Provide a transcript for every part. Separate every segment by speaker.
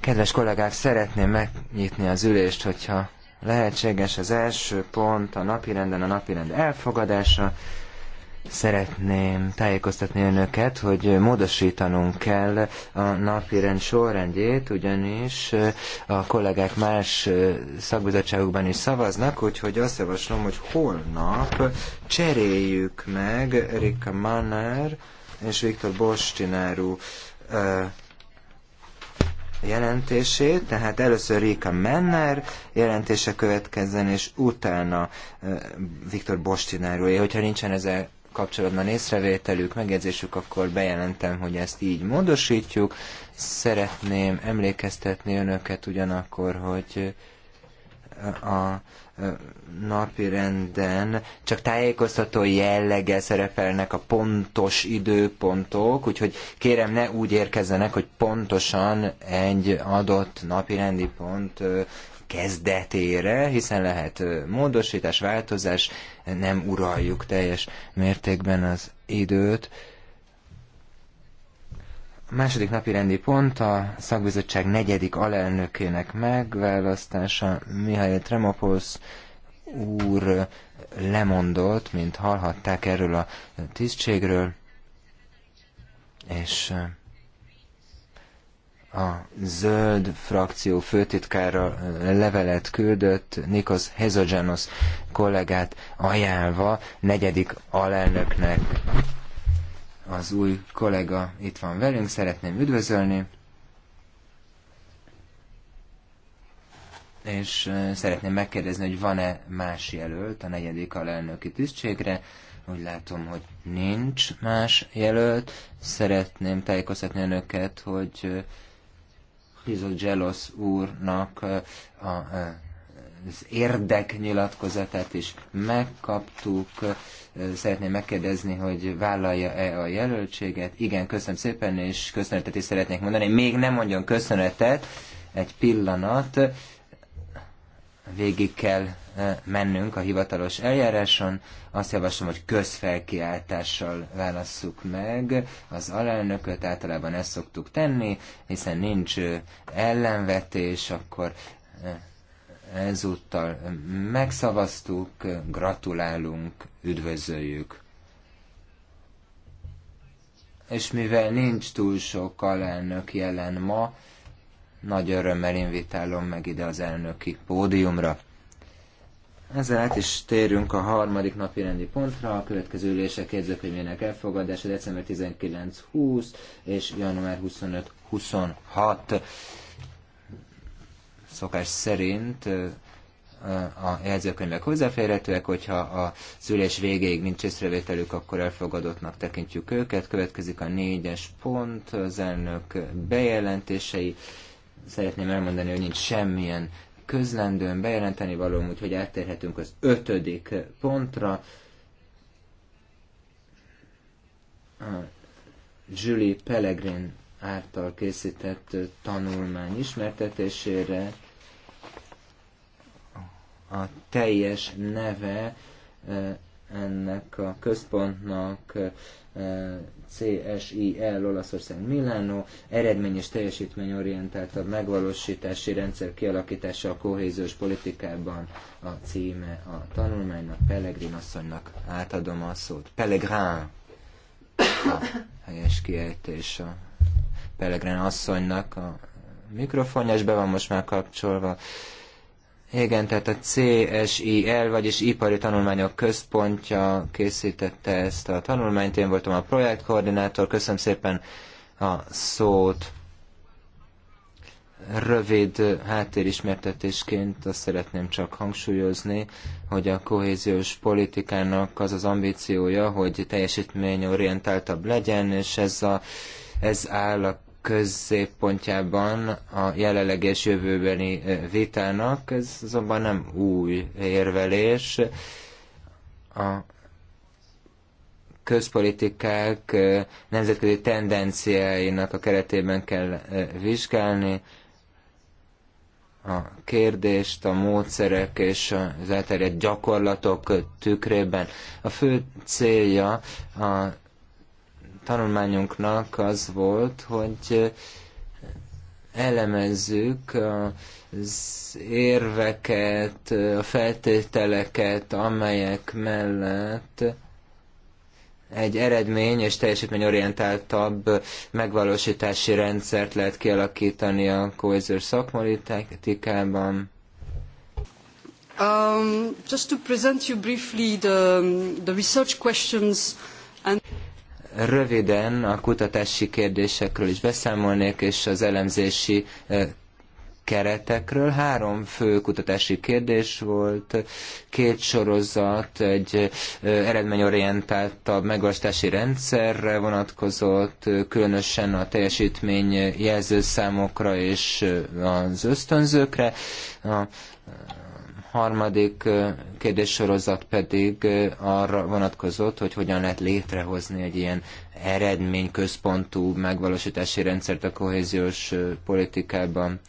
Speaker 1: Kedves kollégák, szeretném megnyitni az ülést, hogyha lehetséges az első pont a napirenden, a napirend elfogadása. Szeretném tájékoztatni önöket, hogy módosítanunk kell a napirend sorrendjét, ugyanis a kollégák más szakbizottságokban is szavaznak, úgyhogy azt javaslom, hogy holnap cseréljük meg Rika Manner és Viktor Bostináru jelentését, tehát először Rika Menner jelentése következzen, és utána Viktor Bostináról, hogyha nincsen ezzel kapcsolatban észrevételük, megjegyzésük, akkor bejelentem, hogy ezt így módosítjuk. Szeretném emlékeztetni önöket ugyanakkor, hogy a napi renden csak tájékoztató jellege szerepelnek a pontos időpontok, úgyhogy kérem ne úgy érkezzenek, hogy pontosan egy adott napi rendi pont kezdetére, hiszen lehet módosítás, változás, nem uraljuk teljes mértékben az időt. A második napi rendi pont a szakbizottság negyedik alelnökének megválasztása. Mihály Tremopolsz úr lemondott, mint hallhatták erről a tisztségről, és a zöld frakció főtitkára levelet küldött Nikos Hezogenos kollégát ajánlva negyedik alelnöknek. Az új kollega itt van velünk, szeretném üdvözölni. És szeretném megkérdezni, hogy van-e más jelölt a negyedik alelnöki tisztségre. Úgy látom, hogy nincs más jelölt. Szeretném tájékoztatni önöket, hogy Izogelos úrnak eh, a, eh, az érdeknyilatkozatát is megkaptuk. Eh, szeretném megkérdezni, hogy vállalja-e a jelöltséget. Igen, köszönöm szépen, és köszönetet is szeretnék mondani. Még nem mondjon köszönetet, egy pillanat végig kell e, mennünk a hivatalos eljáráson. Azt javaslom, hogy közfelkiáltással válasszuk meg az alelnököt, általában ezt szoktuk tenni, hiszen nincs e, ellenvetés, akkor e, ezúttal megszavaztuk, gratulálunk, üdvözöljük. És mivel nincs túl sok alelnök jelen ma, nagy örömmel invitálom meg ide az elnöki pódiumra. Ezzel át is térünk a harmadik napi rendi pontra, a következő ülések jegyzőkönyvének elfogadása december 19-20 és január 25-26. Szokás szerint a jegyzőkönyvek hozzáférhetőek, hogyha a szülés végéig nincs észrevételük, akkor elfogadottnak tekintjük őket. Következik a négyes pont, az elnök bejelentései szeretném elmondani, hogy nincs semmilyen közlendőn bejelenteni való, úgyhogy áttérhetünk az ötödik pontra. A Julie Pellegrin által készített tanulmány ismertetésére a teljes neve eh, ennek a központnak eh, CSIL Olaszország Milánó, eredményes teljesítményorientáltabb megvalósítási rendszer kialakítása a kohéziós politikában a címe a tanulmánynak. Pellegrin asszonynak átadom a szót. Pellegrin a helyes kiejtés a Pellegrin asszonynak a mikrofonja, és be van most már kapcsolva. Igen, tehát a CSIL, vagyis Ipari Tanulmányok Központja készítette ezt a tanulmányt. Én voltam a projektkoordinátor. Köszönöm szépen a szót. Rövid háttérismertetésként azt szeretném csak hangsúlyozni, hogy a kohéziós politikának az az ambíciója, hogy teljesítményorientáltabb legyen, és ez, a, ez áll a középpontjában a jelenleg és jövőbeni vitának. Ez azonban nem új érvelés. A közpolitikák nemzetközi tendenciáinak a keretében kell vizsgálni a kérdést, a módszerek és az elterjedt gyakorlatok tükrében. A fő célja a tanulmányunknak az volt, hogy elemezzük az érveket, a feltételeket, amelyek mellett egy eredmény és teljesítményorientáltabb megvalósítási rendszert lehet kialakítani a kohézős szakmolitikában.
Speaker 2: Um, just to present you briefly the, um, the research questions and
Speaker 1: Röviden a kutatási kérdésekről is beszámolnék, és az elemzési keretekről. Három fő kutatási kérdés volt, két sorozat, egy eredményorientáltabb megoldási rendszerre vonatkozott, különösen a teljesítmény jelzőszámokra és az ösztönzőkre. A harmadik kérdéssorozat pedig arra vonatkozott, hogy hogyan lehet létrehozni egy ilyen eredményközpontú megvalósítási rendszert a kohéziós politikában.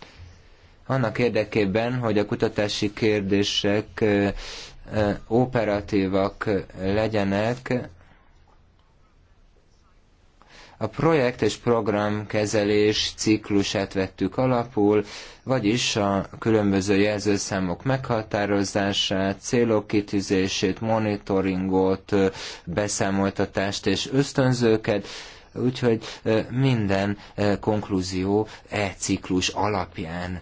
Speaker 1: Annak érdekében, hogy a kutatási kérdések operatívak legyenek, a projekt és program kezelés ciklusát vettük alapul, vagyis a különböző jelzőszámok meghatározását, célok kitűzését, monitoringot, beszámoltatást és ösztönzőket, úgyhogy minden konklúzió e-ciklus alapján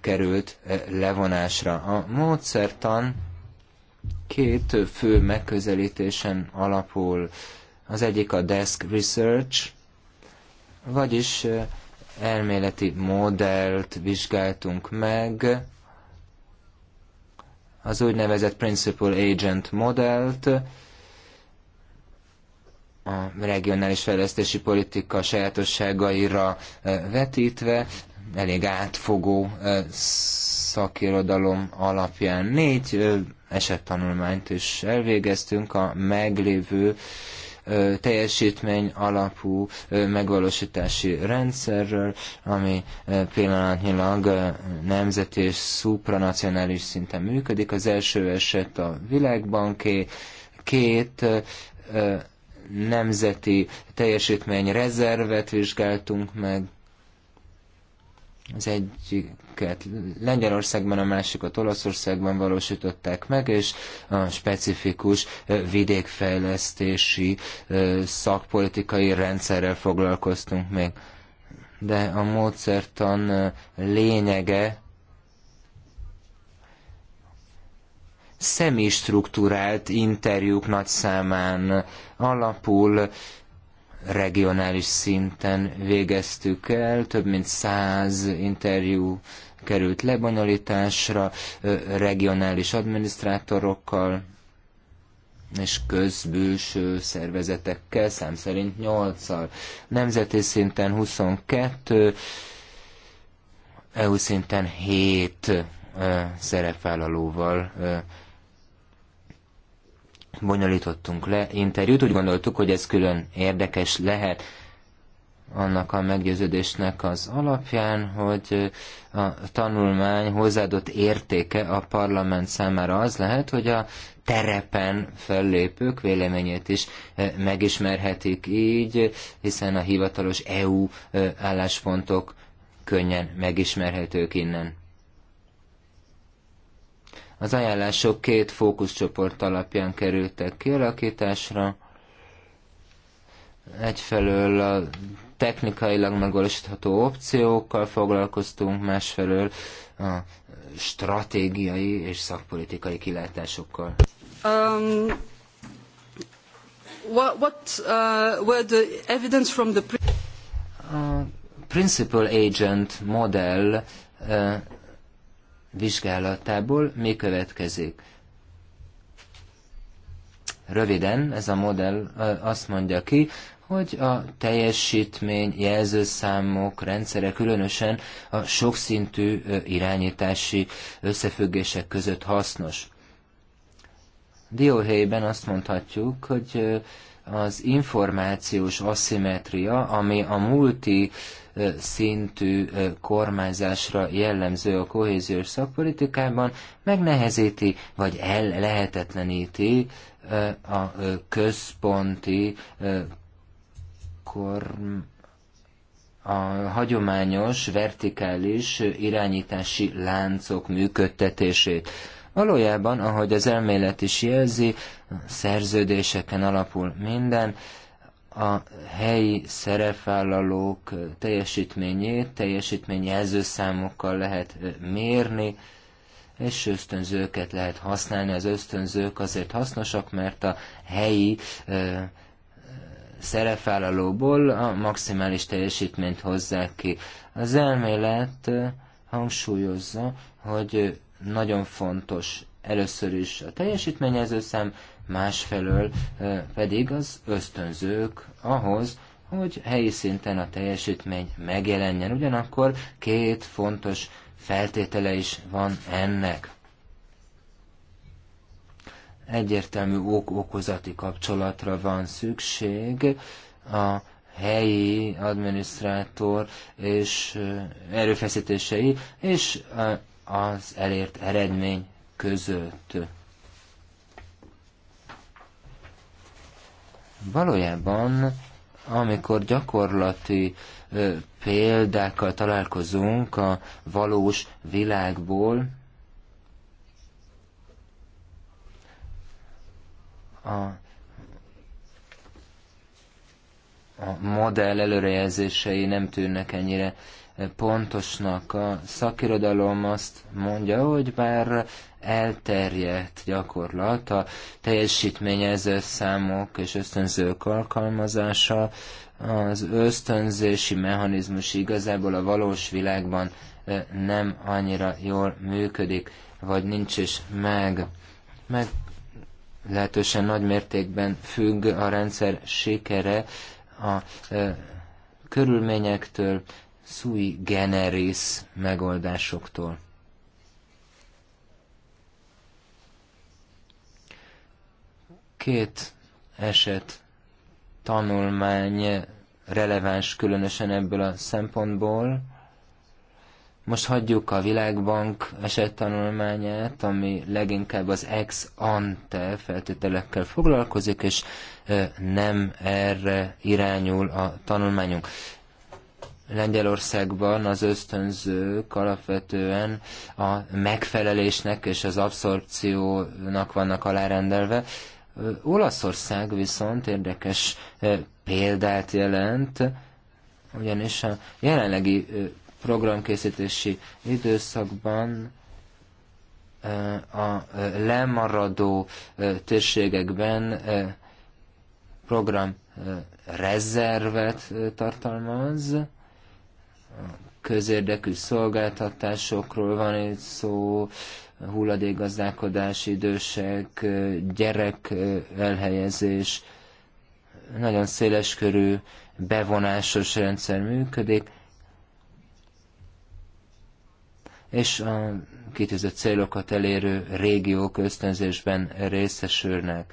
Speaker 1: került levonásra. A módszertan két fő megközelítésen alapul. Az egyik a desk research, vagyis elméleti modellt vizsgáltunk meg, az úgynevezett Principal Agent modellt, a regionális fejlesztési politika sajátosságaira vetítve, elég átfogó szakirodalom alapján négy esettanulmányt is elvégeztünk a meglévő teljesítmény alapú megvalósítási rendszerről, ami pillanatnyilag nemzeti és szupranacionális szinten működik. Az első eset a Világbanké, két nemzeti rezervet vizsgáltunk meg, az egyiket Lengyelországban, a másikat Olaszországban valósították meg, és a specifikus vidékfejlesztési szakpolitikai rendszerrel foglalkoztunk még. De a módszertan lényege személystruktúrált interjúk nagy számán alapul, regionális szinten végeztük el, több mint száz interjú került lebonyolításra regionális adminisztrátorokkal és közbülső szervezetekkel, szám szerint 8-al. Nemzeti szinten 22, EU szinten 7 szerepvállalóval bonyolítottunk le interjút. Úgy gondoltuk, hogy ez külön érdekes lehet annak a meggyőződésnek az alapján, hogy a tanulmány hozzáadott értéke a parlament számára az lehet, hogy a terepen fellépők véleményét is e, megismerhetik így, hiszen a hivatalos EU e, álláspontok könnyen megismerhetők innen. Az ajánlások két fókuszcsoport alapján kerültek kialakításra. Egyfelől a technikailag megvalósítható opciókkal foglalkoztunk, másfelől a stratégiai és szakpolitikai kilátásokkal. Um,
Speaker 2: what, what uh, were the evidence from the...
Speaker 1: A principal agent uh, vizsgálatából mi következik? Röviden ez a modell azt mondja ki, hogy a teljesítmény, jelzőszámok, rendszere különösen a sokszintű irányítási összefüggések között hasznos. Dióhelyben azt mondhatjuk, hogy az információs aszimetria, ami a multi szintű kormányzásra jellemző a kohéziós szakpolitikában, megnehezíti vagy el lehetetleníti a központi korm a hagyományos, vertikális irányítási láncok működtetését. Valójában, ahogy az elmélet is jelzi, szerződéseken alapul minden, a helyi szerepvállalók teljesítményét teljesítményjelző számokkal lehet mérni, és ösztönzőket lehet használni. Az ösztönzők azért hasznosak, mert a helyi ö, szerepvállalóból a maximális teljesítményt hozzák ki. Az elmélet hangsúlyozza, hogy nagyon fontos először is a teljesítményező szám, másfelől pedig az ösztönzők ahhoz, hogy helyi szinten a teljesítmény megjelenjen. Ugyanakkor két fontos feltétele is van ennek. Egyértelmű ok-okozati kapcsolatra van szükség a helyi adminisztrátor és erőfeszítései és az elért eredmény között Valójában, amikor gyakorlati példákkal találkozunk a valós világból, a, a modell előrejelzései nem tűnnek ennyire pontosnak. A szakirodalom azt mondja, hogy bár elterjedt gyakorlat, a teljesítményező számok és ösztönzők alkalmazása, az ösztönzési mechanizmus igazából a valós világban nem annyira jól működik, vagy nincs is meg. Meg lehetősen nagy mértékben függ a rendszer sikere a körülményektől, sui generis megoldásoktól. Két eset tanulmány releváns különösen ebből a szempontból. Most hagyjuk a Világbank esettanulmányát, ami leginkább az ex ante feltételekkel foglalkozik, és nem erre irányul a tanulmányunk. Lengyelországban az ösztönzők alapvetően a megfelelésnek és az abszorpciónak vannak alárendelve. Olaszország viszont érdekes eh, példát jelent, ugyanis a jelenlegi eh, programkészítési időszakban eh, a lemaradó térségekben program rezervet tartalmaz, közérdekű szolgáltatásokról van egy szó, hulladékgazdálkodás, idősek, gyerek elhelyezés, nagyon széleskörű bevonásos rendszer működik, és a kitűzött célokat elérő régiók ösztönzésben részesülnek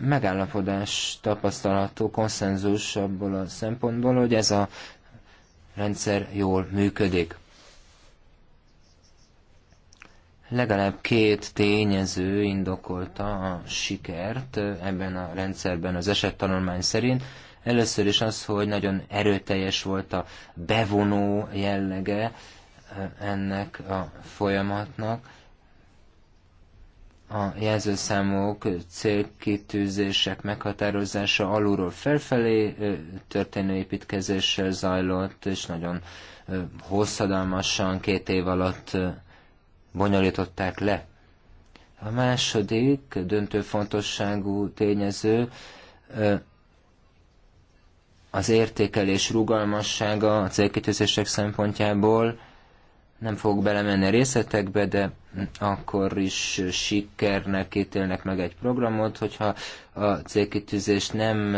Speaker 1: megállapodás tapasztalható, konszenzus abból a szempontból, hogy ez a rendszer jól működik. Legalább két tényező indokolta a sikert ebben a rendszerben az esettanulmány szerint. Először is az, hogy nagyon erőteljes volt a bevonó jellege ennek a folyamatnak a jelzőszámok, célkitűzések meghatározása alulról felfelé történő építkezéssel zajlott, és nagyon hosszadalmasan két év alatt bonyolították le. A második döntő fontosságú tényező az értékelés rugalmassága a célkitűzések szempontjából, nem fogok belemenni a részletekbe, de akkor is sikernek ítélnek meg egy programot, hogyha a célkitűzés nem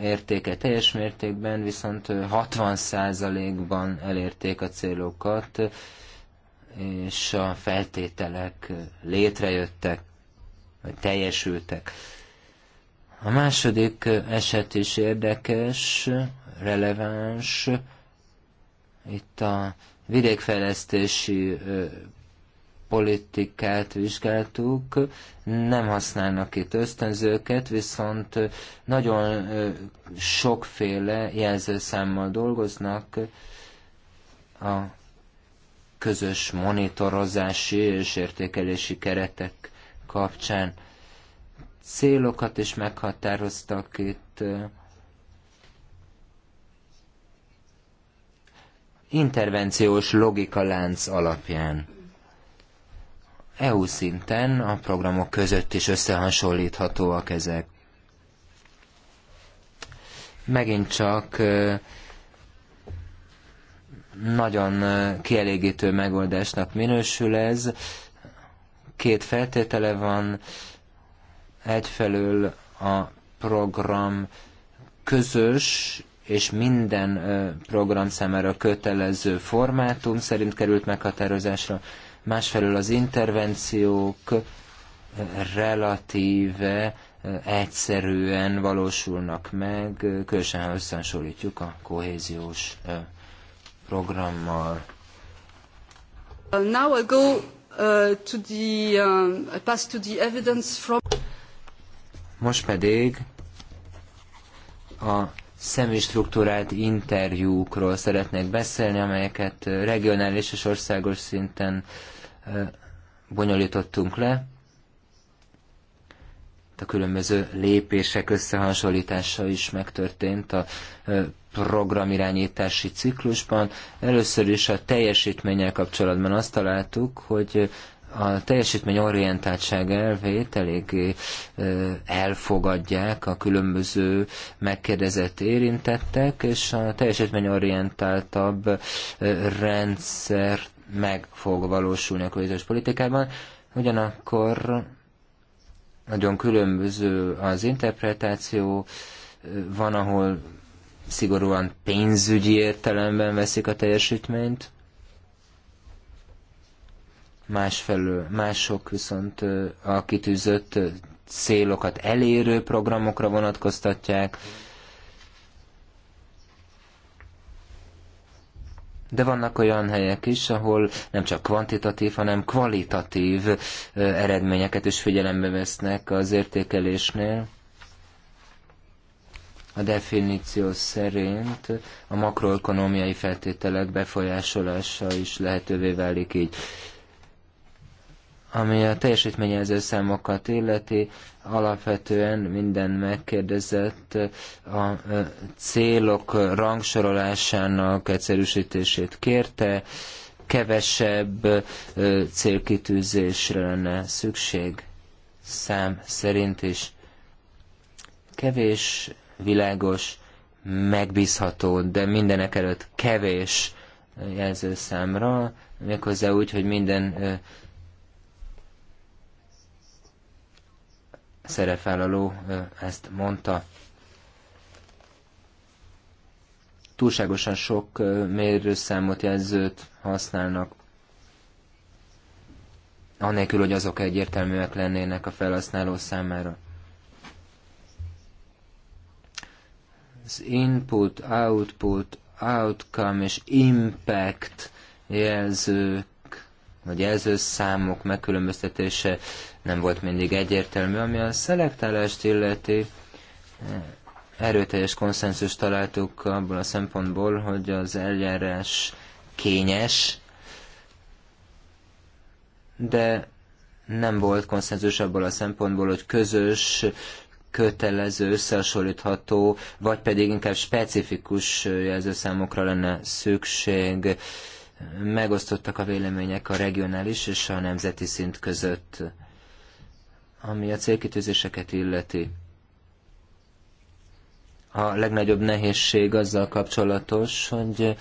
Speaker 1: értéke teljes mértékben, viszont 60%-ban elérték a célokat, és a feltételek létrejöttek, vagy teljesültek. A második eset is érdekes, releváns. Itt a vidékfejlesztési politikát vizsgáltuk, nem használnak itt ösztönzőket, viszont nagyon sokféle jelzőszámmal dolgoznak a közös monitorozási és értékelési keretek kapcsán. Célokat is meghatároztak itt intervenciós logika lánc alapján. EU szinten a programok között is összehasonlíthatóak ezek. Megint csak nagyon kielégítő megoldásnak minősül ez. Két feltétele van. Egyfelől a program közös és minden program számára kötelező formátum szerint került meghatározásra, másfelől az intervenciók relatíve egyszerűen valósulnak meg, különösen ha összehasonlítjuk a kohéziós programmal. Now go to the pass to the evidence from. Most pedig a személystruktúrált interjúkról szeretnék beszélni, amelyeket regionális és országos szinten bonyolítottunk le. A különböző lépések összehasonlítása is megtörtént a programirányítási ciklusban. Először is a teljesítménnyel kapcsolatban azt találtuk, hogy a teljesítményorientáltság elvét eléggé elfogadják a különböző megkérdezett érintettek, és a teljesítményorientáltabb rendszer meg fog valósulni a közös politikában. Ugyanakkor nagyon különböző az interpretáció, van, ahol szigorúan pénzügyi értelemben veszik a teljesítményt, másfelől mások viszont a kitűzött célokat elérő programokra vonatkoztatják, De vannak olyan helyek is, ahol nem csak kvantitatív, hanem kvalitatív eredményeket is figyelembe vesznek az értékelésnél. A definíció szerint a makroekonomiai feltételek befolyásolása is lehetővé válik így. Ami a teljesítményező számokat illeti, alapvetően minden megkérdezett a célok rangsorolásának egyszerűsítését kérte, kevesebb célkitűzésre lenne szükség szám szerint is. Kevés, világos, megbízható, de mindenek előtt kevés jelzőszámra, méghozzá úgy, hogy minden szerepvállaló ezt mondta. Túlságosan sok mérőszámot, jelzőt használnak, anélkül, hogy azok egyértelműek lennének a felhasználó számára. Az input, output, outcome és impact jelzők vagy jelzőszámok megkülönböztetése nem volt mindig egyértelmű, ami a szelektálást illeti. Erőteljes konszenzus találtuk abból a szempontból, hogy az eljárás kényes, de nem volt konszenzus abból a szempontból, hogy közös, kötelező, összehasonlítható, vagy pedig inkább specifikus jelzőszámokra lenne szükség megosztottak a vélemények a regionális és a nemzeti szint között, ami a célkitűzéseket illeti. A legnagyobb nehézség azzal kapcsolatos, hogy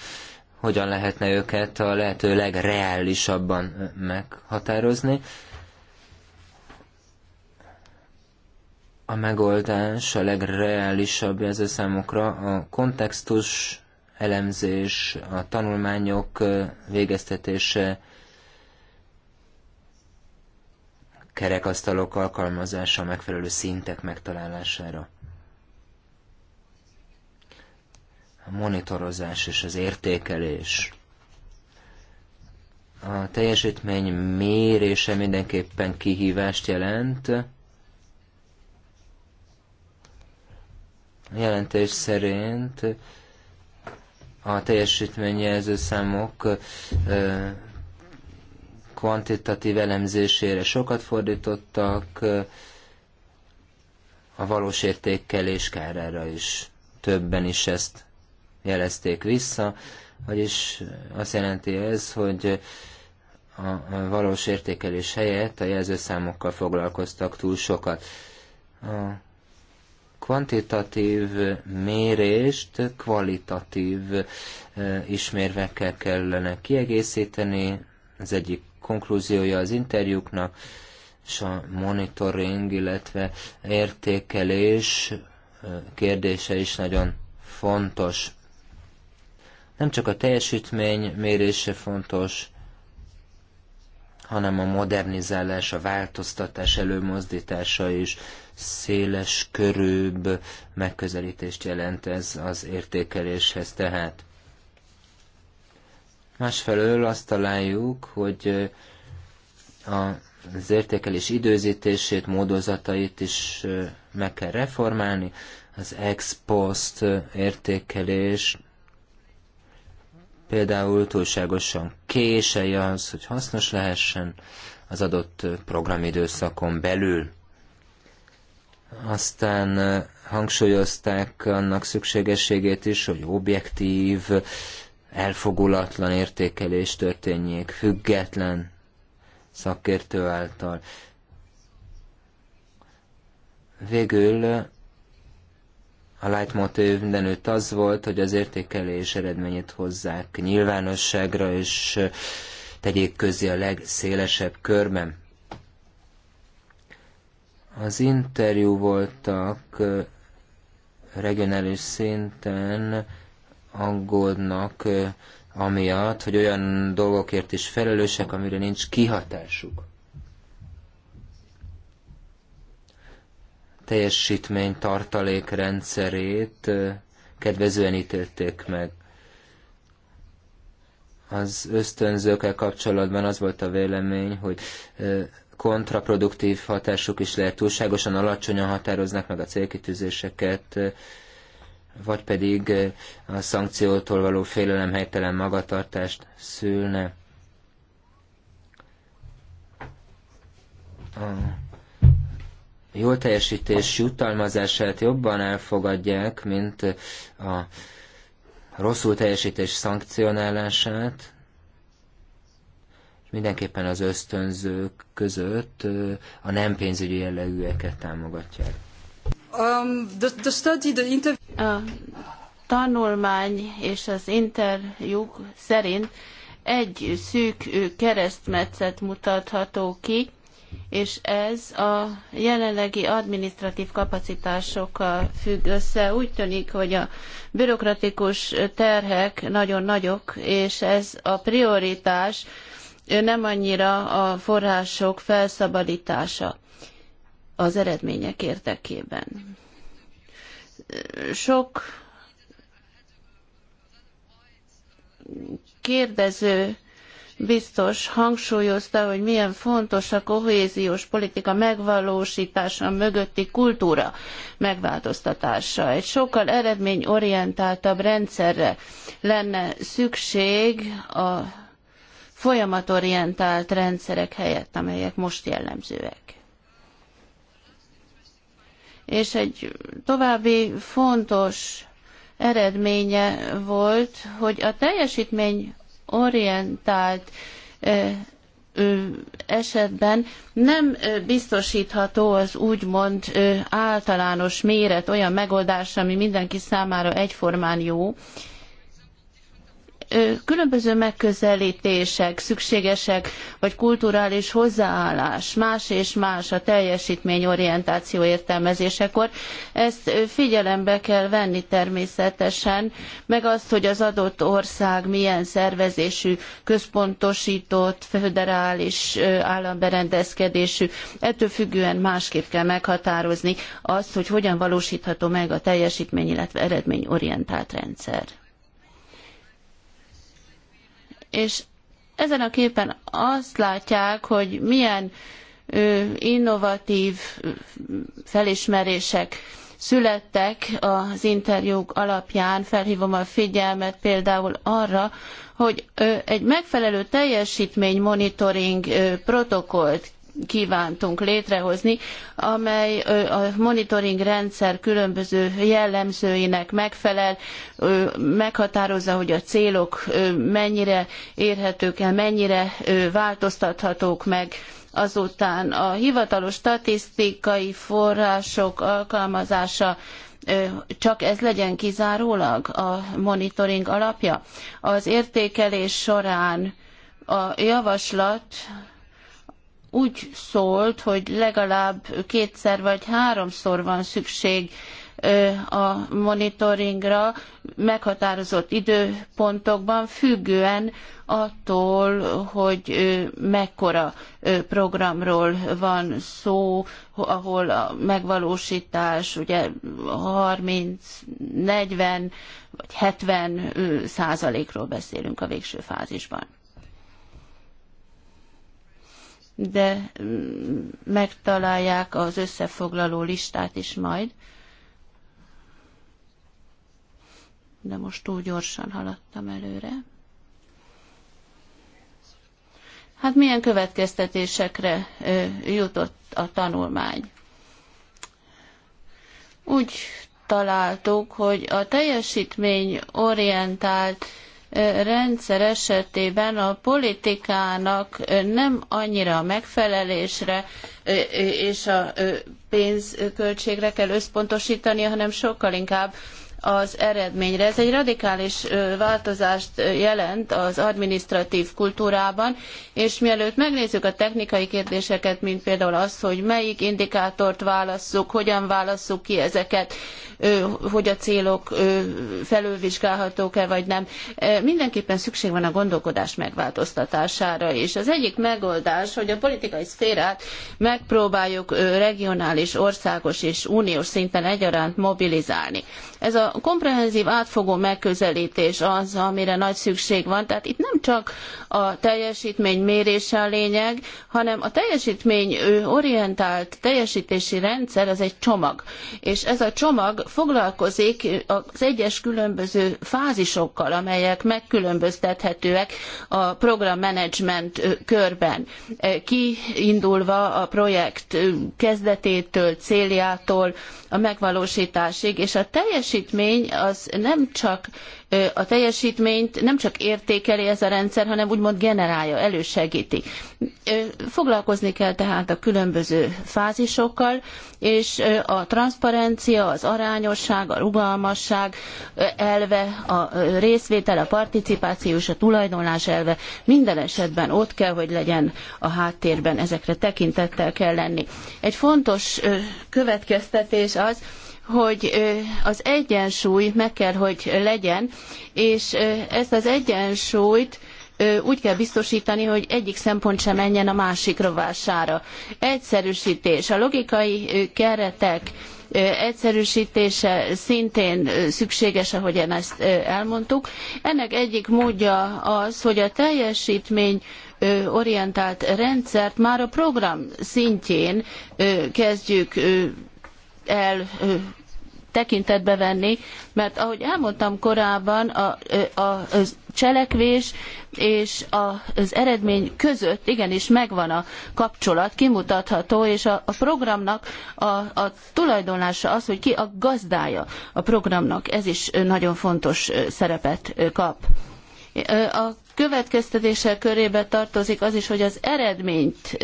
Speaker 1: hogyan lehetne őket a lehető legreálisabban meghatározni. A megoldás a legreálisabb számukra a kontextus elemzés, a tanulmányok végeztetése, kerekasztalok alkalmazása, megfelelő szintek megtalálására. A monitorozás és az értékelés. A teljesítmény mérése mindenképpen kihívást jelent. A jelentés szerint a teljesítményjelző számok kvantitatív elemzésére sokat fordítottak, a valós értékelés kárára is többen is ezt jelezték vissza, vagyis azt jelenti ez, hogy a valós értékelés helyett a jelzőszámokkal foglalkoztak túl sokat. A kvantitatív mérést kvalitatív eh, ismérvekkel kellene kiegészíteni. Az egyik konklúziója az interjúknak, és a monitoring, illetve értékelés eh, kérdése is nagyon fontos. Nem csak a teljesítmény mérése fontos, hanem a modernizálás, a változtatás előmozdítása is széles körűbb megközelítést jelent ez az értékeléshez tehát. Másfelől azt találjuk, hogy az értékelés időzítését, módozatait is meg kell reformálni, az ex post értékelés például túlságosan kései az, hogy hasznos lehessen az adott programidőszakon belül. Aztán hangsúlyozták annak szükségességét is, hogy objektív, elfogulatlan értékelés történjék, független szakértő által. Végül a leitmotiv mindenütt az volt, hogy az értékelés eredményét hozzák nyilvánosságra, és tegyék közé a legszélesebb körben. Az interjú voltak regionális szinten aggódnak amiatt, hogy olyan dolgokért is felelősek, amire nincs kihatásuk. Teljesítmény tartalék rendszerét kedvezően ítélték meg. Az ösztönzőkkel kapcsolatban az volt a vélemény, hogy kontraproduktív hatásuk is lehet, túlságosan alacsonyan határoznak meg a célkitűzéseket, vagy pedig a szankciótól való félelem helytelen magatartást szülne. A jól teljesítés jutalmazását jobban elfogadják, mint a rosszul teljesítés szankcionálását, mindenképpen az ösztönzők között a nem pénzügyi jellegűeket támogatják.
Speaker 2: Um, the, the study, the inter- A tanulmány és az interjúk szerint egy szűk keresztmetszet mutatható ki, és ez a jelenlegi adminisztratív kapacitásokkal függ össze. Úgy tűnik, hogy a bürokratikus terhek nagyon nagyok, és ez a prioritás, nem annyira a források felszabadítása az eredmények érdekében. Sok kérdező biztos hangsúlyozta, hogy milyen fontos a kohéziós politika megvalósítása mögötti kultúra megváltoztatása. Egy sokkal eredményorientáltabb rendszerre lenne szükség a folyamatorientált rendszerek helyett, amelyek most jellemzőek. És egy további fontos eredménye volt, hogy a teljesítmény orientált esetben nem biztosítható az úgymond általános méret, olyan megoldás, ami mindenki számára egyformán jó, különböző megközelítések szükségesek, vagy kulturális hozzáállás, más és más a teljesítményorientáció értelmezésekor. Ezt figyelembe kell venni természetesen, meg azt, hogy az adott ország milyen szervezésű, központosított, föderális államberendezkedésű. Ettől függően másképp kell meghatározni azt, hogy hogyan valósítható meg a teljesítmény, illetve eredményorientált rendszer és ezen a képen azt látják, hogy milyen innovatív felismerések születtek az interjúk alapján. Felhívom a figyelmet például arra, hogy egy megfelelő teljesítménymonitoring protokollt kívántunk létrehozni, amely a monitoring rendszer különböző jellemzőinek megfelel, meghatározza, hogy a célok mennyire érhetők el, mennyire változtathatók meg, azután a hivatalos statisztikai források alkalmazása csak ez legyen kizárólag a monitoring alapja. Az értékelés során a javaslat úgy szólt, hogy legalább kétszer vagy háromszor van szükség a monitoringra meghatározott időpontokban, függően attól, hogy mekkora programról van szó, ahol a megvalósítás ugye 30, 40 vagy 70 százalékról beszélünk a végső fázisban de mm, megtalálják az összefoglaló listát is majd. De most túl gyorsan haladtam előre. Hát milyen következtetésekre jutott a tanulmány? Úgy találtuk, hogy a teljesítmény orientált rendszer esetében a politikának nem annyira a megfelelésre és a pénzköltségre kell összpontosítani, hanem sokkal inkább az eredményre. Ez egy radikális változást jelent az administratív kultúrában, és mielőtt megnézzük a technikai kérdéseket, mint például az, hogy melyik indikátort válasszuk, hogyan válasszuk ki ezeket, hogy a célok felülvizsgálhatók-e vagy nem. Mindenképpen szükség van a gondolkodás megváltoztatására is. Az egyik megoldás, hogy a politikai szférát megpróbáljuk regionális, országos és uniós szinten egyaránt mobilizálni. Ez a komprehenzív átfogó megközelítés az, amire nagy szükség van. Tehát itt nem csak a teljesítmény mérése a lényeg, hanem a teljesítmény orientált teljesítési rendszer, ez egy csomag. És ez a csomag foglalkozik az egyes különböző fázisokkal, amelyek megkülönböztethetőek a programmenedzsment körben. Kiindulva a projekt kezdetétől, céljától, a megvalósításig, és a teljesítmény az nem csak a teljesítményt nem csak értékeli ez a rendszer, hanem úgymond generálja, elősegíti. Foglalkozni kell tehát a különböző fázisokkal, és a transzparencia, az arányosság, a rugalmasság elve, a részvétel, a participáció és a tulajdonlás elve minden esetben ott kell, hogy legyen a háttérben, ezekre tekintettel kell lenni. Egy fontos következtetés az, hogy az egyensúly meg kell, hogy legyen, és ezt az egyensúlyt úgy kell biztosítani, hogy egyik szempont sem menjen a másik rovására. Egyszerűsítés, a logikai keretek egyszerűsítése szintén szükséges, ahogyan ezt elmondtuk. Ennek egyik módja az, hogy a teljesítmény orientált rendszert már a program szintjén kezdjük el tekintetbe venni, mert ahogy elmondtam korábban, a, a, a cselekvés és a, az eredmény között igenis megvan a kapcsolat, kimutatható, és a, a programnak a, a tulajdonlása az, hogy ki a gazdája a programnak. Ez is nagyon fontos szerepet kap. A következtetések körébe tartozik az is, hogy az eredményt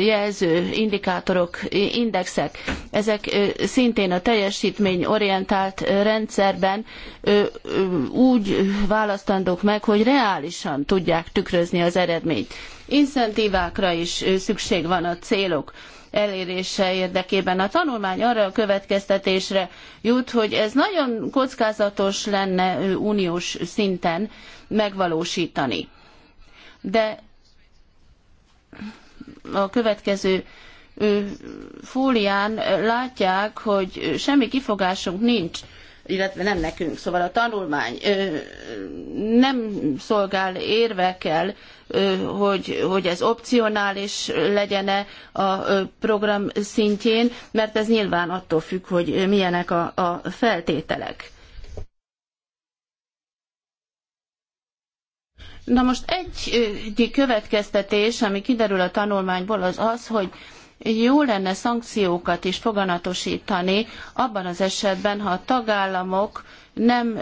Speaker 2: jelző indikátorok, indexek, ezek szintén a orientált rendszerben úgy választandók meg, hogy reálisan tudják tükrözni az eredményt. Incentívákra is szükség van a célok elérése érdekében. A tanulmány arra a következtetésre jut, hogy ez nagyon kockázatos lenne uniós szinten megvalósítani. De a következő fólián látják, hogy semmi kifogásunk nincs illetve nem nekünk, szóval a tanulmány nem szolgál érvekkel, hogy, hogy ez opcionális legyen-e a program szintjén, mert ez nyilván attól függ, hogy milyenek a, a feltételek. Na most egy következtetés, ami kiderül a tanulmányból, az az, hogy jó lenne szankciókat is foganatosítani abban az esetben, ha a tagállamok nem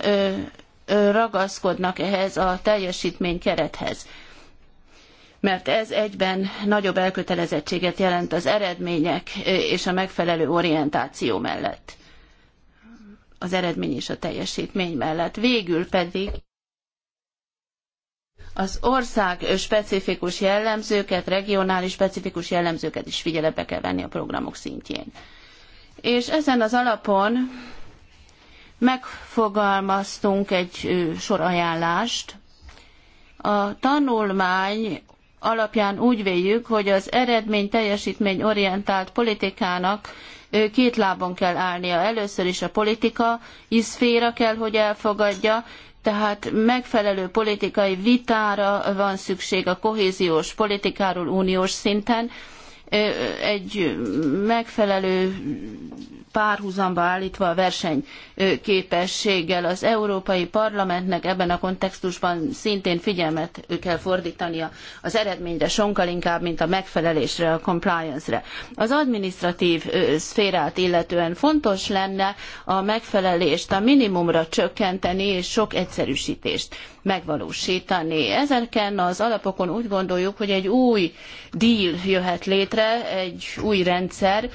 Speaker 2: ragaszkodnak ehhez a teljesítménykerethez mert ez egyben nagyobb elkötelezettséget jelent az eredmények és a megfelelő orientáció mellett. Az eredmény és a teljesítmény mellett. Végül pedig az ország specifikus jellemzőket, regionális specifikus jellemzőket is figyelembe kell venni a programok szintjén. És ezen az alapon megfogalmaztunk egy sor ajánlást. A tanulmány alapján úgy véljük, hogy az eredmény teljesítmény orientált politikának két lábon kell állnia. Először is a politikai szféra kell, hogy elfogadja, tehát megfelelő politikai vitára van szükség a kohéziós politikáról uniós szinten, egy megfelelő párhuzamba állítva a versenyképességgel. Az Európai Parlamentnek ebben a kontextusban szintén figyelmet kell fordítania az eredményre sokkal inkább, mint a megfelelésre, a compliance-re. Az administratív szférát illetően fontos lenne a megfelelést a minimumra csökkenteni és sok egyszerűsítést megvalósítani. Ezeken az alapokon úgy gondoljuk, hogy egy új deal jöhet létre, egy új rendszer,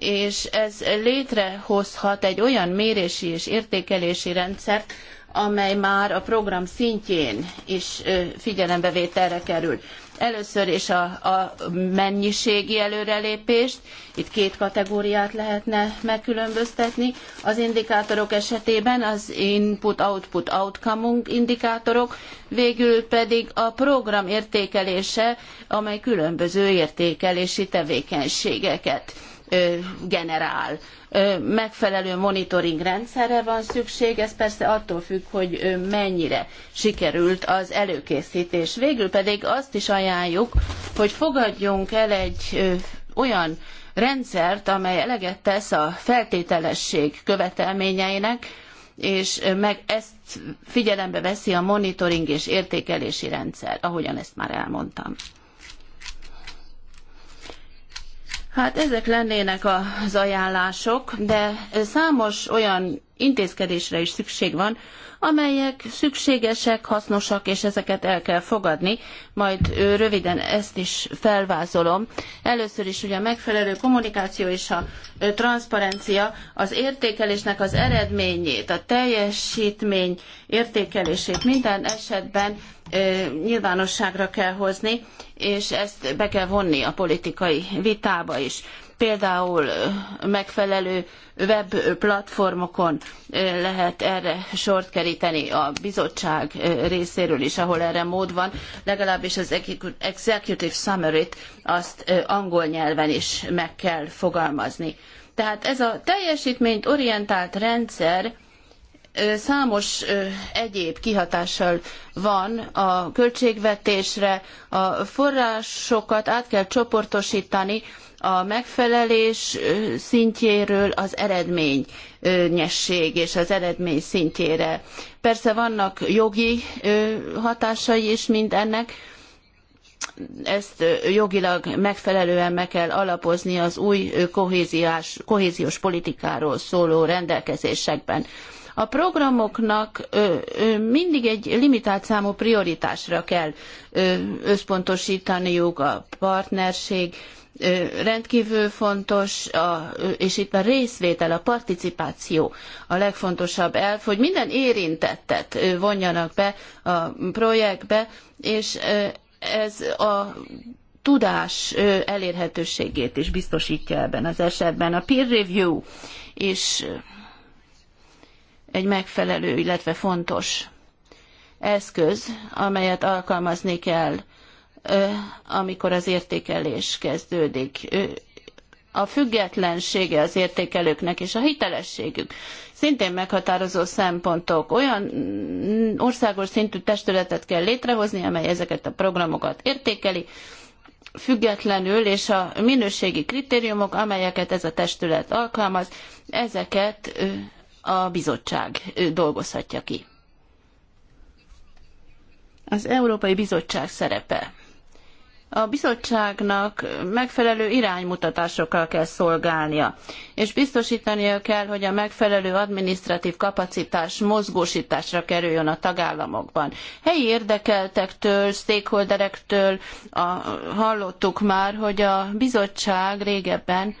Speaker 2: és ez létrehozhat egy olyan mérési és értékelési rendszert, amely már a program szintjén is figyelembevételre kerül. Először is a, a mennyiségi előrelépést, itt két kategóriát lehetne megkülönböztetni. Az indikátorok esetében az input-output outcome indikátorok, végül pedig a program értékelése, amely különböző értékelési tevékenységeket generál. Megfelelő monitoring rendszerre van szükség, ez persze attól függ, hogy mennyire sikerült az előkészítés. Végül pedig azt is ajánljuk, hogy fogadjunk el egy olyan rendszert, amely eleget tesz a feltételesség követelményeinek, és meg ezt figyelembe veszi a monitoring és értékelési rendszer, ahogyan ezt már elmondtam. Hát ezek lennének az ajánlások, de számos olyan intézkedésre is szükség van, amelyek szükségesek, hasznosak, és ezeket el kell fogadni. Majd röviden ezt is felvázolom. Először is ugye a megfelelő kommunikáció és a transzparencia az értékelésnek az eredményét, a teljesítmény értékelését minden esetben nyilvánosságra kell hozni, és ezt be kell vonni a politikai vitába is. Például megfelelő web platformokon lehet erre sort keríteni a bizottság részéről is, ahol erre mód van, legalábbis az executive summary-t azt angol nyelven is meg kell fogalmazni. Tehát ez a teljesítményt orientált rendszer, számos egyéb kihatással van a költségvetésre, a forrásokat át kell csoportosítani a megfelelés szintjéről az eredmény és az eredmény szintjére. Persze vannak jogi hatásai is mindennek, ezt jogilag megfelelően meg kell alapozni az új kohéziós politikáról szóló rendelkezésekben. A programoknak mindig egy limitált számú prioritásra kell összpontosítaniuk a partnerség, rendkívül fontos, a, és itt a részvétel, a participáció a legfontosabb elv, hogy minden érintettet vonjanak be a projektbe, és ez a tudás elérhetőségét is biztosítja ebben az esetben. A peer review is egy megfelelő, illetve fontos eszköz, amelyet alkalmazni kell, amikor az értékelés kezdődik. A függetlensége az értékelőknek és a hitelességük szintén meghatározó szempontok. Olyan országos szintű testületet kell létrehozni, amely ezeket a programokat értékeli, függetlenül, és a minőségi kritériumok, amelyeket ez a testület alkalmaz, ezeket a bizottság dolgozhatja ki. Az Európai Bizottság szerepe. A bizottságnak megfelelő iránymutatásokkal kell szolgálnia, és biztosítania kell, hogy a megfelelő adminisztratív kapacitás mozgósításra kerüljön a tagállamokban. Helyi érdekeltektől, stakeholderektől a, hallottuk már, hogy a bizottság régebben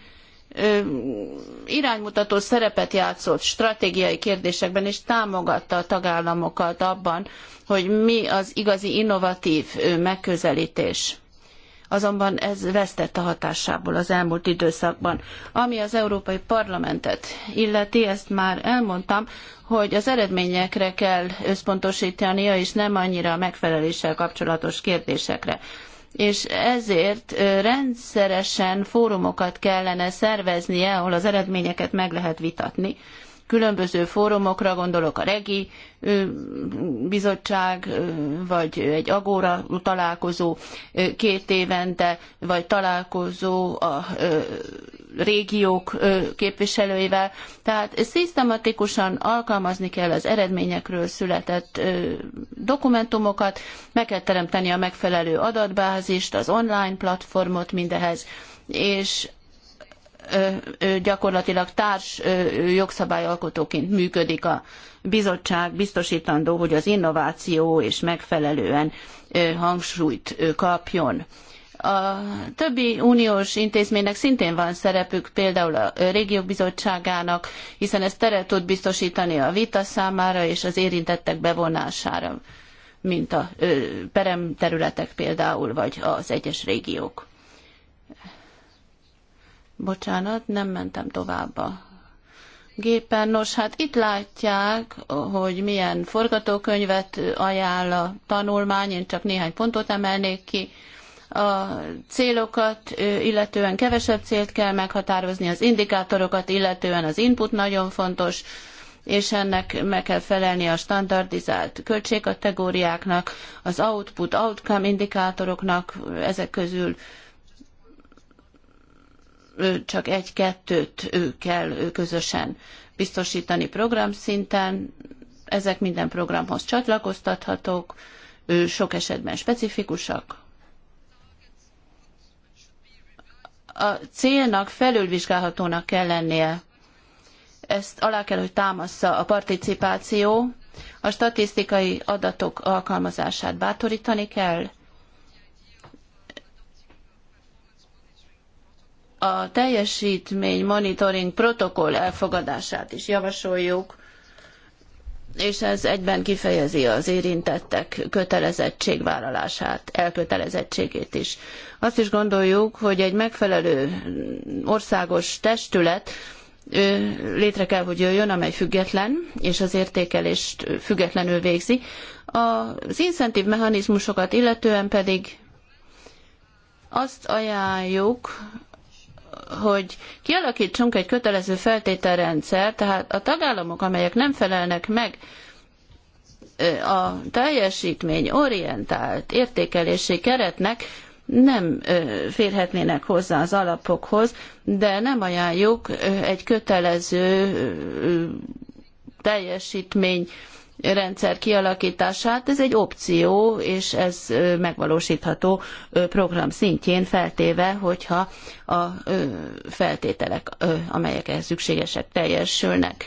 Speaker 2: iránymutató szerepet játszott stratégiai kérdésekben, és támogatta a tagállamokat abban, hogy mi az igazi innovatív megközelítés. Azonban ez vesztett a hatásából az elmúlt időszakban. Ami az Európai Parlamentet illeti, ezt már elmondtam, hogy az eredményekre kell összpontosítania, és nem annyira a megfeleléssel kapcsolatos kérdésekre és ezért rendszeresen fórumokat kellene szerveznie, ahol az eredményeket meg lehet vitatni különböző fórumokra, gondolok a regi bizottság, vagy egy agóra találkozó két évente, vagy találkozó a régiók képviselőivel. Tehát szisztematikusan alkalmazni kell az eredményekről született dokumentumokat, meg kell teremteni a megfelelő adatbázist, az online platformot mindehez, és gyakorlatilag társ jogszabályalkotóként működik a bizottság, biztosítandó, hogy az innováció és megfelelően hangsúlyt kapjon. A többi uniós intézménynek szintén van szerepük, például a régiók bizottságának, hiszen ez teret tud biztosítani a vita számára és az érintettek bevonására, mint a peremterületek például, vagy az egyes régiók. Bocsánat, nem mentem tovább a gépen. Nos, hát itt látják, hogy milyen forgatókönyvet ajánl a tanulmány, én csak néhány pontot emelnék ki. A célokat, illetően kevesebb célt kell meghatározni, az indikátorokat, illetően az input nagyon fontos, és ennek meg kell felelni a standardizált költségkategóriáknak, az output, outcome indikátoroknak, ezek közül csak egy-kettőt kell közösen biztosítani programszinten. Ezek minden programhoz csatlakoztathatók, sok esetben specifikusak. A célnak felülvizsgálhatónak kell lennie. Ezt alá kell, hogy támassza a participáció, a statisztikai adatok alkalmazását bátorítani kell, a teljesítmény monitoring protokoll elfogadását is javasoljuk, és ez egyben kifejezi az érintettek kötelezettségvállalását, elkötelezettségét is. Azt is gondoljuk, hogy egy megfelelő országos testület létre kell, hogy jöjjön, amely független, és az értékelést függetlenül végzi. Az incentív mechanizmusokat illetően pedig azt ajánljuk, hogy kialakítsunk egy kötelező feltételrendszer, tehát a tagállamok, amelyek nem felelnek meg a teljesítmény orientált értékelési keretnek, nem férhetnének hozzá az alapokhoz, de nem ajánljuk egy kötelező teljesítmény rendszer kialakítását. Ez egy opció, és ez megvalósítható program szintjén feltéve, hogyha a feltételek, amelyek ehhez szükségesek, teljesülnek.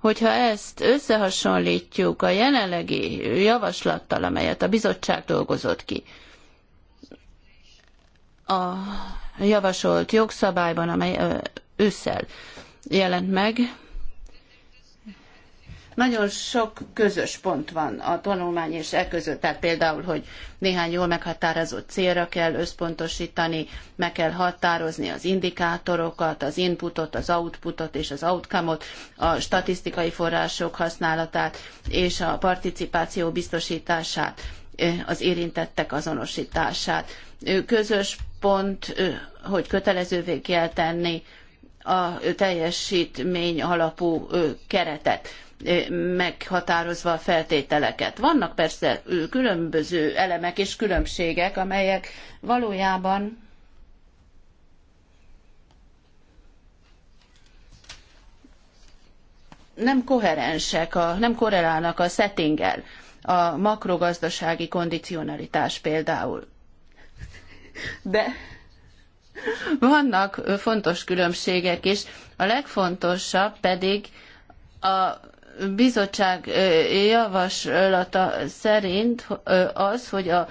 Speaker 2: Hogyha ezt összehasonlítjuk a jelenlegi javaslattal, amelyet a bizottság dolgozott ki, a javasolt jogszabályban, amely ősszel jelent meg, nagyon sok közös pont van a tanulmány és e között, tehát például, hogy néhány jól meghatározott célra kell összpontosítani, meg kell határozni az indikátorokat, az inputot, az outputot és az outcome-ot, a statisztikai források használatát és a participáció biztosítását az érintettek azonosítását. Közös pont, hogy kötelezővé kell tenni a teljesítmény alapú keretet meghatározva a feltételeket. Vannak persze különböző elemek és különbségek, amelyek valójában nem koherensek, a, nem korrelálnak a settinggel. A makrogazdasági kondicionalitás például. De vannak fontos különbségek is, a legfontosabb pedig a bizottság javaslata szerint az, hogy a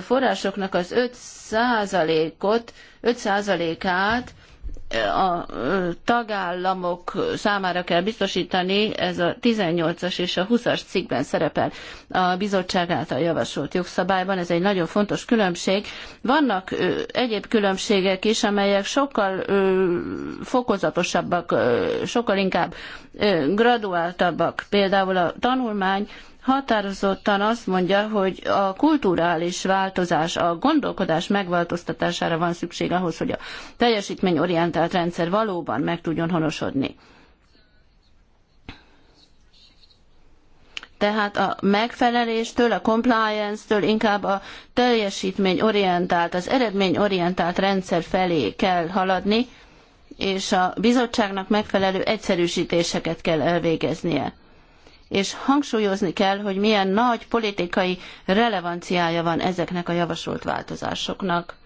Speaker 2: forrásoknak az 5 ot 5 át a tagállamok számára kell biztosítani, ez a 18-as és a 20-as cikkben szerepel a bizottság által javasolt jogszabályban, ez egy nagyon fontos különbség. Vannak egyéb különbségek is, amelyek sokkal fokozatosabbak, sokkal inkább graduáltabbak, például a tanulmány határozottan azt mondja, hogy a kulturális változás, a gondolkodás megváltoztatására van szükség ahhoz, hogy a teljesítményorientált rendszer valóban meg tudjon honosodni. Tehát a megfeleléstől, a compliance-től inkább a teljesítményorientált, az eredményorientált rendszer felé kell haladni, és a bizottságnak megfelelő egyszerűsítéseket kell elvégeznie és hangsúlyozni kell, hogy milyen nagy politikai relevanciája van ezeknek a javasolt változásoknak.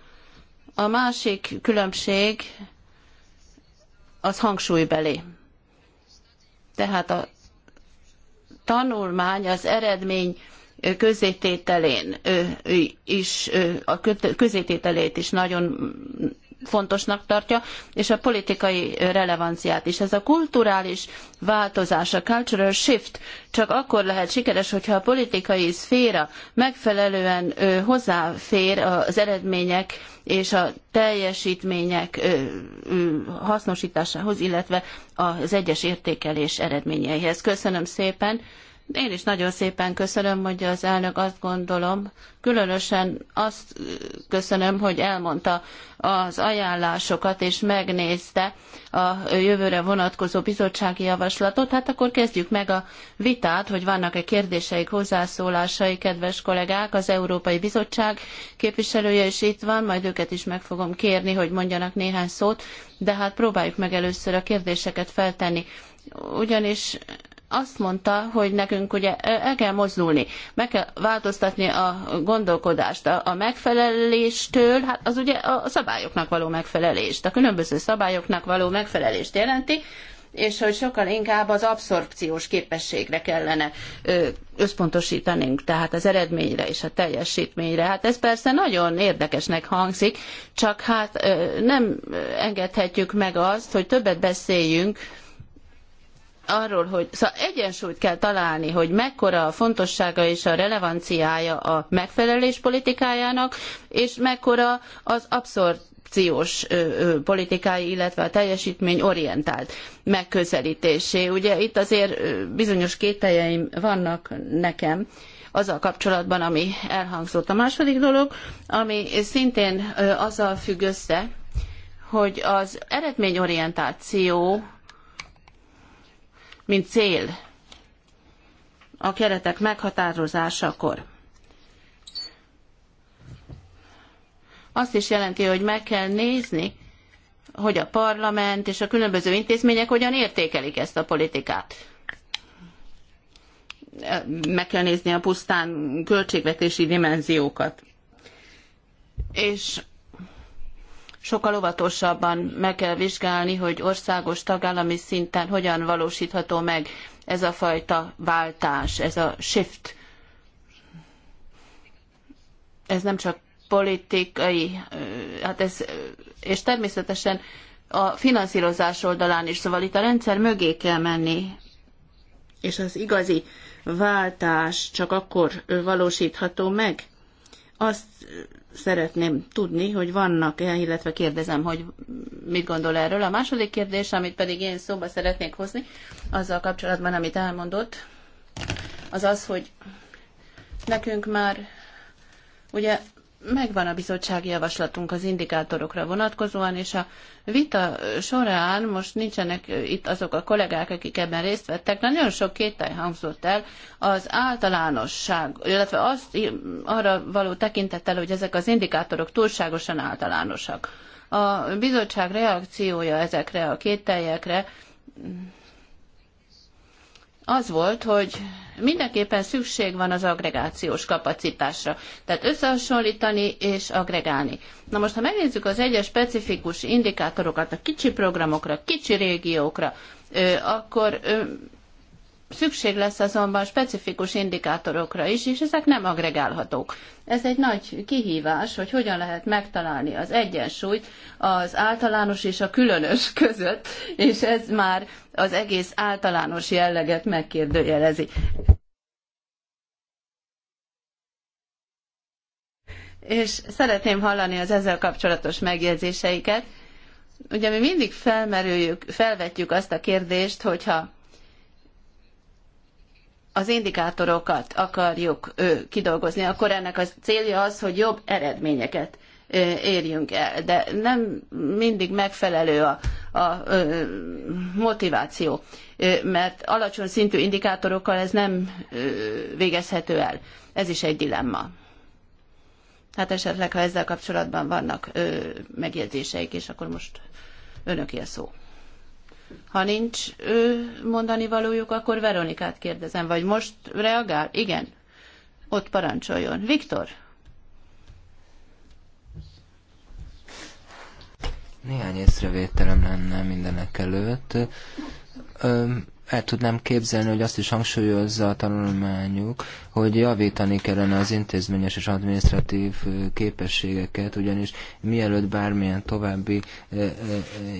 Speaker 2: A másik különbség az hangsúlybeli. Tehát a tanulmány az eredmény közétételén is, a közétételét is nagyon fontosnak tartja, és a politikai relevanciát is. Ez a kulturális változás, a cultural shift csak akkor lehet sikeres, hogyha a politikai szféra megfelelően hozzáfér az eredmények és a teljesítmények hasznosításához, illetve az egyes értékelés eredményeihez. Köszönöm szépen! Én is nagyon szépen köszönöm, mondja az elnök, azt gondolom, különösen azt köszönöm, hogy elmondta az ajánlásokat, és megnézte a jövőre vonatkozó bizottsági javaslatot. Hát akkor kezdjük meg a vitát, hogy vannak-e kérdéseik, hozzászólásai, kedves kollégák. Az Európai Bizottság képviselője is itt van, majd őket is meg fogom kérni, hogy mondjanak néhány szót, de hát próbáljuk meg először a kérdéseket feltenni. Ugyanis azt mondta, hogy nekünk ugye el kell mozdulni, meg kell változtatni a gondolkodást a, a megfeleléstől, hát az ugye a szabályoknak való megfelelést, a különböző szabályoknak való megfelelést jelenti, és hogy sokkal inkább az abszorpciós képességre kellene összpontosítanunk, tehát az eredményre és a teljesítményre. Hát ez persze nagyon érdekesnek hangzik, csak hát nem engedhetjük meg azt, hogy többet beszéljünk arról, hogy szóval egyensúlyt kell találni, hogy mekkora a fontossága és a relevanciája a megfelelés politikájának, és mekkora az abszorb korrupciós politikái, illetve a teljesítményorientált megközelítésé. Ugye itt azért bizonyos kételjeim vannak nekem azzal kapcsolatban, ami elhangzott. A második dolog, ami szintén azzal függ össze, hogy az eredményorientáció mint cél a keretek meghatározásakor. Azt is jelenti, hogy meg kell nézni, hogy a parlament és a különböző intézmények hogyan értékelik ezt a politikát. Meg kell nézni a pusztán költségvetési dimenziókat. És sokkal óvatosabban meg kell vizsgálni, hogy országos tagállami szinten hogyan valósítható meg ez a fajta váltás, ez a shift. Ez nem csak politikai, hát ez, és természetesen a finanszírozás oldalán is, szóval itt a rendszer mögé kell menni, és az igazi váltás csak akkor valósítható meg, azt szeretném tudni, hogy vannak-e, illetve kérdezem, hogy mit gondol erről. A második kérdés, amit pedig én szóba szeretnék hozni, azzal kapcsolatban, amit elmondott, az az, hogy nekünk már ugye megvan a bizottsági javaslatunk az indikátorokra vonatkozóan, és a vita során most nincsenek itt azok a kollégák, akik ebben részt vettek, nagyon sok kétel hangzott el az általánosság, illetve azt arra való tekintettel, hogy ezek az indikátorok túlságosan általánosak. A bizottság reakciója ezekre a kételjekre az volt, hogy mindenképpen szükség van az agregációs kapacitásra. Tehát összehasonlítani és agregálni. Na most, ha megnézzük az egyes specifikus indikátorokat a kicsi programokra, kicsi régiókra, akkor Szükség lesz azonban specifikus indikátorokra is, és ezek nem agregálhatók. Ez egy nagy kihívás, hogy hogyan lehet megtalálni az egyensúlyt az általános és a különös között, és ez már az egész általános jelleget megkérdőjelezi. És szeretném hallani az ezzel kapcsolatos megjegyzéseiket. Ugye mi mindig felmerüljük, felvetjük azt a kérdést, hogyha az indikátorokat akarjuk kidolgozni, akkor ennek a célja az, hogy jobb eredményeket érjünk el, de nem mindig megfelelő a, a, motiváció, mert alacsony szintű indikátorokkal ez nem végezhető el. Ez is egy dilemma. Hát esetleg, ha ezzel kapcsolatban vannak megjegyzéseik, és akkor most önöké a szó. Ha nincs ő mondani valójuk, akkor Veronikát kérdezem, vagy most reagál? Igen. Ott parancsoljon. Viktor?
Speaker 1: Néhány észrevételem lenne mindenek előtt. Öm, el tudnám képzelni, hogy azt is hangsúlyozza a tanulmányuk, hogy javítani kellene az intézményes és administratív képességeket, ugyanis mielőtt bármilyen további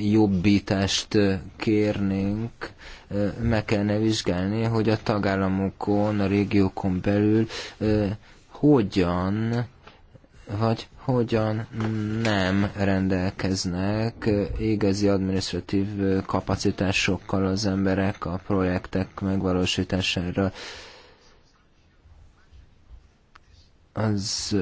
Speaker 1: jobbítást kérnénk, meg kellene vizsgálni, hogy a tagállamokon, a régiókon belül hogyan vagy hogyan nem rendelkeznek igazi administratív kapacitásokkal az emberek a projektek megvalósítására. Az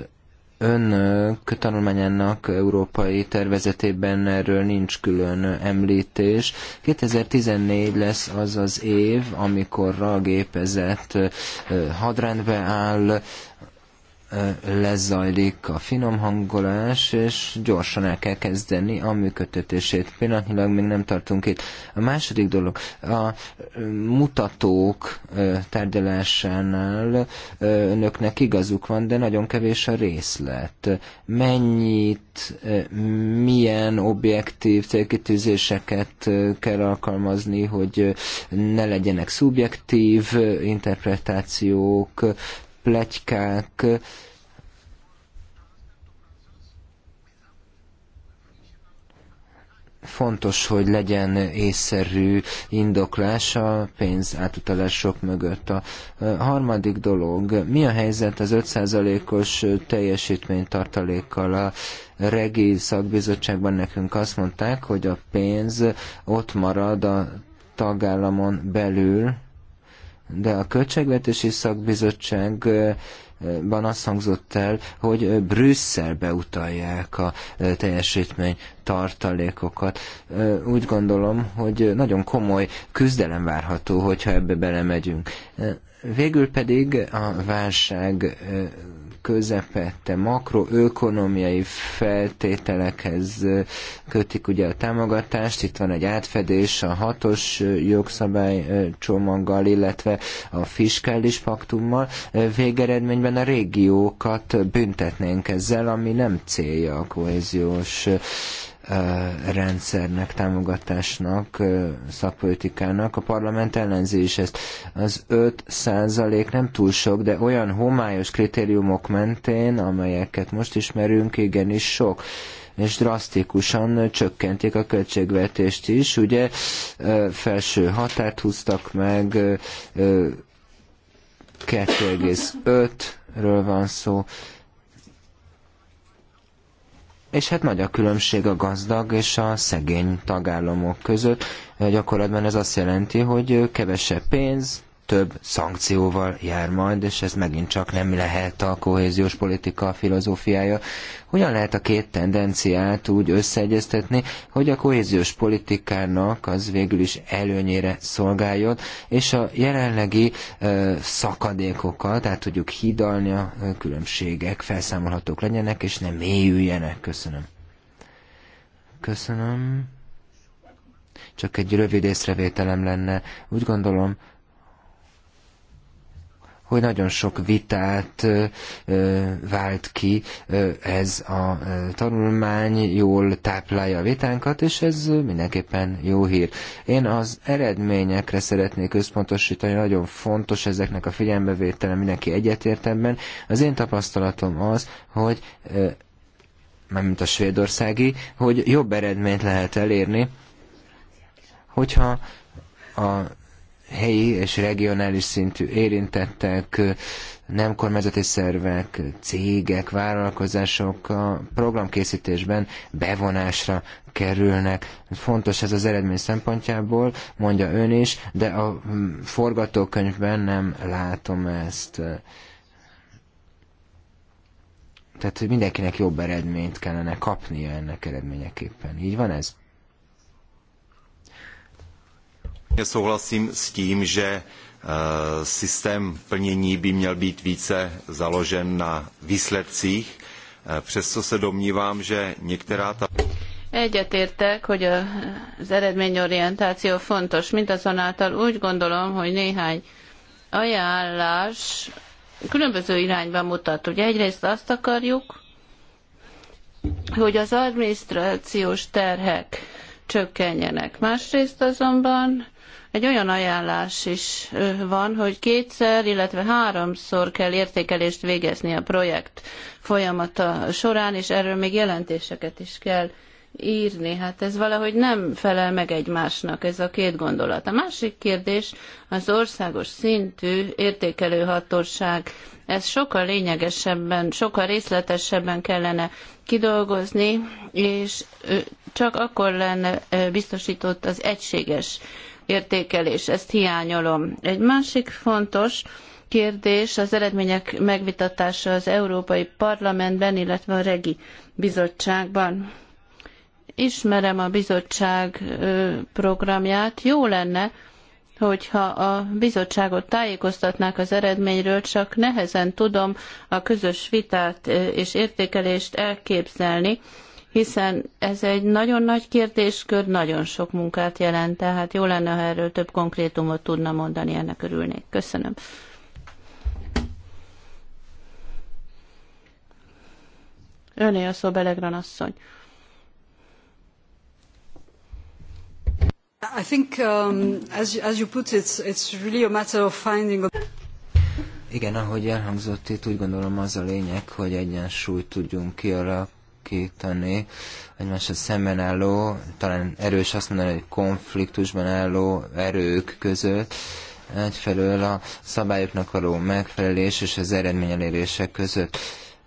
Speaker 1: önök tanulmányának európai tervezetében erről nincs külön említés. 2014 lesz az az év, amikor a gépezet hadrendbe áll, lezajlik a finom hangolás, és gyorsan el kell kezdeni a működtetését. Pillanatnyilag még nem tartunk itt. A második dolog, a mutatók tárgyalásánál önöknek igazuk van, de nagyon kevés a részlet. Mennyit, milyen objektív célkitűzéseket kell alkalmazni, hogy ne legyenek szubjektív interpretációk, plegykák, fontos, hogy legyen észszerű indoklás a pénz átutalások mögött. A harmadik dolog, mi a helyzet az 5%-os teljesítménytartalékkal? A regi szakbizottságban nekünk azt mondták, hogy a pénz ott marad a tagállamon belül, de a Költségvetési Szakbizottságban azt hangzott el, hogy Brüsszelbe utalják a teljesítmény tartalékokat. Úgy gondolom, hogy nagyon komoly küzdelem várható, hogyha ebbe belemegyünk. Végül pedig a válság közepette makroökonomiai feltételekhez kötik ugye a támogatást, itt van egy átfedés a hatos jogszabály csomaggal, illetve a fiskális paktummal, végeredményben a régiókat büntetnénk ezzel, ami nem célja a kohéziós rendszernek, támogatásnak, szakpolitikának. A parlament ellenzi is ezt. Az 5 százalék nem túl sok, de olyan homályos kritériumok mentén, amelyeket most ismerünk, igenis sok és drasztikusan csökkentik a költségvetést is. Ugye felső határt húztak meg, 2,5-ről van szó, és hát nagy a különbség a gazdag és a szegény tagállamok között. Gyakorlatban ez azt jelenti, hogy kevesebb pénz, több szankcióval jár majd, és ez megint csak nem lehet a kohéziós politika filozófiája. Hogyan lehet a két tendenciát úgy összeegyeztetni, hogy a kohéziós politikának az végül is előnyére szolgáljon, és a jelenlegi ö, szakadékokat tehát tudjuk hidalni, a különbségek felszámolhatók legyenek, és nem mélyüljenek. Köszönöm. Köszönöm. Csak egy rövid észrevételem lenne. Úgy gondolom, hogy nagyon sok vitát vált ki ez a tanulmány, jól táplálja a vitánkat, és ez mindenképpen jó hír. Én az eredményekre szeretnék összpontosítani, nagyon fontos ezeknek a figyelmevétele mindenki egyetértemben. Az én tapasztalatom az, hogy mármint a svédországi, hogy jobb eredményt lehet elérni, hogyha a helyi és regionális szintű érintettek, nem kormányzati szervek, cégek, vállalkozások a programkészítésben bevonásra kerülnek. Fontos ez az eredmény szempontjából, mondja ön is, de a forgatókönyvben nem látom ezt. Tehát mindenkinek jobb eredményt kellene kapnia ennek eredményeképpen. Így van ez?
Speaker 3: Souhlasím s tím, že eh, systém plnění by měl být více založen na výsledcích, eh, přesto se domnívám, že některá ta...
Speaker 2: Egyetértek, hogy az eredményorientáció fontos, mindazonáltal úgy gondolom, hogy néhány ajánlás különböző irányba mutat. Ugye egyrészt azt akarjuk, hogy az adminisztrációs terhek csökkenjenek. Másrészt azonban egy olyan ajánlás is van, hogy kétszer, illetve háromszor kell értékelést végezni a projekt folyamata során, és erről még jelentéseket is kell írni. Hát ez valahogy nem felel meg egymásnak, ez a két gondolat. A másik kérdés az országos szintű értékelő hatóság. Ez sokkal lényegesebben, sokkal részletesebben kellene kidolgozni, és csak akkor lenne biztosított az egységes értékelés. Ezt hiányolom. Egy másik fontos kérdés az eredmények megvitatása az Európai Parlamentben, illetve a Regi Bizottságban. Ismerem a bizottság programját. Jó lenne, hogyha a bizottságot tájékoztatnák az eredményről, csak nehezen tudom a közös vitát és értékelést elképzelni hiszen ez egy nagyon nagy kérdéskör, nagyon sok munkát jelent, tehát jó lenne, ha erről több konkrétumot tudna mondani, ennek örülnék. Köszönöm. Öné a szó, Belegran asszony.
Speaker 1: I think, um, as, as you put it, it's really a matter of finding a... Igen, ahogy elhangzott itt, úgy gondolom az a lényeg, hogy egyensúlyt tudjunk kialakítani kialakítani egymással szemben álló, talán erős azt mondani, hogy konfliktusban álló erők között, egyfelől a szabályoknak való megfelelés és az eredményelérések között.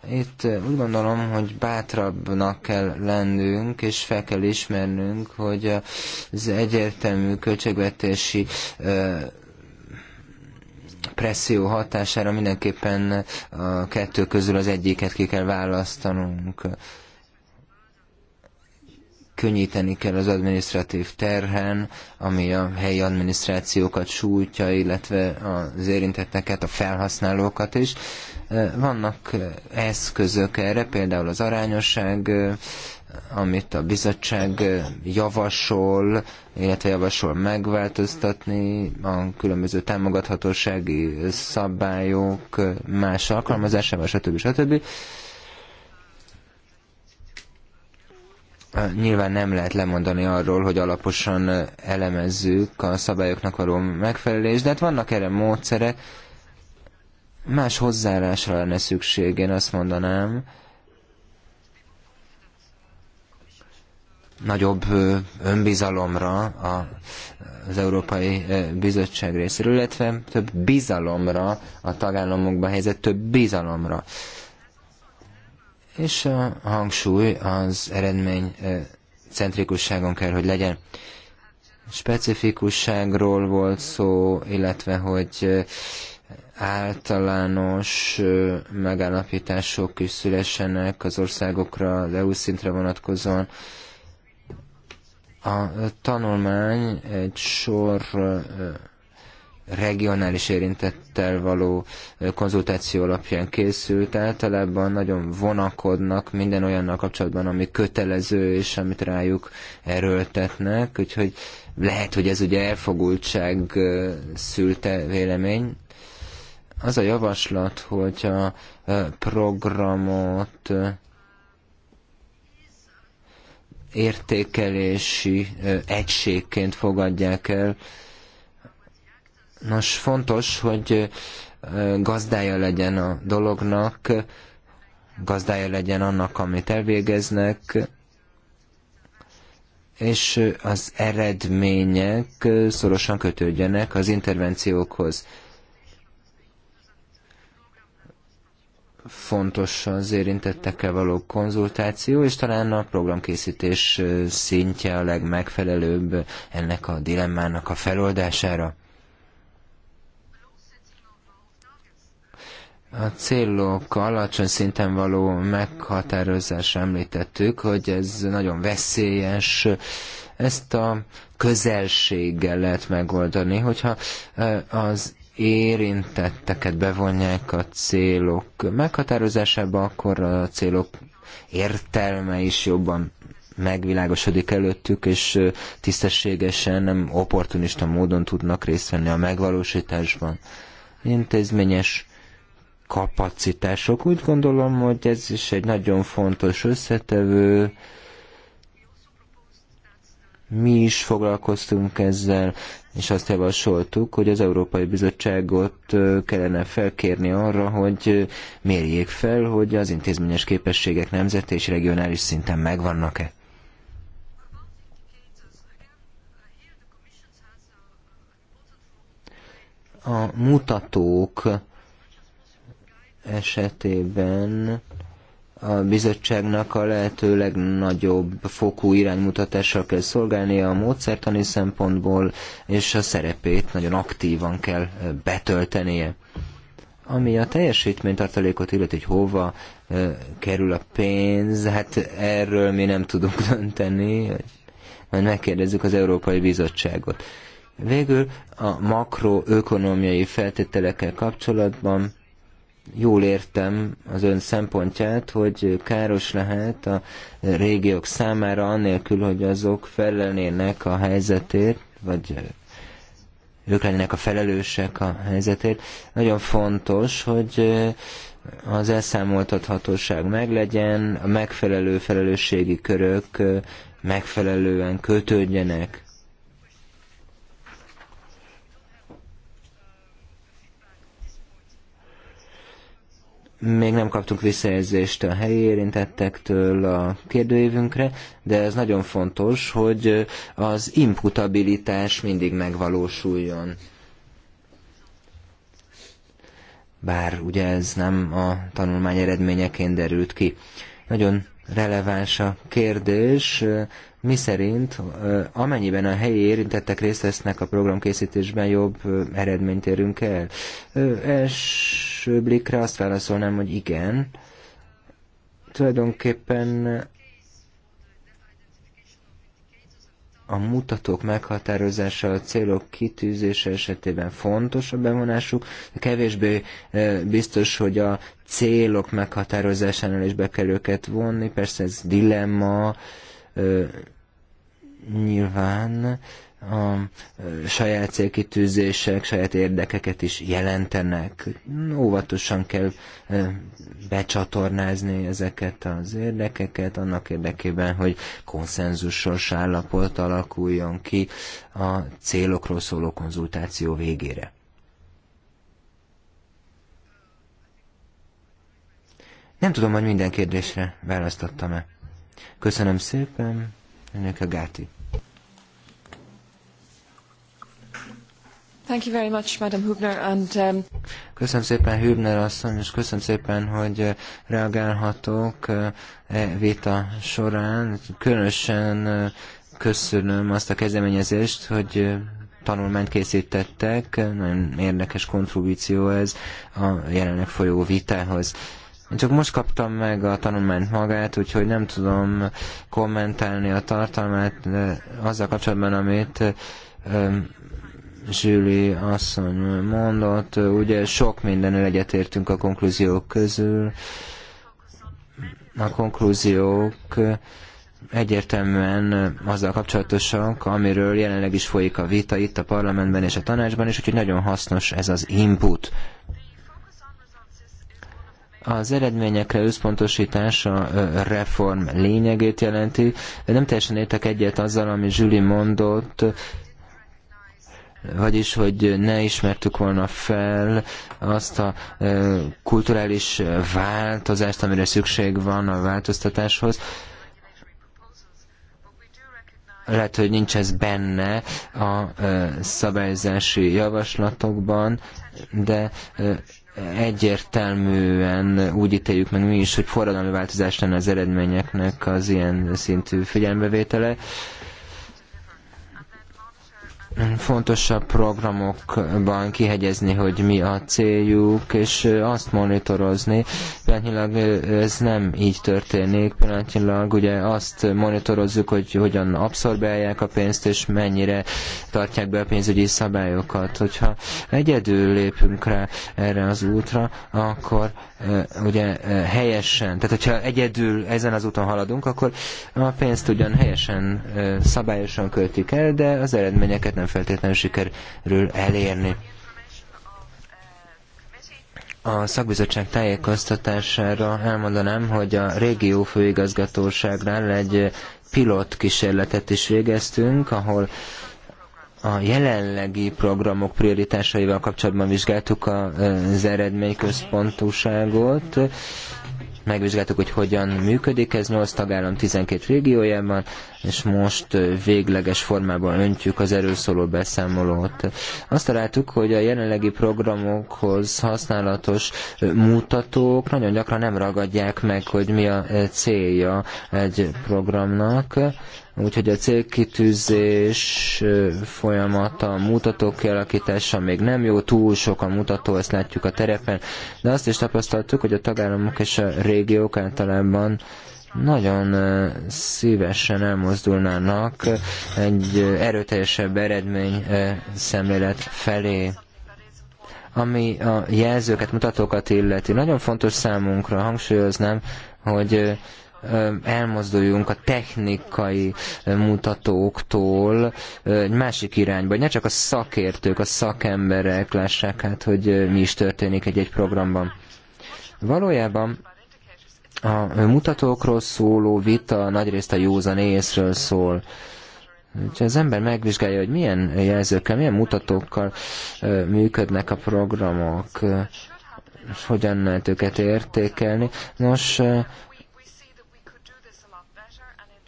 Speaker 1: Itt úgy gondolom, hogy bátrabbnak kell lennünk, és fel kell ismernünk, hogy az egyértelmű költségvetési presszió hatására mindenképpen a kettő közül az egyiket ki kell választanunk könnyíteni kell az adminisztratív terhen, ami a helyi adminisztrációkat sújtja, illetve az érintetteket, a felhasználókat is. Vannak eszközök erre, például az arányosság, amit a bizottság javasol, illetve javasol megváltoztatni, a különböző támogathatósági szabályok más alkalmazásával, stb. stb. stb nyilván nem lehet lemondani arról, hogy alaposan elemezzük a szabályoknak való megfelelést, de hát vannak erre módszerek, más hozzáállásra lenne szükség, én azt mondanám. Nagyobb önbizalomra az Európai Bizottság részéről, illetve több bizalomra a tagállamokban helyezett több bizalomra és a hangsúly az eredmény centrikusságon kell, hogy legyen. Specifikusságról volt szó, illetve hogy általános megállapítások is az országokra, az EU szintre vonatkozóan. A tanulmány egy sor regionális érintettel való konzultáció alapján készült. Általában nagyon vonakodnak minden olyannal kapcsolatban, ami kötelező és amit rájuk erőltetnek, úgyhogy lehet, hogy ez ugye elfogultság szülte vélemény. Az a javaslat, hogy a programot értékelési egységként fogadják el, Nos, fontos, hogy gazdája legyen a dolognak, gazdája legyen annak, amit elvégeznek, és az eredmények szorosan kötődjenek az intervenciókhoz. Fontos az érintettekkel való konzultáció, és talán a programkészítés szintje a legmegfelelőbb ennek a dilemmának a feloldására. A célok alacsony szinten való meghatározás említettük, hogy ez nagyon veszélyes. Ezt a közelséggel lehet megoldani, hogyha e, az érintetteket bevonják a célok meghatározásába, akkor a célok értelme is jobban megvilágosodik előttük, és e, tisztességesen, nem opportunista módon tudnak részt venni a megvalósításban. Intézményes kapacitások. Úgy gondolom, hogy ez is egy nagyon fontos összetevő. Mi is foglalkoztunk ezzel, és azt javasoltuk, hogy az Európai Bizottságot kellene felkérni arra, hogy mérjék fel, hogy az intézményes képességek nemzeti és regionális szinten megvannak-e. A mutatók esetében a bizottságnak a lehető legnagyobb fokú iránymutatással kell szolgálnia a módszertani szempontból, és a szerepét nagyon aktívan kell betöltenie. Ami a teljesítménytartalékot illeti, hogy hova e, kerül a pénz, hát erről mi nem tudunk dönteni, majd megkérdezzük az Európai Bizottságot. Végül a makroökonomiai feltételekkel kapcsolatban jól értem az ön szempontját, hogy káros lehet a régiók számára, annélkül, hogy azok felelnének a helyzetért, vagy ők lennének a felelősek a helyzetért. Nagyon fontos, hogy az elszámoltathatóság meglegyen, a megfelelő felelősségi körök megfelelően kötődjenek Még nem kaptunk visszajelzést a helyi érintettektől a kérdőívünkre, de ez nagyon fontos, hogy az imputabilitás mindig megvalósuljon. Bár ugye ez nem a tanulmány eredményeként derült ki. Nagyon releváns a kérdés, mi szerint amennyiben a helyi érintettek részt vesznek a programkészítésben, jobb eredményt érünk el. Első blikre azt válaszolnám, hogy igen. Tulajdonképpen a mutatók meghatározása, a célok kitűzése esetében fontos a bevonásuk, kevésbé biztos, hogy a célok meghatározásánál is be kell őket vonni, persze ez dilemma, nyilván a saját célkitűzések, saját érdekeket is jelentenek. Óvatosan kell becsatornázni ezeket az érdekeket, annak érdekében, hogy konszenzusos állapot alakuljon ki a célokról szóló konzultáció végére. Nem tudom, hogy minden kérdésre választottam-e. Köszönöm szépen, önök a Gáti.
Speaker 3: Thank you very much, Madam Hubner, and, um...
Speaker 1: Köszönöm szépen Hübner asszony, és köszönöm szépen, hogy uh, reagálhatok uh, e vita során. Különösen uh, köszönöm azt a kezdeményezést, hogy tanulmányt készítettek, nagyon érdekes kontribúció ez a jelenleg folyó vitához. Csak most kaptam meg a tanulmányt magát, úgyhogy nem tudom kommentálni a tartalmát de azzal kapcsolatban, amit Zsüli asszony mondott. Ugye sok mindennel egyetértünk a konklúziók közül. A konklúziók egyértelműen azzal kapcsolatosak, amiről jelenleg is folyik a vita itt a parlamentben és a tanácsban, és úgyhogy nagyon hasznos ez az input. Az eredményekre összpontosítás a reform lényegét jelenti. Nem teljesen értek egyet azzal, ami Zsüli mondott, vagyis hogy ne ismertük volna fel azt a kulturális változást, amire szükség van a változtatáshoz lehet, hogy nincs ez benne a szabályzási javaslatokban, de egyértelműen úgy ítéljük meg mi is, hogy forradalmi változás lenne az eredményeknek az ilyen szintű figyelembevétele fontosabb programokban kihegyezni, hogy mi a céljuk, és azt monitorozni. Pillanatnyilag ez nem így történik. Pillanatnyilag ugye azt monitorozzuk, hogy hogyan abszorbálják a pénzt, és mennyire tartják be a pénzügyi szabályokat. Hogyha egyedül lépünk rá erre az útra, akkor ugye helyesen, tehát hogyha egyedül ezen az úton haladunk, akkor a pénzt ugyan helyesen, szabályosan költik el, de az eredményeket nem feltétlenül sikerül elérni. A szakbizottság tájékoztatására elmondanám, hogy a régió főigazgatóságnál egy pilot kísérletet is végeztünk, ahol a jelenlegi programok prioritásaival kapcsolatban vizsgáltuk az eredményközpontúságot, megvizsgáltuk, hogy hogyan működik ez 8 tagállam 12 régiójában, és most végleges formában öntjük az erről szóló beszámolót. Azt találtuk, hogy a jelenlegi programokhoz használatos mutatók nagyon gyakran nem ragadják meg, hogy mi a célja egy programnak, úgyhogy a célkitűzés folyamata, a mutatók kialakítása még nem jó, túl sok a mutató, ezt látjuk a terepen, de azt is tapasztaltuk, hogy a tagállamok és a régiók általában nagyon szívesen elmozdulnának egy erőteljesebb eredmény szemlélet felé ami a jelzőket, mutatókat illeti. Nagyon fontos számunkra, hangsúlyoznám, hogy elmozduljunk a technikai mutatóktól egy másik irányba, hogy ne csak a szakértők, a szakemberek lássák hát, hogy mi is történik egy-egy programban. Valójában a mutatókról szóló vita nagyrészt a józan észről szól. Ha az ember megvizsgálja, hogy milyen jelzőkkel, milyen mutatókkal működnek a programok, és hogyan lehet őket értékelni. Nos,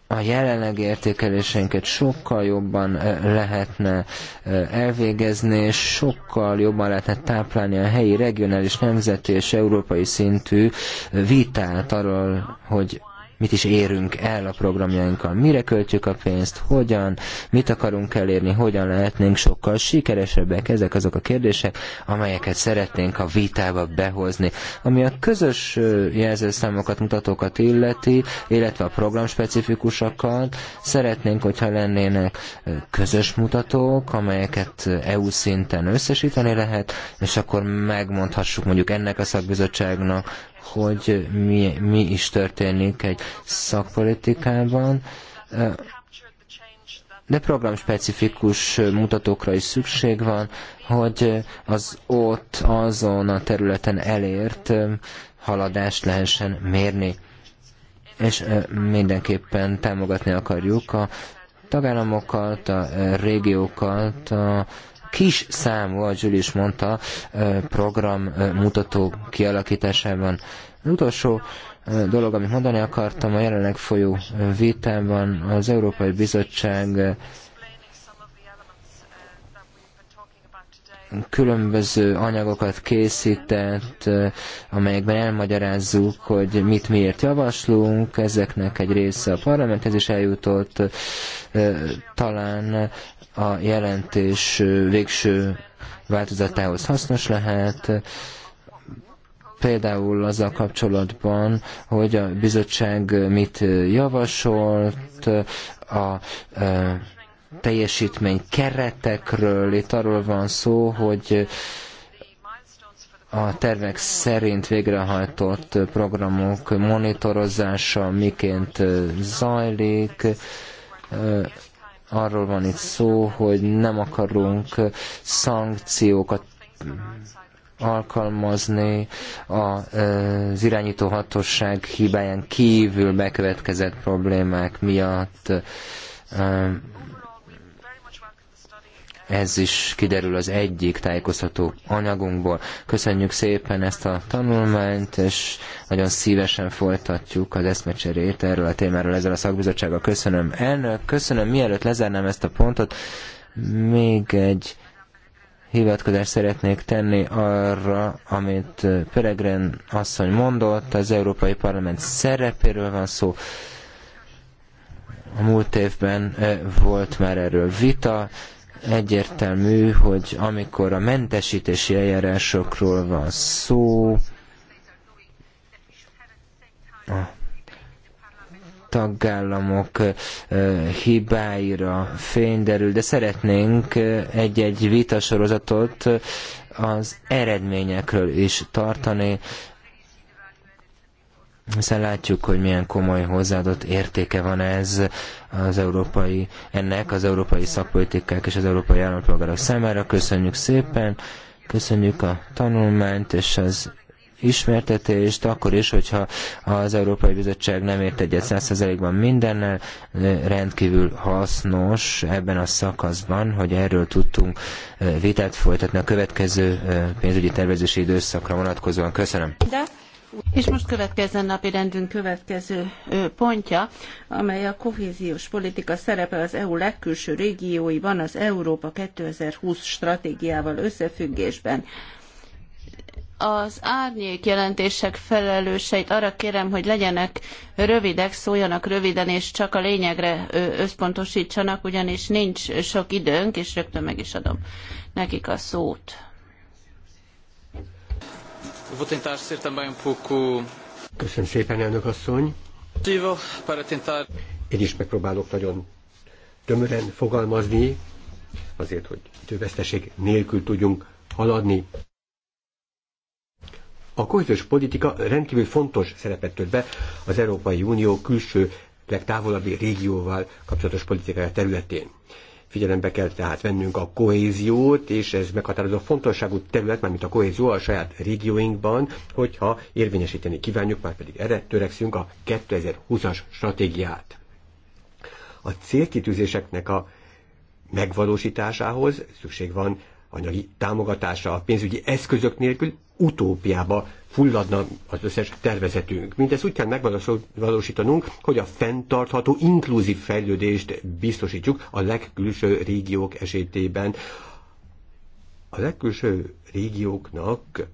Speaker 1: a jelenlegi értékeléseinket sokkal jobban lehetne elvégezni, és sokkal jobban lehetne táplálni a helyi, regionális, nemzeti és európai szintű vitát arról, hogy mit is érünk el a programjainkkal, mire költjük a pénzt, hogyan, mit akarunk elérni, hogyan lehetnénk sokkal sikeresebbek. Ezek azok a kérdések, amelyeket szeretnénk a vitába behozni. Ami a közös jelzőszámokat, mutatókat illeti, illetve a programspecifikusakat, szeretnénk, hogyha lennének közös mutatók, amelyeket EU szinten összesíteni lehet, és akkor megmondhassuk mondjuk ennek a szakbizottságnak, hogy mi, mi is történik egy szakpolitikában, de programspecifikus mutatókra is szükség van, hogy az ott, azon a területen elért haladást lehessen mérni. És mindenképpen támogatni akarjuk a tagállamokat, a régiókat, a kis számú, ahogy Zsül is mondta, program mutató kialakításában. Az utolsó dolog, amit mondani akartam a jelenleg folyó vitában, az Európai Bizottság különböző anyagokat készített, amelyekben elmagyarázzuk, hogy mit miért javaslunk, ezeknek egy része a parlamenthez is eljutott, talán a jelentés végső változatához hasznos lehet, például azzal kapcsolatban, hogy a bizottság mit javasolt, a, a teljesítmény keretekről, itt arról van szó, hogy a tervek szerint végrehajtott programok monitorozása miként zajlik. Arról van itt szó, hogy nem akarunk szankciókat alkalmazni az irányító hatóság hibáján kívül bekövetkezett problémák miatt ez is kiderül az egyik tájékoztató anyagunkból. Köszönjük szépen ezt a tanulmányt, és nagyon szívesen folytatjuk az eszmecserét erről a témáról ezzel a szakbizottsággal. Köszönöm elnök, köszönöm. Mielőtt lezárnám ezt a pontot, még egy hivatkozást szeretnék tenni arra, amit Peregren asszony mondott, az Európai Parlament szerepéről van szó. A múlt évben volt már erről vita, egyértelmű, hogy amikor a mentesítési eljárásokról van szó, a tagállamok hibáira fényderül, de szeretnénk egy-egy vitasorozatot az eredményekről is tartani, hiszen látjuk, hogy milyen komoly hozzáadott értéke van ez az európai, ennek az európai szakpolitikák és az európai állampolgárok számára. Köszönjük szépen, köszönjük a tanulmányt és az ismertetést, akkor is, hogyha az Európai Bizottság nem ért egyet százszerzelékben mindennel, rendkívül hasznos ebben a szakaszban, hogy erről tudtunk vitát folytatni a következő pénzügyi tervezési időszakra vonatkozóan.
Speaker 2: Köszönöm. De? És most következzen napi rendünk következő pontja, amely a kohéziós politika szerepe az EU legkülső régióiban az Európa 2020 stratégiával összefüggésben. Az árnyék jelentések felelőseit arra kérem, hogy legyenek rövidek, szóljanak röviden, és csak a lényegre összpontosítsanak, ugyanis nincs sok időnk, és rögtön meg is adom nekik a szót.
Speaker 4: Vou tentar ser também um pouco... Köszönöm szépen, elnök asszony. Para tentar... Én is megpróbálok nagyon tömören fogalmazni, azért, hogy időveszteség nélkül tudjunk haladni. A kohéziós politika rendkívül fontos szerepet tölt be az Európai Unió külső legtávolabbi régióval kapcsolatos politikája területén. Figyelembe kell tehát vennünk a kohéziót, és ez meghatározó fontosságú terület, mármint a kohézió a saját régióinkban, hogyha érvényesíteni kívánjuk, már pedig erre törekszünk a 2020-as stratégiát. A célkitűzéseknek a megvalósításához szükség van anyagi támogatásra, a pénzügyi eszközök nélkül utópiába fulladna az összes tervezetünk. Mindezt úgy kell megvalósítanunk, hogy a fenntartható, inkluzív fejlődést biztosítjuk a legkülső régiók esetében. A legkülső régióknak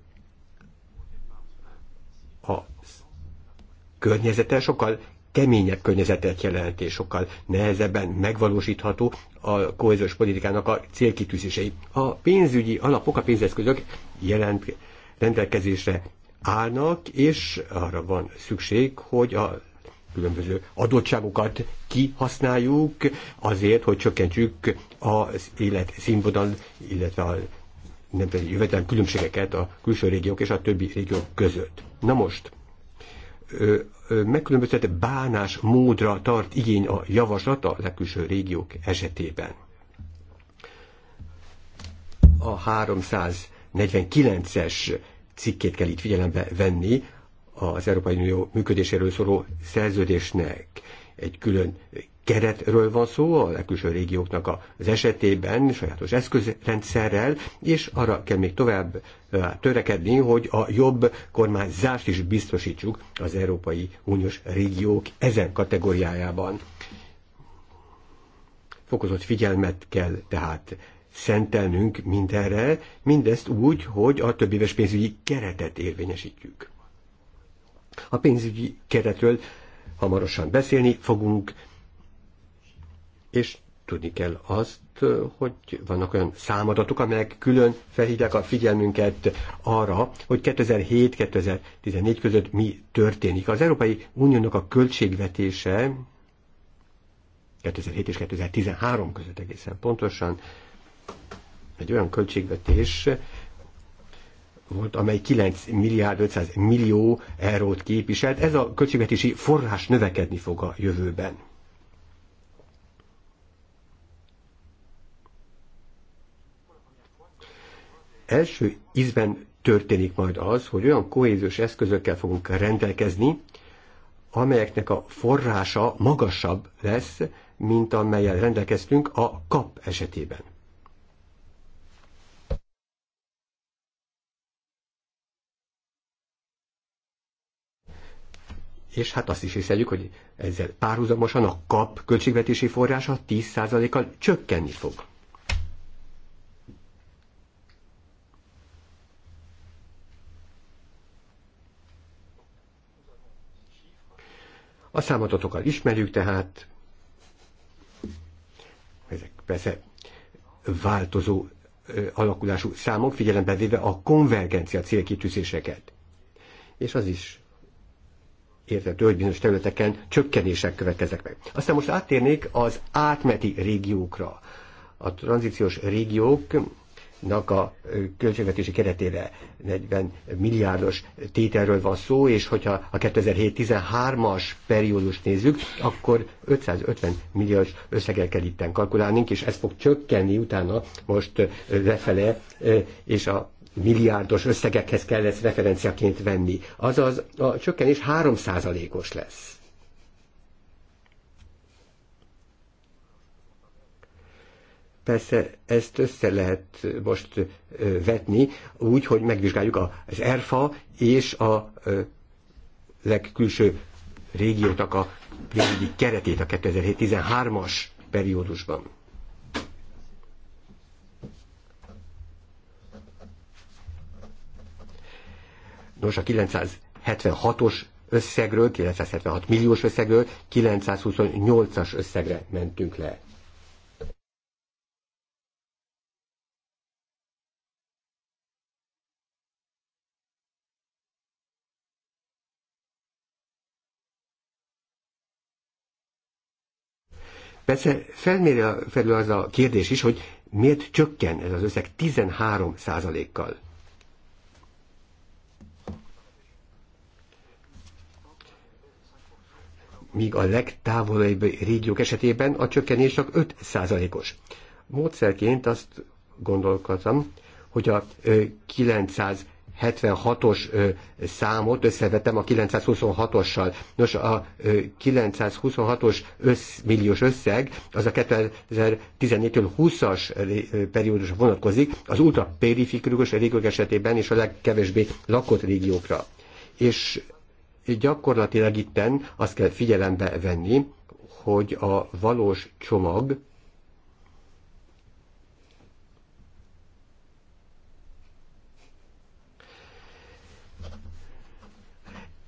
Speaker 4: a környezete sokkal keményebb környezetet jelent, és sokkal nehezebben megvalósítható a kohéziós politikának a célkitűzései. A pénzügyi alapok, a pénzeszközök jelent rendelkezésre állnak, és arra van szükség, hogy a különböző adottságokat kihasználjuk azért, hogy csökkentsük az élet színvonal, illetve a nem jövedelem különbségeket a külső régiók és a többi régiók között. Na most, megkülönböztetett bánás módra tart igény a javaslat a legkülső régiók esetében. A 349-es cikkét kell itt figyelembe venni az Európai Unió működéséről szóló szerződésnek. Egy külön keretről van szó, a legkülső régióknak az esetében sajátos eszközrendszerrel, és arra kell még tovább törekedni, hogy a jobb kormányzást is biztosítsuk az Európai Uniós régiók ezen kategóriájában. Fokozott figyelmet kell tehát szentelnünk mindenre, mindezt úgy, hogy a éves pénzügyi keretet érvényesítjük. A pénzügyi keretről hamarosan beszélni fogunk, és tudni kell azt, hogy vannak olyan számadatok, amelyek külön felhívják a figyelmünket arra, hogy 2007-2014 között mi történik. Az Európai Uniónak a költségvetése 2007 és 2013 között egészen pontosan egy olyan költségvetés volt, amely 9 milliárd 500 millió eurót képviselt. Ez a költségvetési forrás növekedni fog a jövőben. Első ízben történik majd az, hogy olyan kohéziós eszközökkel fogunk rendelkezni, amelyeknek a forrása magasabb lesz, mint amelyel rendelkeztünk a kap esetében. és hát azt is észleljük, hogy ezzel párhuzamosan a kap költségvetési forrása 10%-kal csökkenni fog. A számadatokat ismerjük tehát, ezek persze változó alakulású számok, figyelembe véve a konvergencia célkitűzéseket. És az is értető, hogy bizonyos területeken csökkenések következnek meg. Aztán most áttérnék az átmeti régiókra. A tranzíciós régióknak a költségvetési keretére 40 milliárdos tételről van szó, és hogyha a 2007-13-as periódust nézzük, akkor 550 milliós összeggel kell itten kalkulálnunk, és ez fog csökkenni utána most lefele, és a milliárdos összegekhez kell ezt referenciaként venni. Azaz a csökkenés 3%-os lesz. Persze ezt össze lehet most vetni úgy, hogy megvizsgáljuk az ERFA és a legkülső régiótak a pénzügyi keretét a 2013 as periódusban. Nos, a 976-os összegről, 976 milliós összegről 928-as összegre mentünk le. Persze felmérje felül az a kérdés is, hogy miért csökken ez az összeg 13 kal míg a legtávolabb régiók esetében a csökkenés csak 5%-os. Módszerként azt gondolkodtam, hogy a 900 76-os számot összevetem a 926-ossal. Nos, a 926-os össz, milliós összeg az a 2014-től 20-as periódusra vonatkozik, az ultraperifikus régiók esetében és a legkevésbé lakott régiókra. És gyakorlatilag itten azt kell figyelembe venni, hogy a valós csomag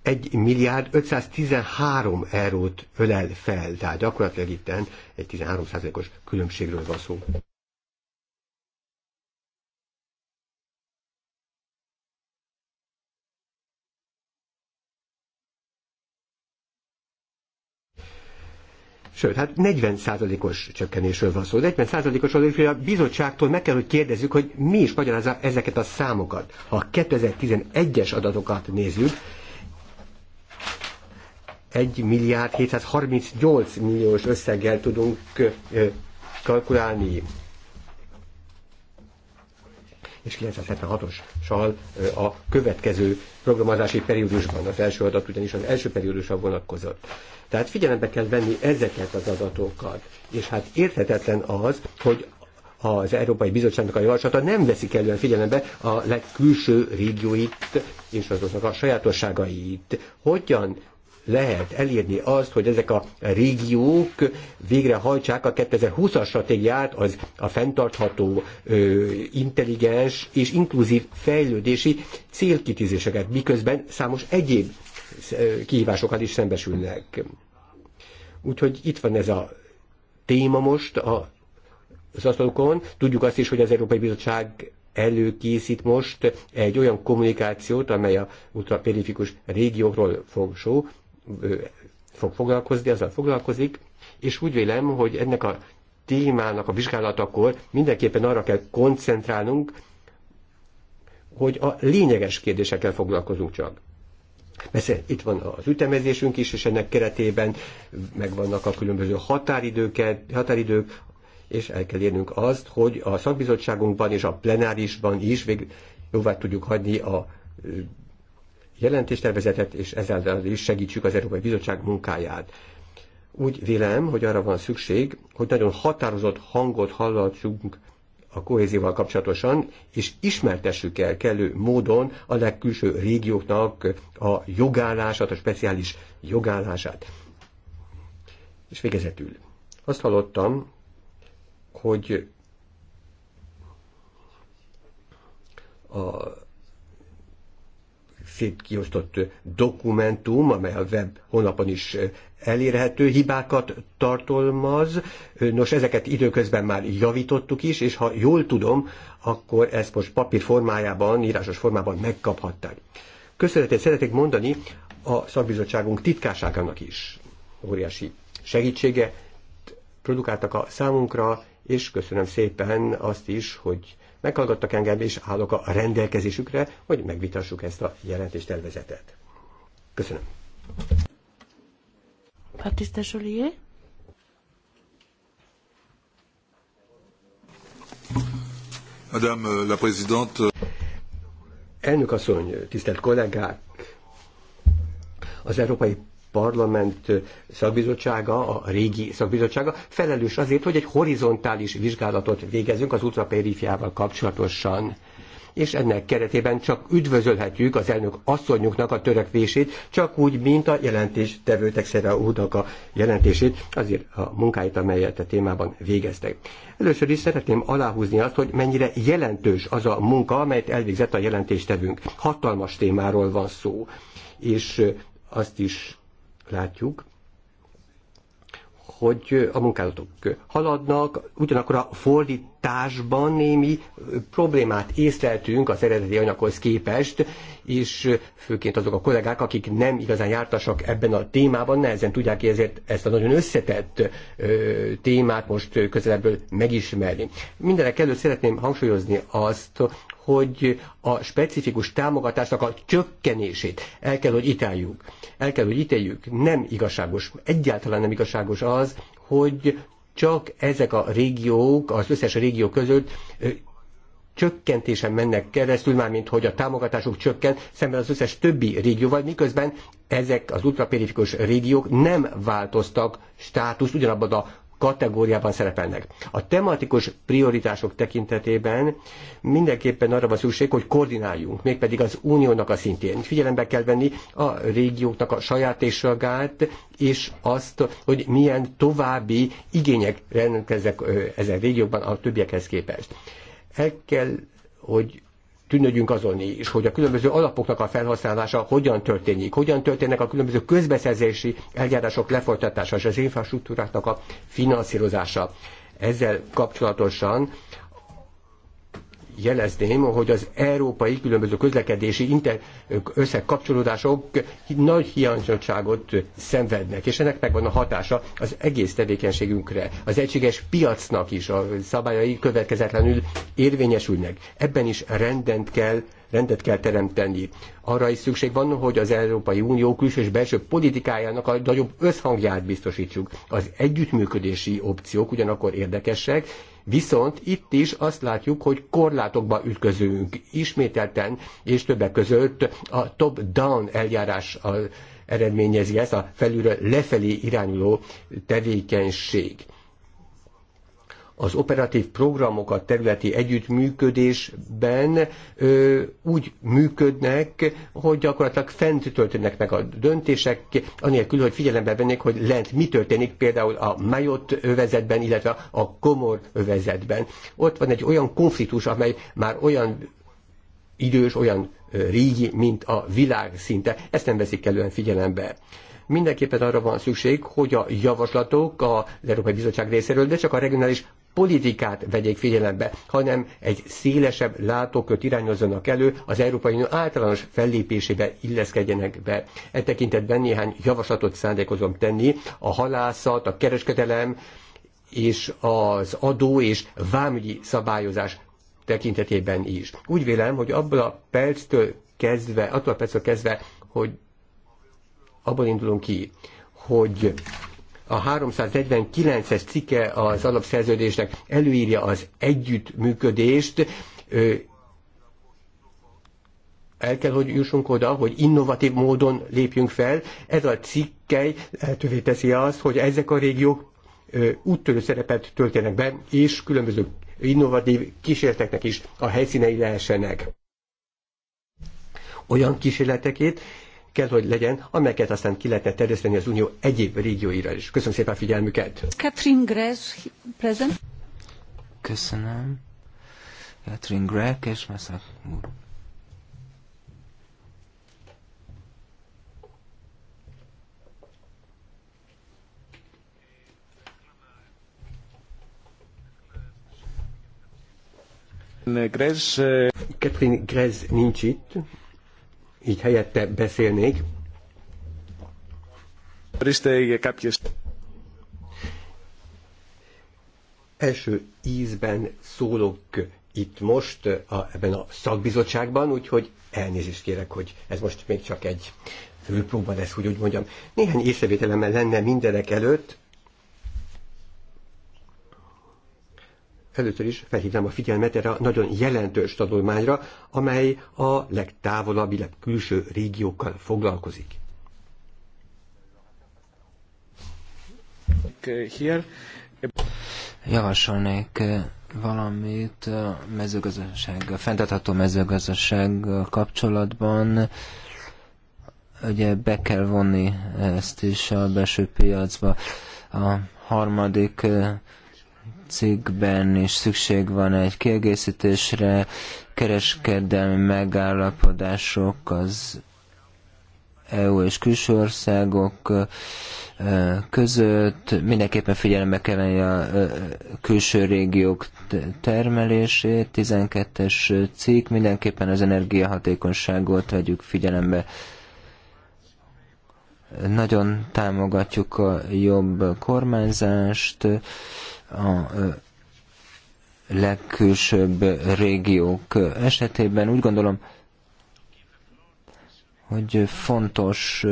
Speaker 4: egy milliárd 513 eurót ölel fel, tehát gyakorlatilag itten egy 13%-os különbségről van szó. Sőt, hát 40%-os csökkenésről van szó. 40%-os az, hogy a bizottságtól meg kell, hogy kérdezzük, hogy mi is magyarázza ezeket a számokat. Ha a 2011-es adatokat nézzük, 1 milliárd 738 milliós összeggel tudunk kalkulálni és 976-ossal a következő programozási periódusban. Az első adat ugyanis az első periódusra vonatkozott. Tehát figyelembe kell venni ezeket az adatokat. És hát érthetetlen az, hogy az Európai Bizottságnak a javaslata nem veszik elően figyelembe a legkülső régióit és azoknak a sajátosságait. Hogyan lehet elérni azt, hogy ezek a régiók végrehajtsák a 2020-as stratégiát, az a fenntartható, intelligens és inkluzív fejlődési célkitűzéseket, miközben számos egyéb kihívásokkal is szembesülnek. Úgyhogy itt van ez a téma most a, az asztalokon. Tudjuk azt is, hogy az Európai Bizottság előkészít most egy olyan kommunikációt, amely a ultraperifikus régiókról fog szó, fog foglalkozni, ezzel foglalkozik, és úgy vélem, hogy ennek a témának a vizsgálatakor mindenképpen arra kell koncentrálnunk, hogy a lényeges kérdésekkel foglalkozunk csak. Persze itt van az ütemezésünk is, és ennek keretében megvannak a különböző határidőket, határidők, és el kell érnünk azt, hogy a szakbizottságunkban és a plenárisban is végül jóvá tudjuk hagyni a jelentéstervezetet, és ezáltal is segítsük az Európai Bizottság munkáját. Úgy vélem, hogy arra van szükség, hogy nagyon határozott hangot hallatsunk a kohézióval kapcsolatosan, és ismertessük el kellő módon a legkülső régióknak a jogállását, a speciális jogállását. És végezetül. Azt hallottam, hogy a szétkiosztott dokumentum, amely a web honlapon is elérhető hibákat tartalmaz. Nos, ezeket időközben már javítottuk is, és ha jól tudom, akkor ezt most papír formájában, írásos formában megkaphatták. Köszönetet szeretnék mondani a szakbizottságunk titkárságának is. Óriási segítsége produkáltak a számunkra, és köszönöm szépen azt is, hogy meghallgattak engem, és állok a rendelkezésükre, hogy megvitassuk ezt a jelentéstervezetet. Köszönöm.
Speaker 2: Baptiste Joliet.
Speaker 4: Madame la Présidente. Elnök asszony, tisztelt kollégák! Az Európai parlament szakbizottsága, a régi szakbizottsága felelős azért, hogy egy horizontális vizsgálatot végezünk az ultraperifiával kapcsolatosan és ennek keretében csak üdvözölhetjük az elnök asszonyunknak a törekvését, csak úgy, mint a jelentés tevőtek szere a jelentését, azért a munkáit, amelyet a témában végeztek. Először is szeretném aláhúzni azt, hogy mennyire jelentős az a munka, amelyet elvégzett a jelentéstevünk. Hatalmas témáról van szó, és azt is látjuk, hogy a munkálatok haladnak, ugyanakkor a fordításban némi problémát észleltünk az eredeti anyaghoz képest, és főként azok a kollégák, akik nem igazán jártasak ebben a témában, nehezen tudják ki ezért ezt a nagyon összetett ö, témát most közelebből megismerni. Mindenek előtt szeretném hangsúlyozni azt, hogy a specifikus támogatásnak a csökkenését el kell, hogy ítéljuk. El kell, hogy ítéljük. Nem igazságos, egyáltalán nem igazságos az, hogy csak ezek a régiók, az összes régió között csökkentésen mennek keresztül, mármint hogy a támogatásuk csökken, szemben az összes többi régióval, miközben ezek az ultraperifikus régiók nem változtak státuszt, ugyanabban a kategóriában szerepelnek. A tematikus prioritások tekintetében mindenképpen arra van szükség, hogy koordináljunk, mégpedig az uniónak a szintjén. Figyelembe kell venni a régióknak a saját ragát, és azt, hogy milyen további igények rendelkeznek ezen régiókban a többiekhez képest. El kell, hogy tűnődjünk azon is, hogy a különböző alapoknak a felhasználása hogyan történik, hogyan történnek a különböző közbeszerzési eljárások lefolytatása és az infrastruktúráknak a finanszírozása. Ezzel kapcsolatosan jelezném, hogy az európai különböző közlekedési inter összekapcsolódások nagy hiányosságot szenvednek, és ennek megvan a hatása az egész tevékenységünkre. Az egységes piacnak is a szabályai következetlenül érvényesülnek. Ebben is rendent kell rendet kell teremteni. Arra is szükség van, hogy az Európai Unió külső és belső politikájának a nagyobb összhangját biztosítsuk. Az együttműködési opciók ugyanakkor érdekesek, Viszont itt is azt látjuk, hogy korlátokba ütközünk ismételten, és többek között a top-down eljárás eredményezi ezt a felülről lefelé irányuló tevékenység az operatív programokat területi együttműködésben ö, úgy működnek, hogy gyakorlatilag fent történnek meg a döntések, anélkül, hogy figyelembe vennék, hogy lent mi történik például a Majot övezetben, illetve a Komor övezetben. Ott van egy olyan konfliktus, amely már olyan idős, olyan régi, mint a világ szinte. Ezt nem veszik kellően figyelembe mindenképpen arra van szükség, hogy a javaslatok az Európai Bizottság részéről, de csak a regionális politikát vegyék figyelembe, hanem egy szélesebb látókört irányozzanak elő, az Európai Unió általános fellépésébe illeszkedjenek be. E tekintetben néhány javaslatot szándékozom tenni, a halászat, a kereskedelem, és az adó és vámügyi szabályozás tekintetében is. Úgy vélem, hogy abból a perctől kezdve, attól a perctől kezdve, hogy abból indulunk ki, hogy a 349-es cikke az alapszerződésnek előírja az együttműködést, el kell, hogy jussunk oda, hogy innovatív módon lépjünk fel. Ez a cikkely lehetővé teszi azt, hogy ezek a régiók úttörő szerepet töltenek be, és különböző innovatív kísérleteknek is a helyszínei lehessenek. Olyan kísérletekét, kell, hogy legyen, amelyeket aztán ki lehetne terjeszteni az Unió egyéb régióira is. Köszönöm szépen a figyelmüket.
Speaker 2: Catherine Gress, present.
Speaker 4: Köszönöm.
Speaker 1: Catherine Grez, és Messzak úr.
Speaker 4: Grez... Catherine Grez eh, nincs itt így helyette beszélnék. Első ízben szólok itt most a, ebben a szakbizottságban, úgyhogy elnézést kérek, hogy ez most még csak egy főpróba lesz, hogy úgy mondjam. Néhány észrevételemmel lenne mindenek előtt, először is felhívnám a figyelmet erre a nagyon jelentős tanulmányra, amely a legtávolabbi, legkülső régiókkal foglalkozik.
Speaker 2: Uh,
Speaker 1: Javasolnék uh, valamit a mezőgazdaság, a fenntartható mezőgazdaság kapcsolatban. Ugye be kell vonni ezt is a belső piacba. A harmadik uh, cikkben is szükség van egy kiegészítésre, kereskedelmi megállapodások az EU és külső országok között. Mindenképpen figyelembe kell venni a külső régiók termelését. 12-es cikk, mindenképpen az energiahatékonyságot vegyük figyelembe. Nagyon támogatjuk a jobb kormányzást, a legkülsőbb régiók esetében. Úgy gondolom, hogy fontos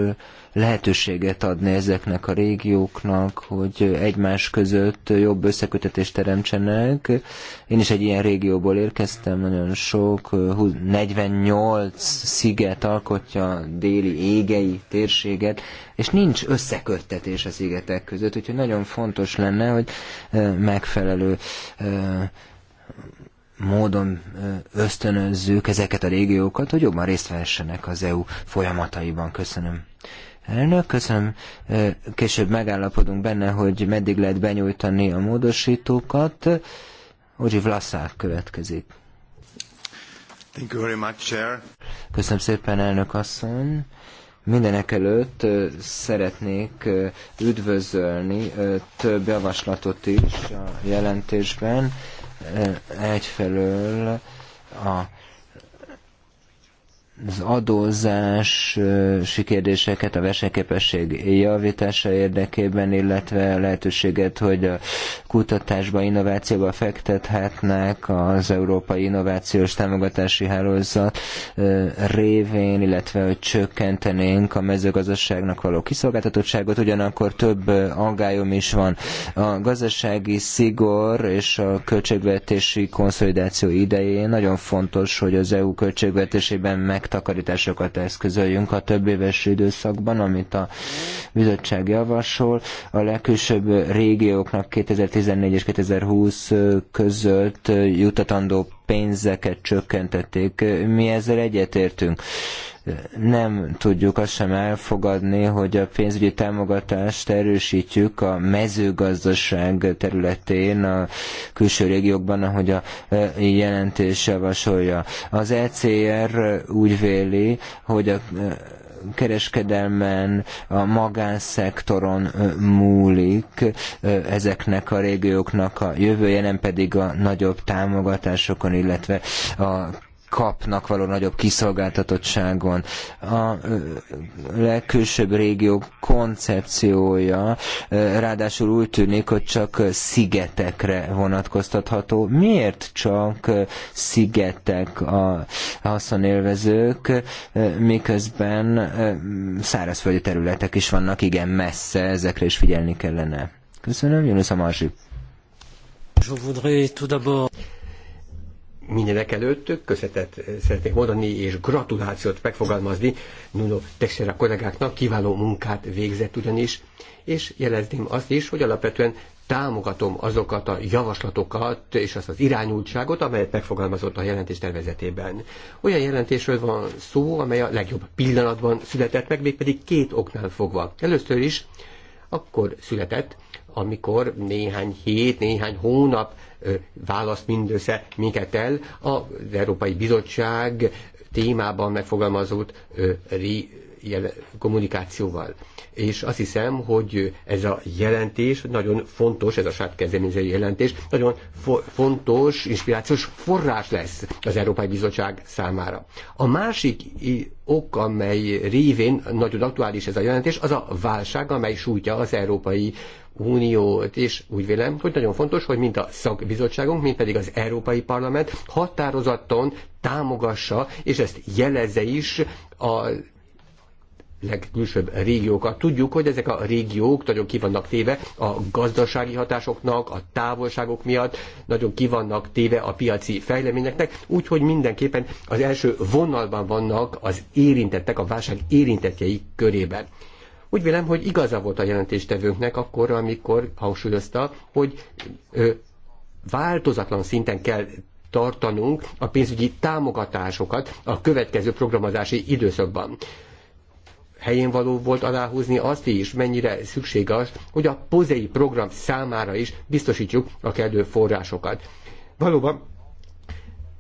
Speaker 1: lehetőséget adni ezeknek a régióknak, hogy egymás között jobb összekötetést teremtsenek. Én is egy ilyen régióból érkeztem, nagyon sok, 48 sziget alkotja déli égei térséget, és nincs összeköttetés a szigetek között, úgyhogy nagyon fontos lenne, hogy megfelelő módon ösztönözzük ezeket a régiókat, hogy jobban részt vehessenek az EU folyamataiban. Köszönöm. Elnök, köszönöm. Később megállapodunk benne, hogy meddig lehet benyújtani a módosítókat. Ogyi Vlaszák következik.
Speaker 4: Thank you very much, Chair.
Speaker 1: Köszönöm szépen, elnök asszony. Mindenek előtt szeretnék üdvözölni több javaslatot is a jelentésben egyfelől a az adózási kérdéseket a versenyképesség javítása érdekében, illetve a lehetőséget, hogy a kutatásba, innovációba fektethetnek az Európai Innovációs Támogatási Hálózat révén, illetve hogy csökkentenénk a mezőgazdaságnak való kiszolgáltatottságot, ugyanakkor több aggályom is van. A gazdasági szigor és a költségvetési konszolidáció idején nagyon fontos, hogy az EU költségvetésében meg takarításokat eszközöljünk a több éves időszakban, amit a bizottság javasol. A legkülsőbb régióknak 2014 és 2020 között jutatandó pénzeket csökkentették. Mi ezzel egyetértünk nem tudjuk azt sem elfogadni, hogy a pénzügyi támogatást erősítjük a mezőgazdaság területén, a külső régiókban, ahogy a e, jelentés javasolja. Az ECR úgy véli, hogy a e, kereskedelmen, a magánszektoron e, múlik ezeknek a régióknak a jövője, nem pedig a nagyobb támogatásokon, illetve a kapnak való nagyobb kiszolgáltatottságon. A legkülsőbb régió koncepciója ráadásul úgy tűnik, hogy csak szigetekre vonatkoztatható. Miért csak szigetek a haszonélvezők, miközben szárazföldi területek is vannak igen messze, ezekre is figyelni kellene. Köszönöm, Jönusz a Marzsi
Speaker 4: mindenek előtt köszönetet szeretnék mondani és gratulációt megfogalmazni Nuno Teixeira kollégáknak, kiváló munkát végzett ugyanis, és jelezném azt is, hogy alapvetően támogatom azokat a javaslatokat és azt az irányultságot, amelyet megfogalmazott a jelentés tervezetében. Olyan jelentésről van szó, amely a legjobb pillanatban született meg, mégpedig két oknál fogva. Először is akkor született, amikor néhány hét, néhány hónap választ mindössze minket el az Európai Bizottság témában megfogalmazott kommunikációval. És azt hiszem, hogy ez a jelentés nagyon fontos, ez a saját kezdeményező jelentés, nagyon fo- fontos, inspirációs forrás lesz az Európai Bizottság számára. A másik ok, amely révén nagyon aktuális ez a jelentés, az a válság, amely sújtja az Európai Uniót is úgy vélem, hogy nagyon fontos, hogy mind a szakbizottságunk, mind pedig az Európai Parlament határozatton támogassa, és ezt jelezze is a legkülsőbb régiókat. Tudjuk, hogy ezek a régiók nagyon kivannak téve a gazdasági hatásoknak, a távolságok miatt, nagyon kivannak téve a piaci fejleményeknek, úgyhogy mindenképpen az első vonalban vannak az érintettek, a válság érintettjei körében. Úgy vélem, hogy igaza volt a jelentéstevőnknek akkor, amikor hangsúlyozta, hogy ö, változatlan szinten kell tartanunk a pénzügyi támogatásokat a következő programozási időszakban helyén való volt aláhúzni azt is, mennyire szükséges, hogy a pozei program számára is biztosítjuk a kellő forrásokat. Valóban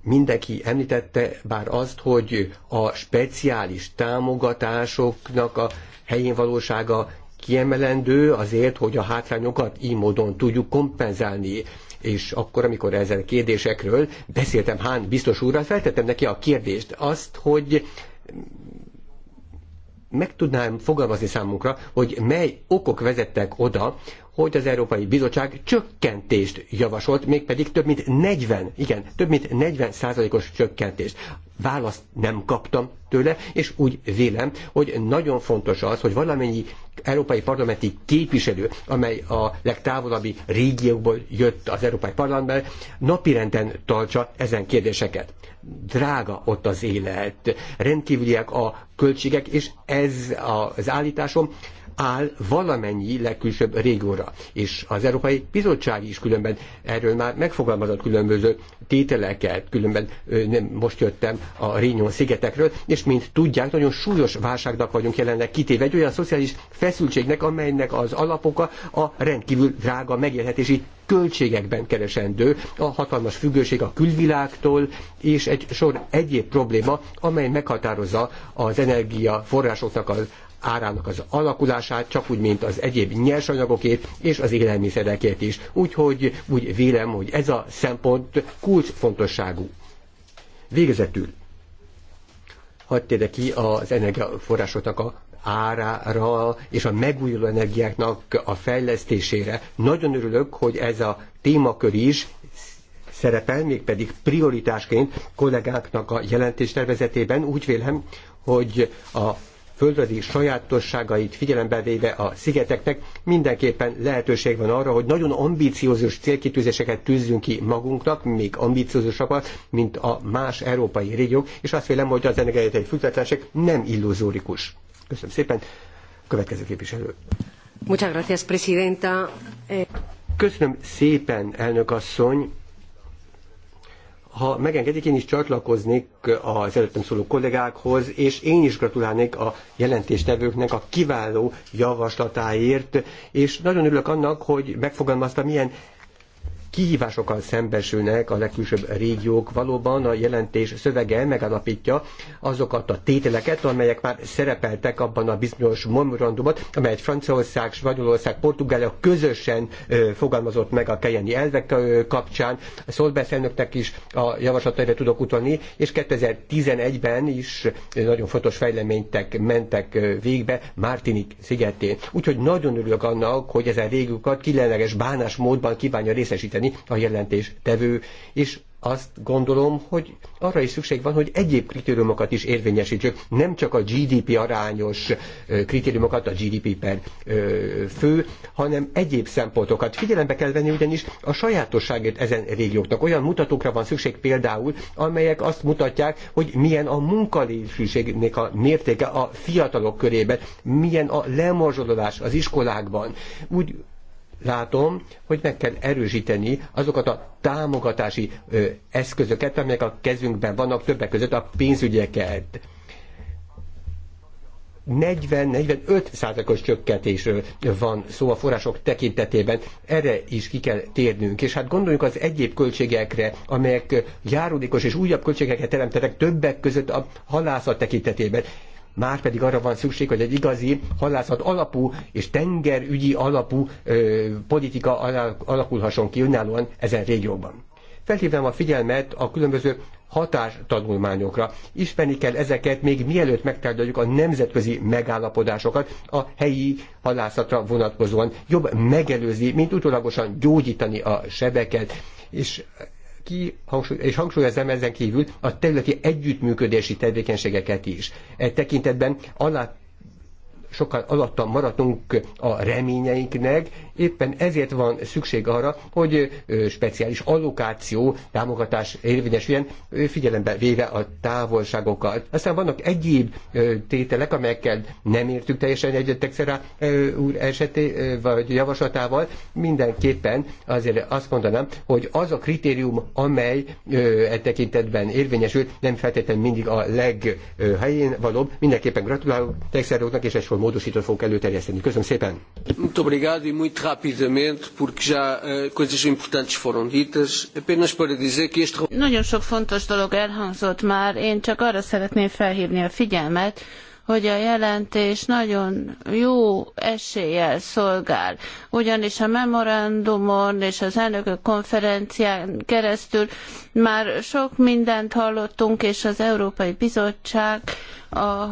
Speaker 4: mindenki említette bár azt, hogy a speciális támogatásoknak a helyén valósága kiemelendő azért, hogy a hátrányokat így módon tudjuk kompenzálni és akkor, amikor ezen kérdésekről beszéltem Hán biztos úrral, feltettem neki a kérdést, azt, hogy meg tudnám fogalmazni számunkra, hogy mely okok vezettek oda, hogy az Európai Bizottság csökkentést javasolt, mégpedig több mint 40, igen, több mint 40 százalékos csökkentést választ nem kaptam tőle, és úgy vélem, hogy nagyon fontos az, hogy valamennyi európai parlamenti képviselő, amely a legtávolabbi régiókból jött az európai parlamentbe, napirenden tartsa ezen kérdéseket. Drága ott az élet, rendkívüliek a költségek, és ez az állításom áll valamennyi legkülsőbb régóra. És az Európai Bizottság is különben erről már megfogalmazott különböző tételeket, különben nem most jöttem a Rényon szigetekről, és mint tudják, nagyon súlyos válságnak vagyunk jelenleg kitéve, egy olyan szociális feszültségnek, amelynek az alapoka a rendkívül drága megélhetési költségekben keresendő, a hatalmas függőség a külvilágtól, és egy sor egyéb probléma, amely meghatározza az energiaforrásoknak az árának az alakulását, csak úgy, mint az egyéb nyersanyagokét és az élelmiszerekért is. Úgyhogy úgy vélem, hogy ez a szempont kulcsfontosságú. Végezetül hadd tére ki az energiaforrásoknak a árára és a megújuló energiáknak a fejlesztésére. Nagyon örülök, hogy ez a témakör is szerepel, mégpedig prioritásként kollégáknak a jelentéstervezetében. Úgy vélem, hogy a földrajzi sajátosságait figyelembe véve a szigeteknek mindenképpen lehetőség van arra, hogy nagyon ambíciózus célkitűzéseket tűzzünk ki magunknak, még ambíciózusabbat, mint a más európai régiók, és azt vélem, hogy az energetikai függetlenség nem illuzórikus. Köszönöm szépen. Következő képviselő. Muchas gracias, presidenta. Köszönöm szépen, elnök asszony. Ha megengedik, én is csatlakoznék az előttem szóló kollégákhoz, és én is gratulálnék a jelentéstevőknek a kiváló javaslatáért, és nagyon örülök annak, hogy megfogalmazta, milyen kihívásokkal szembesülnek a legkülsőbb régiók. Valóban a jelentés szövege megalapítja azokat a tételeket, amelyek már szerepeltek abban a bizonyos memorandumot, amelyet Franciaország, Spanyolország, Portugália közösen fogalmazott meg a kejeni elvek kapcsán. A Szolbesz elnöknek is a javaslataira tudok utalni, és 2011-ben is nagyon fontos fejleménytek mentek végbe Martinik szigetén. Úgyhogy nagyon örülök annak, hogy ezen régiókat kilenleges bánásmódban kívánja részesíteni segíteni a jelentés tevő, és azt gondolom, hogy arra is szükség van, hogy egyéb kritériumokat is érvényesítsük, nem csak a GDP arányos kritériumokat, a GDP per fő, hanem egyéb szempontokat. Figyelembe kell venni ugyanis a sajátosságét ezen régióknak. Olyan mutatókra van szükség például, amelyek azt mutatják, hogy milyen a munkalépűségnek a mértéke a fiatalok körében, milyen a lemorzsolódás az iskolákban. Úgy látom, hogy meg kell erősíteni azokat a támogatási eszközöket, amelyek a kezünkben vannak, többek között a pénzügyeket. 40-45 százalékos csökkentésről van szó a források tekintetében, erre is ki kell térnünk. És hát gondoljuk az egyéb költségekre, amelyek járulékos és újabb költségeket teremtenek többek között a halászat tekintetében. Márpedig arra van szükség, hogy egy igazi halászat alapú és tengerügyi alapú ö, politika alakulhasson ki önállóan ezen régióban. Felhívnám a figyelmet a különböző hatástanulmányokra. Ismerni kell ezeket még mielőtt megtárgyaljuk a nemzetközi megállapodásokat a helyi halászatra vonatkozóan. Jobb megelőzni, mint utólagosan gyógyítani a sebeket és ki, hangsúly, és hangsúlyozom ezen kívül a területi együttműködési tevékenységeket is. E tekintetben alá sokkal alatta maradtunk a reményeinknek, Éppen ezért van szükség arra, hogy speciális allokáció, támogatás érvényesüljön, figyelembe véve a távolságokat. Aztán vannak egyéb tételek, amelyekkel nem értünk teljesen egyetek Szerá úr eseté, vagy javaslatával. Mindenképpen azért azt mondanám, hogy az a kritérium, amely e tekintetben érvényesül, nem feltétlenül mindig a leghelyén valóbb. Mindenképpen gratulálok Texer úrnak, és egyfajta sor módosítót fogok előterjeszteni. Köszönöm szépen! Muito obrigado e muito rapidamente, porque já eh, coisas importantes foram ditas, apenas para dizer que este...
Speaker 2: Nagyon sok fontos dolog elhangzott már, én csak arra szeretném felhívni a figyelmet, hogy a jelentés nagyon jó eséllyel szolgál, ugyanis a memorandumon és az elnökök konferencián keresztül már sok mindent hallottunk, és az Európai Bizottság a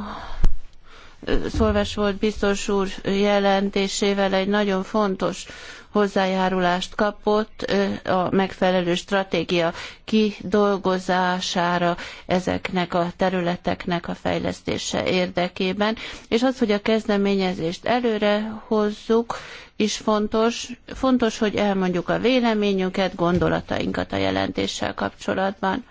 Speaker 2: Szolves volt biztos úr jelentésével egy nagyon fontos hozzájárulást kapott a megfelelő stratégia kidolgozására ezeknek a területeknek a fejlesztése érdekében. És az, hogy a kezdeményezést előre hozzuk, is fontos. Fontos, hogy elmondjuk a véleményünket, gondolatainkat a jelentéssel kapcsolatban.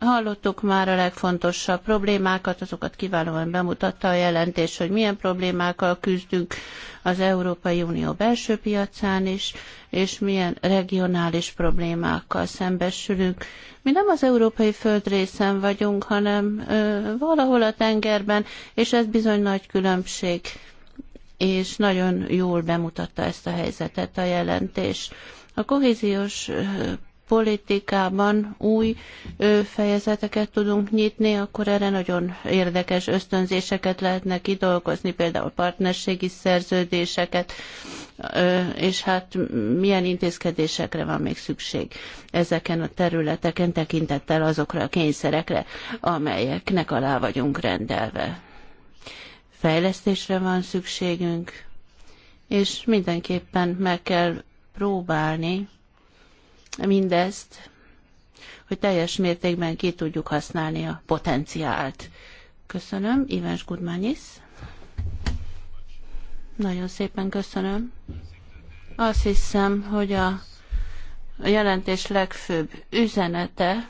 Speaker 2: Hallottuk már a legfontosabb problémákat, azokat kiválóan bemutatta a jelentés, hogy milyen problémákkal küzdünk az Európai Unió belső piacán is, és milyen regionális problémákkal szembesülünk. Mi nem az európai földrészen vagyunk, hanem ö, valahol a tengerben, és ez bizony nagy különbség, és nagyon jól bemutatta ezt a helyzetet a jelentés. A kohéziós politikában új fejezeteket tudunk nyitni, akkor erre nagyon érdekes ösztönzéseket lehetne kidolgozni, például partnerségi szerződéseket, és hát milyen intézkedésekre van még szükség ezeken a területeken tekintettel azokra a kényszerekre, amelyeknek alá vagyunk rendelve. Fejlesztésre van szükségünk, és mindenképpen meg kell próbálni mindezt, hogy teljes mértékben ki tudjuk használni a potenciált. Köszönöm, Ivens Gudmányis. Nagyon szépen köszönöm. Azt hiszem, hogy a jelentés legfőbb üzenete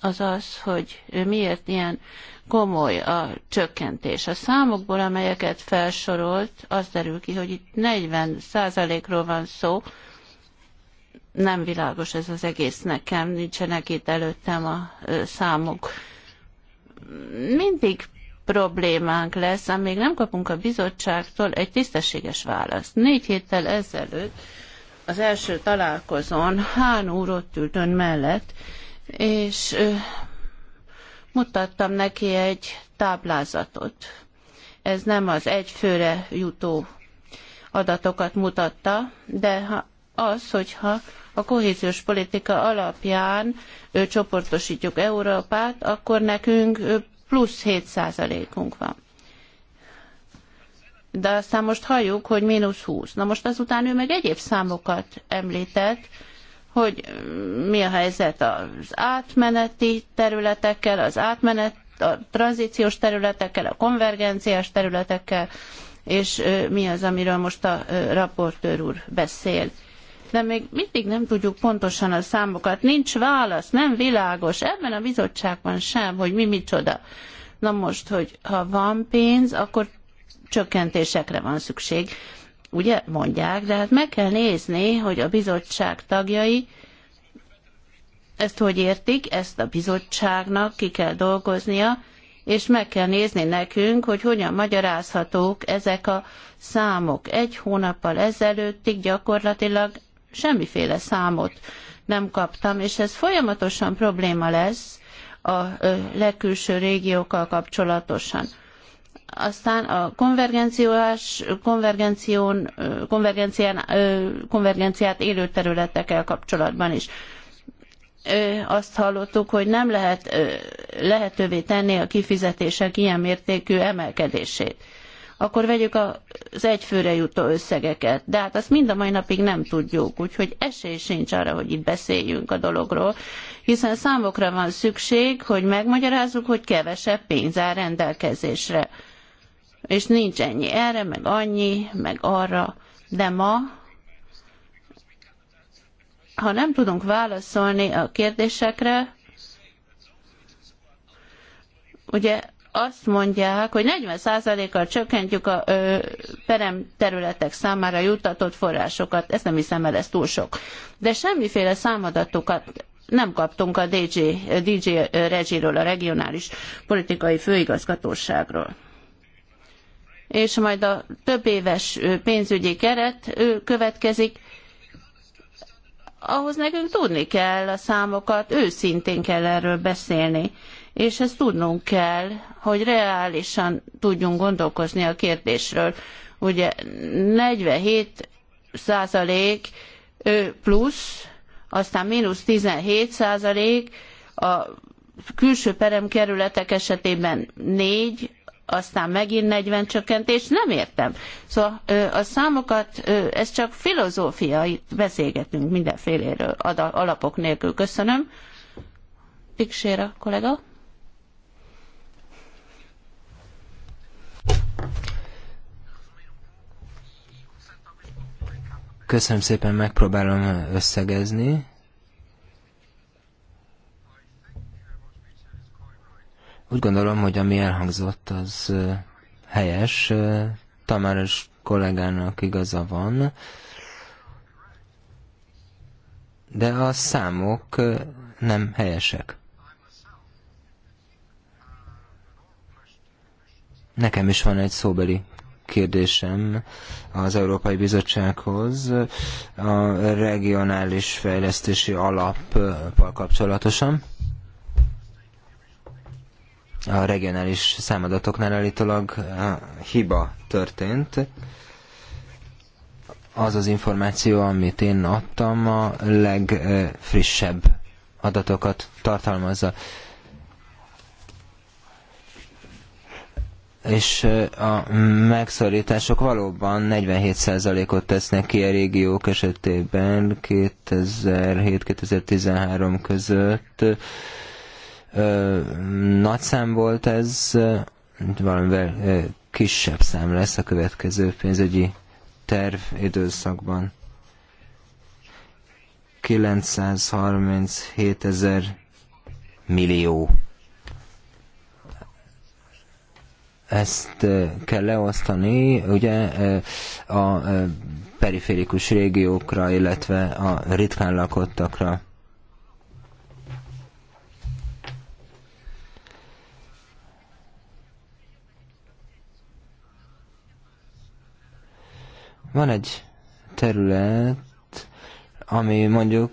Speaker 2: az az, hogy miért ilyen komoly a csökkentés. A számokból, amelyeket felsorolt, az derül ki, hogy itt 40 ról van szó. Nem világos ez az egész nekem, nincsenek itt előttem a számok. Mindig problémánk lesz, amíg nem kapunk a bizottságtól egy tisztességes választ. Négy héttel ezelőtt az első találkozón Hán úr ott ült ön mellett, és mutattam neki egy táblázatot. Ez nem az egy főre jutó adatokat mutatta, de az, hogyha a kohéziós politika alapján ő, csoportosítjuk Európát, akkor nekünk plusz 7%-unk van. De aztán most halljuk, hogy mínusz 20. Na most azután ő meg egyéb számokat említett, hogy mi a helyzet az átmeneti területekkel, az átmenet, a tranzíciós területekkel, a konvergenciás területekkel, és mi az, amiről most a raportőr úr beszél. De még mindig nem tudjuk pontosan a számokat, nincs válasz, nem világos, ebben a bizottságban sem, hogy mi micsoda. Na most, hogy ha van pénz, akkor csökkentésekre van szükség ugye mondják, de hát meg kell nézni, hogy a bizottság tagjai ezt hogy értik, ezt a bizottságnak ki kell dolgoznia, és meg kell nézni nekünk, hogy hogyan magyarázhatók ezek a számok. Egy hónappal ezelőttig gyakorlatilag semmiféle számot nem kaptam, és ez folyamatosan probléma lesz a legkülső régiókkal kapcsolatosan aztán a konvergenciás, konvergención, konvergencián, konvergenciát élő területekkel kapcsolatban is azt hallottuk, hogy nem lehet lehetővé tenni a kifizetések ilyen mértékű emelkedését. Akkor vegyük az egyfőre jutó összegeket. De hát azt mind a mai napig nem tudjuk, úgyhogy esély sincs arra, hogy itt beszéljünk a dologról, hiszen számokra van szükség, hogy megmagyarázzuk, hogy kevesebb pénz áll rendelkezésre és nincs ennyi erre, meg annyi, meg arra, de ma, ha nem tudunk válaszolni a kérdésekre, ugye azt mondják, hogy 40%-kal csökkentjük a ö, perem területek számára juttatott forrásokat. Ezt nem hiszem el, ez túl sok. De semmiféle számadatokat nem kaptunk a DJ, DJ Regiről, a regionális politikai főigazgatóságról és majd a több éves pénzügyi keret következik, ahhoz nekünk tudni kell a számokat, őszintén kell erről beszélni, és ezt tudnunk kell, hogy reálisan tudjunk gondolkozni a kérdésről. Ugye 47 százalék plusz, aztán mínusz 17 százalék, a külső peremkerületek esetében 4 aztán megint 40 csökkentés, nem értem. Szóval a számokat, ez csak filozófiai itt beszélgetünk mindenféléről, alapok nélkül. Köszönöm. Pikséra, kollega.
Speaker 1: Köszönöm szépen, megpróbálom összegezni. Úgy gondolom, hogy ami elhangzott, az helyes. Tamáros kollégának igaza van, de a számok nem helyesek. Nekem is van egy szóbeli kérdésem az Európai Bizottsághoz a regionális fejlesztési alappal kapcsolatosan a regionális számadatoknál állítólag eh, hiba történt. Az az információ, amit én adtam, a legfrissebb adatokat tartalmazza. és eh, a megszorítások valóban 47%-ot tesznek ki a régiók esetében 2007-2013 között nagy szám volt ez, valamivel kisebb szám lesz a következő pénzügyi terv időszakban. 937 ezer millió. Ezt kell leosztani ugye a periférikus régiókra, illetve a ritkán lakottakra. Van egy terület, ami mondjuk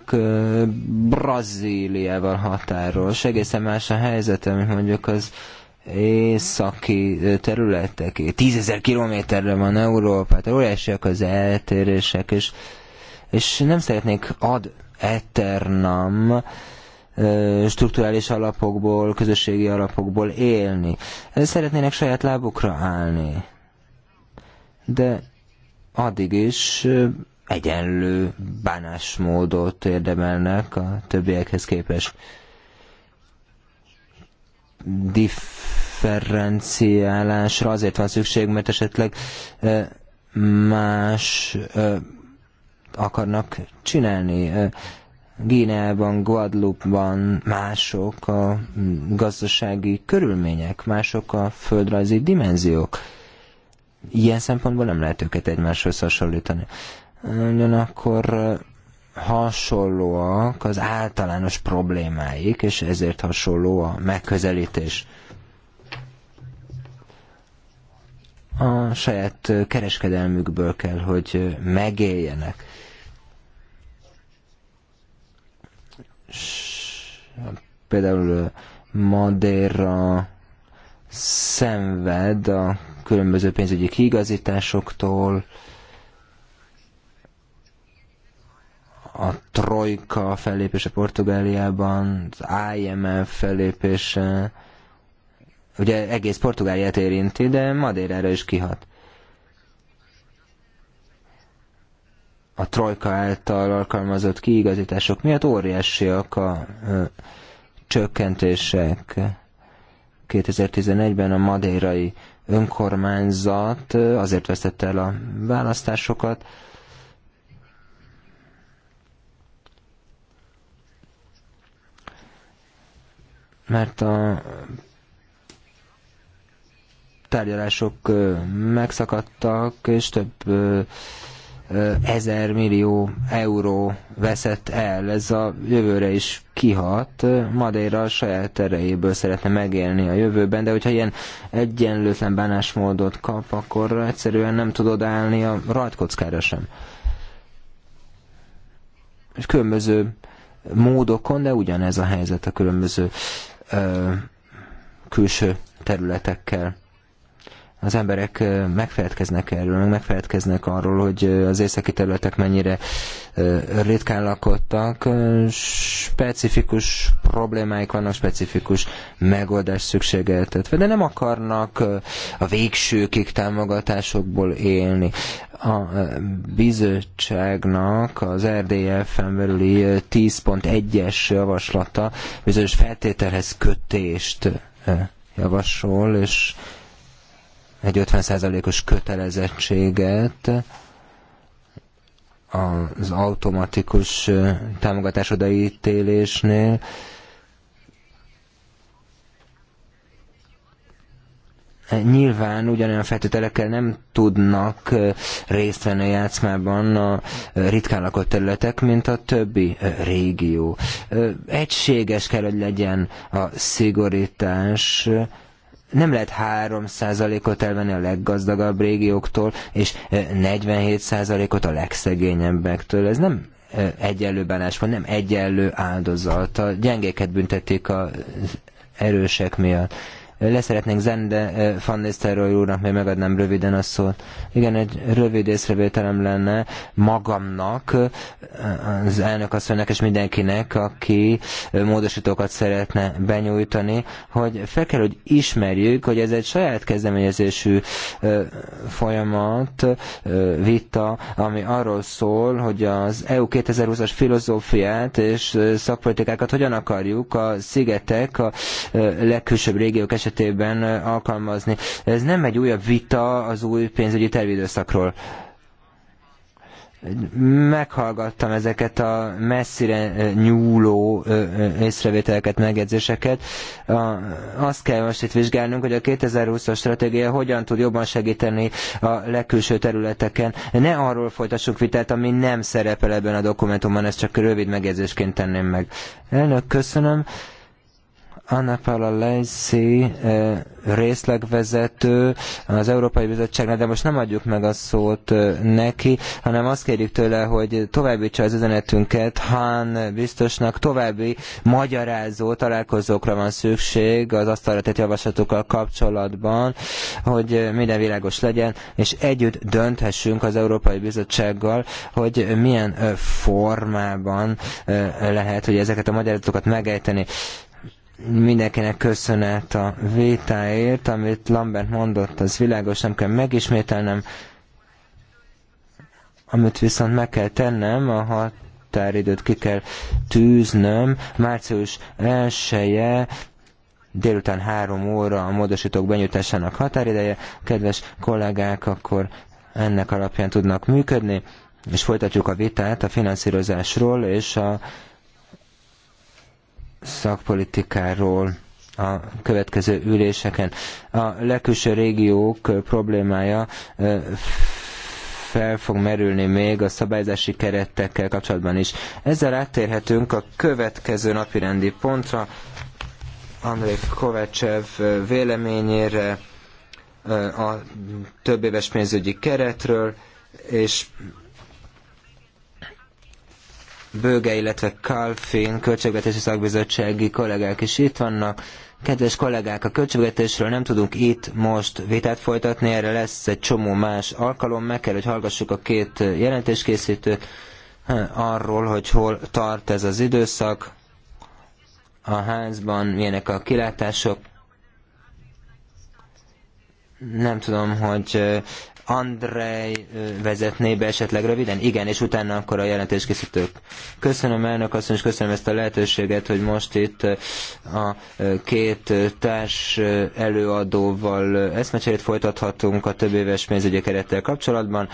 Speaker 1: Brazíliával határos. Egészen más a helyzet, mint mondjuk az északi területeké. Tízezer kilométerre van Európától, óriásiak az eltérések, és, és nem szeretnék ad eternam strukturális alapokból, közösségi alapokból élni. Szeretnének saját lábukra állni. De addig is egyenlő bánásmódot érdemelnek a többiekhez képest. Differenciálásra azért van szükség, mert esetleg más akarnak csinálni. Gíneában, Guadalupe-ban mások a gazdasági körülmények, mások a földrajzi dimenziók ilyen szempontból nem lehet őket egymáshoz hasonlítani. Ugyanakkor hasonlóak az általános problémáik, és ezért hasonló a megközelítés. A saját kereskedelmükből kell, hogy megéljenek. például Madeira szenved a különböző pénzügyi kiigazításoktól, a Trojka fellépése Portugáliában, az IMF fellépése, ugye egész Portugáliát érinti, de Madérára is kihat. A Trojka által alkalmazott kiigazítások miatt óriásiak a ö, csökkentések. 2011-ben a madeirai önkormányzat azért vesztette el a választásokat, mert a tárgyalások megszakadtak, és több ezer millió euró veszett el, ez a jövőre is kihat. Madeira a saját erejéből szeretne megélni a jövőben, de hogyha ilyen egyenlőtlen bánásmódot kap, akkor egyszerűen nem tudod állni a rajtkockára sem. És különböző módokon, de ugyanez a helyzet a különböző ö, külső területekkel az emberek megfeledkeznek erről, megfeledkeznek arról, hogy az északi területek mennyire ritkán lakottak, specifikus problémáik vannak, specifikus megoldás szükségeltetve, de nem akarnak a végsőkig támogatásokból élni. A bizottságnak az RDF-en belüli 10.1-es javaslata bizonyos feltételhez kötést javasol, és egy 50%-os kötelezettséget az automatikus támogatás odaítélésnél, nyilván ugyanolyan feltételekkel nem tudnak részt venni a játszmában a ritkán lakott területek, mint a többi régió. Egységes kell, hogy legyen a szigorítás, nem lehet 3%-ot elvenni a leggazdagabb régióktól, és 47%-ot a legszegényebbektől. Ez nem egyenlő van nem egyenlő áldozat. A gyengéket büntetik a erősek miatt. Leszeretnénk Zende eh, van Nisztelrooy úrnak, még megadnám röviden a szót. Igen, egy rövid észrevételem lenne magamnak, az elnök asszonynak és mindenkinek, aki eh, módosítókat szeretne benyújtani, hogy fel kell, hogy ismerjük, hogy ez egy saját kezdeményezésű eh, folyamat, vita, ami arról szól, hogy az EU 2020-as filozófiát és szakpolitikákat hogyan akarjuk a szigetek, a legkülsőbb régiók esetében esetében alkalmazni. Ez nem egy újabb vita az új pénzügyi tervidőszakról meghallgattam ezeket a messzire nyúló észrevételeket, megjegyzéseket. Azt kell most itt vizsgálnunk, hogy a 2020-as stratégia hogyan tud jobban segíteni a legkülső területeken. Ne arról folytassuk vitát, ami nem szerepel ebben a dokumentumban, ezt csak rövid megjegyzésként tenném meg. Elnök, köszönöm. Anna Paula Leisi eh, részlegvezető az Európai Bizottságnál, de most nem adjuk meg a szót eh, neki, hanem azt kérjük tőle, hogy továbbítsa az üzenetünket. Hán biztosnak további magyarázó találkozókra van szükség az asztalra tett javaslatokkal kapcsolatban, hogy minden világos legyen, és együtt dönthessünk az Európai Bizottsággal, hogy milyen eh, formában lehet, hogy ezeket a magyarázatokat megejteni mindenkinek köszönet a vétáért, amit Lambert mondott, az világos, nem kell megismételnem. Amit viszont meg kell tennem, a határidőt ki kell tűznöm. Március 1-e délután 3 óra a módosítók benyújtásának határideje. Kedves kollégák, akkor ennek alapján tudnak működni, és folytatjuk a vitát a finanszírozásról és a szakpolitikáról a következő üléseken. A legkülső régiók problémája fel fog merülni még a szabályzási keretekkel kapcsolatban is. Ezzel áttérhetünk a következő napirendi pontra, André Kovácsev véleményére a többéves pénzügyi keretről, és Bőge, illetve Kalfin költségvetési szakbizottsági kollégák is itt vannak. Kedves kollégák, a költségvetésről nem tudunk itt most vitát folytatni, erre lesz egy csomó más alkalom, meg kell, hogy hallgassuk a két jelentéskészítőt arról, hogy hol tart ez az időszak, a házban milyenek a kilátások, nem tudom, hogy Andrej vezetné be esetleg röviden? Igen, és utána akkor a jelentéskészítők. Köszönöm elnök azt és köszönöm ezt a lehetőséget, hogy most itt a két társ előadóval eszmecserét folytathatunk a több éves pénzügyi kerettel kapcsolatban.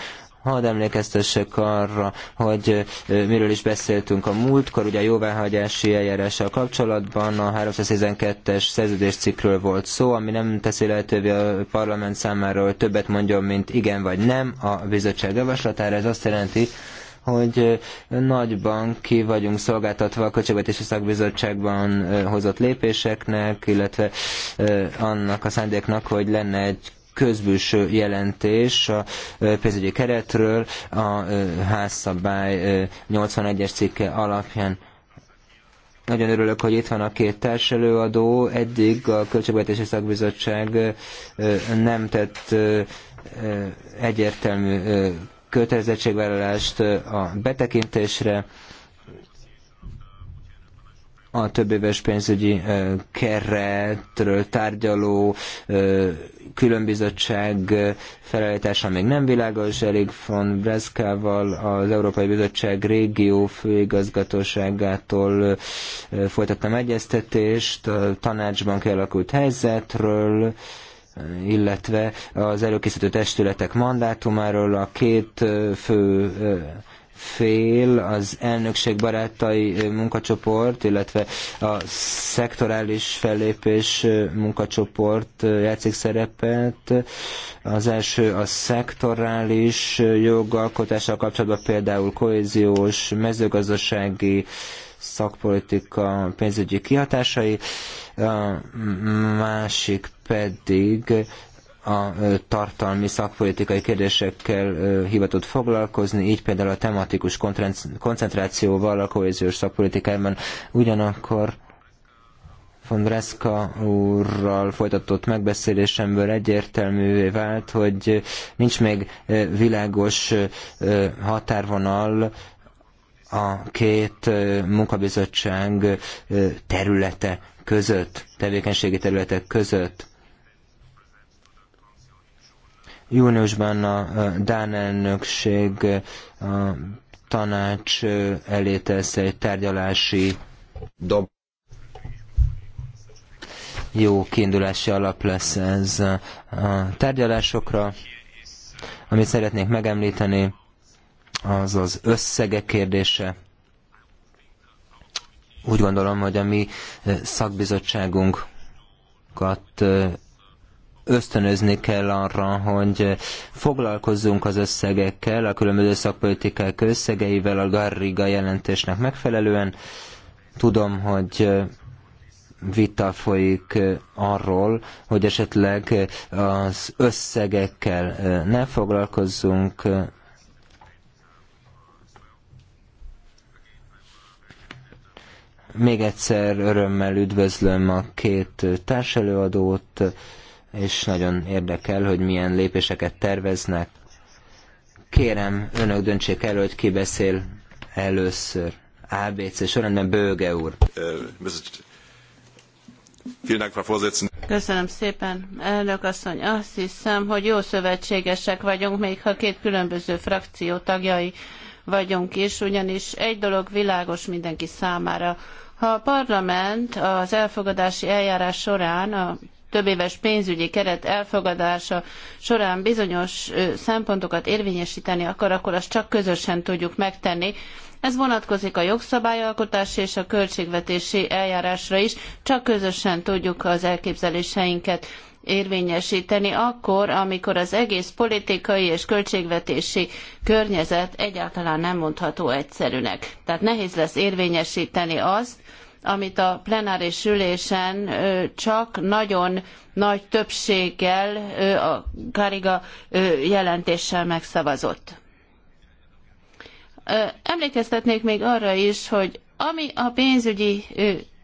Speaker 1: Hadd emlékeztessek arra, hogy miről is beszéltünk a múltkor, ugye a jóváhagyási eljárással kapcsolatban a 312-es szerződéscikről volt szó, ami nem teszi lehetővé a parlament számára, hogy többet mondjon, mint igen vagy nem a bizottság javaslatára. Ez azt jelenti, hogy nagyban ki vagyunk szolgáltatva a Költségvetési Szakbizottságban hozott lépéseknek, illetve annak a szándéknak, hogy lenne egy közbűső jelentés a pénzügyi keretről a házszabály 81-es cikke alapján. Nagyon örülök, hogy itt van a két társelőadó. Eddig a Költségvetési Szakbizottság nem tett egyértelmű kötelezettségvállalást a betekintésre a éves pénzügyi keretről tárgyaló különbizottság felállítása még nem világos, elég von Breszkával, az Európai Bizottság régió főigazgatóságától folytattam egyeztetést, a tanácsban kialakult helyzetről, illetve az előkészítő testületek mandátumáról a két fő fél, az elnökség barátai munkacsoport, illetve a szektorális fellépés munkacsoport játszik szerepet. Az első a szektorális jogalkotással kapcsolatban például kohéziós, mezőgazdasági, szakpolitika pénzügyi kihatásai, a másik pedig a tartalmi szakpolitikai kérdésekkel hivatott foglalkozni, így például a tematikus koncentrációval a kohéziós szakpolitikában. Ugyanakkor von Dreska úrral folytatott megbeszélésemből egyértelművé vált, hogy nincs még világos határvonal a két munkabizottság területe között, tevékenységi területek között Júniusban a Dán elnökség a tanács elé tesz egy tárgyalási dob jó kiindulási alap lesz ez a tárgyalásokra. Amit szeretnék megemlíteni, az az összegek kérdése. Úgy gondolom, hogy a mi szakbizottságunkat ösztönözni kell arra, hogy foglalkozzunk az összegekkel, a különböző szakpolitikák összegeivel a Garriga jelentésnek megfelelően. Tudom, hogy vita folyik arról, hogy esetleg az összegekkel ne foglalkozzunk, Még egyszer örömmel üdvözlöm a két társelőadót, és nagyon érdekel, hogy milyen lépéseket terveznek. Kérem, önök döntsék el, hogy ki beszél először. ABC sorrendben Bőge
Speaker 3: úr.
Speaker 2: Köszönöm szépen, elnök asszony. Azt hiszem, hogy jó szövetségesek vagyunk, még ha két különböző frakció tagjai vagyunk is, ugyanis egy dolog világos mindenki számára. Ha a parlament az elfogadási eljárás során a többéves pénzügyi keret elfogadása során bizonyos szempontokat érvényesíteni akar, akkor azt csak közösen tudjuk megtenni. Ez vonatkozik a jogszabályalkotási és a költségvetési eljárásra is, csak közösen tudjuk az elképzeléseinket érvényesíteni akkor, amikor az egész politikai és költségvetési környezet egyáltalán nem mondható egyszerűnek. Tehát nehéz lesz érvényesíteni azt, amit a plenáris ülésen csak nagyon nagy többséggel a Kariga jelentéssel megszavazott. Emlékeztetnék még arra is, hogy ami a pénzügyi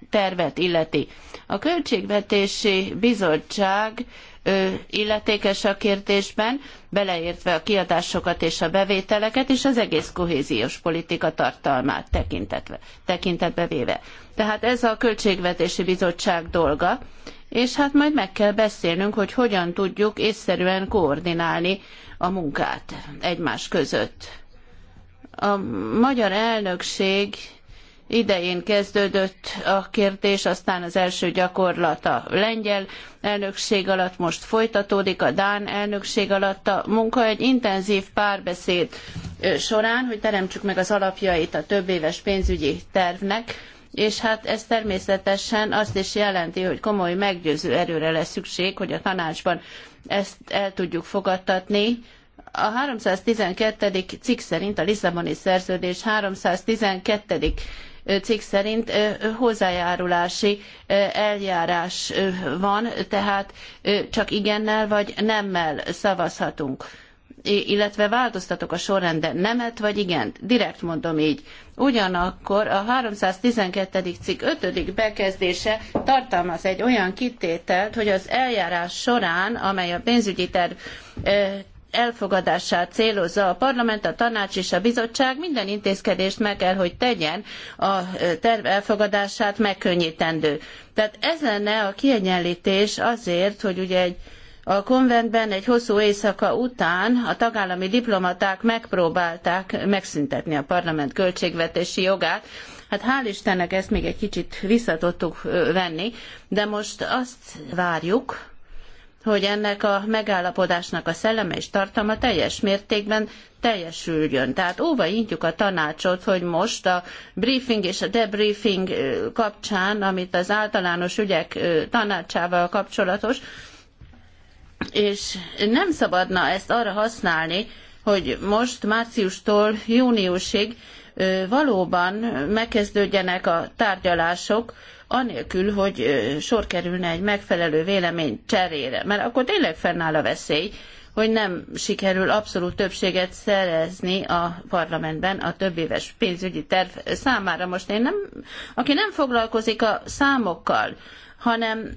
Speaker 2: tervet illeti. A Költségvetési Bizottság illetékes a kérdésben, beleértve a kiadásokat és a bevételeket, és az egész kohéziós politika tartalmát tekintetve, tekintetbe véve. Tehát ez a Költségvetési Bizottság dolga, és hát majd meg kell beszélnünk, hogy hogyan tudjuk észszerűen koordinálni a munkát egymás között. A magyar elnökség idején kezdődött a kérdés, aztán az első gyakorlata lengyel elnökség alatt most folytatódik, a Dán elnökség alatt a munka egy intenzív párbeszéd során, hogy teremtsük meg az alapjait a többéves pénzügyi tervnek, és hát ez természetesen azt is jelenti, hogy komoly meggyőző erőre lesz szükség, hogy a tanácsban ezt el tudjuk fogadtatni, a 312. cikk szerint a Lisszaboni szerződés 312 cikk szerint hozzájárulási eljárás van, tehát csak igennel vagy nemmel szavazhatunk illetve változtatok a sorrenden nemet vagy igent, direkt mondom így. Ugyanakkor a 312. cikk 5. bekezdése tartalmaz egy olyan kitételt, hogy az eljárás során, amely a pénzügyi terv elfogadását célozza a parlament, a tanács és a bizottság minden intézkedést meg kell, hogy tegyen a terv elfogadását megkönnyítendő. Tehát ez lenne a kiegyenlítés azért, hogy ugye egy a konventben egy hosszú éjszaka után a tagállami diplomaták megpróbálták megszüntetni a parlament költségvetési jogát. Hát hál' Istennek ezt még egy kicsit vissza tudtuk venni, de most azt várjuk, hogy ennek a megállapodásnak a szelleme és tartalma teljes mértékben teljesüljön. Tehát óva intjuk a tanácsot, hogy most a briefing és a debriefing kapcsán, amit az általános ügyek tanácsával kapcsolatos, és nem szabadna ezt arra használni, hogy most márciustól júniusig valóban megkezdődjenek a tárgyalások, anélkül, hogy sor kerülne egy megfelelő vélemény cserére, mert akkor tényleg fennáll a veszély, hogy nem sikerül abszolút többséget szerezni a parlamentben a többéves pénzügyi terv számára. Most én nem, aki nem foglalkozik a számokkal, hanem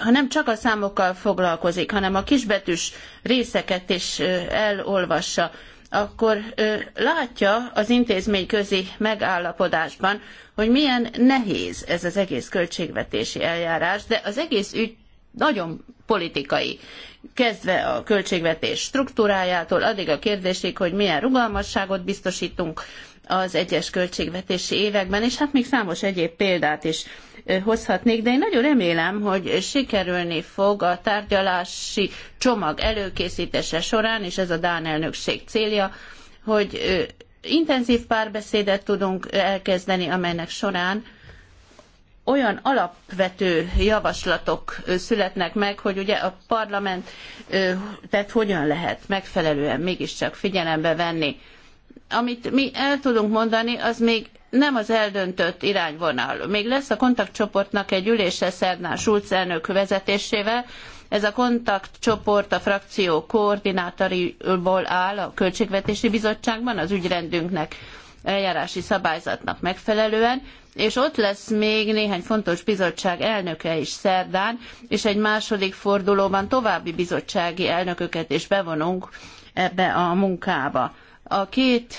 Speaker 2: ha nem csak a számokkal foglalkozik, hanem a kisbetűs részeket is elolvassa, akkor látja az intézményközi megállapodásban, hogy milyen nehéz ez az egész költségvetési eljárás, de az egész ügy nagyon politikai. Kezdve a költségvetés struktúrájától, addig a kérdésig, hogy milyen rugalmasságot biztosítunk az egyes költségvetési években, és hát még számos egyéb példát is hozhatnék, de én nagyon remélem, hogy sikerülni fog a tárgyalási csomag előkészítése során, és ez a Dán elnökség célja, hogy intenzív párbeszédet tudunk elkezdeni, amelynek során olyan alapvető javaslatok születnek meg, hogy ugye a parlament, tehát hogyan lehet megfelelően mégiscsak figyelembe venni. Amit mi el tudunk mondani, az még nem az eldöntött irányvonal. Még lesz a kontaktcsoportnak egy ülése Szerdán Schulz elnök vezetésével, ez a kontaktcsoport a frakció koordinátoriból áll a Költségvetési Bizottságban az ügyrendünknek eljárási szabályzatnak megfelelően, és ott lesz még néhány fontos bizottság elnöke is szerdán, és egy második fordulóban további bizottsági elnököket is bevonunk ebbe a munkába. A két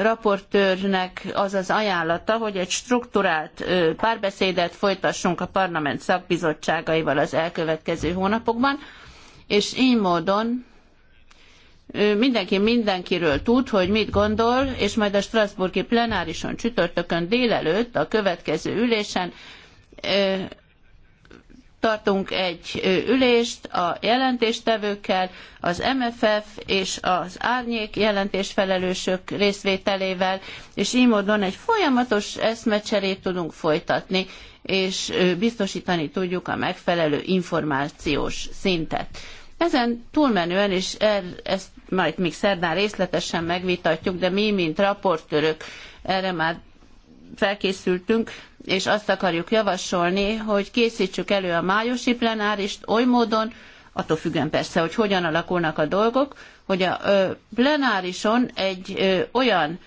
Speaker 2: raportőrnek az az ajánlata, hogy egy strukturált párbeszédet folytassunk a parlament szakbizottságaival az elkövetkező hónapokban, és így módon mindenki mindenkiről tud, hogy mit gondol, és majd a Strasburgi plenárison csütörtökön délelőtt a következő ülésen tartunk egy ülést a jelentéstevőkkel, az MFF és az árnyék jelentésfelelősök részvételével, és így módon egy folyamatos eszmecserét tudunk folytatni, és biztosítani tudjuk a megfelelő információs szintet. Ezen túlmenően, és er, ezt majd még szerdán részletesen megvitatjuk, de mi, mint raportőrök, erre már felkészültünk, és azt akarjuk javasolni, hogy készítsük elő a májusi plenárist oly módon, attól függően persze, hogy hogyan alakulnak a dolgok, hogy a plenárison egy olyan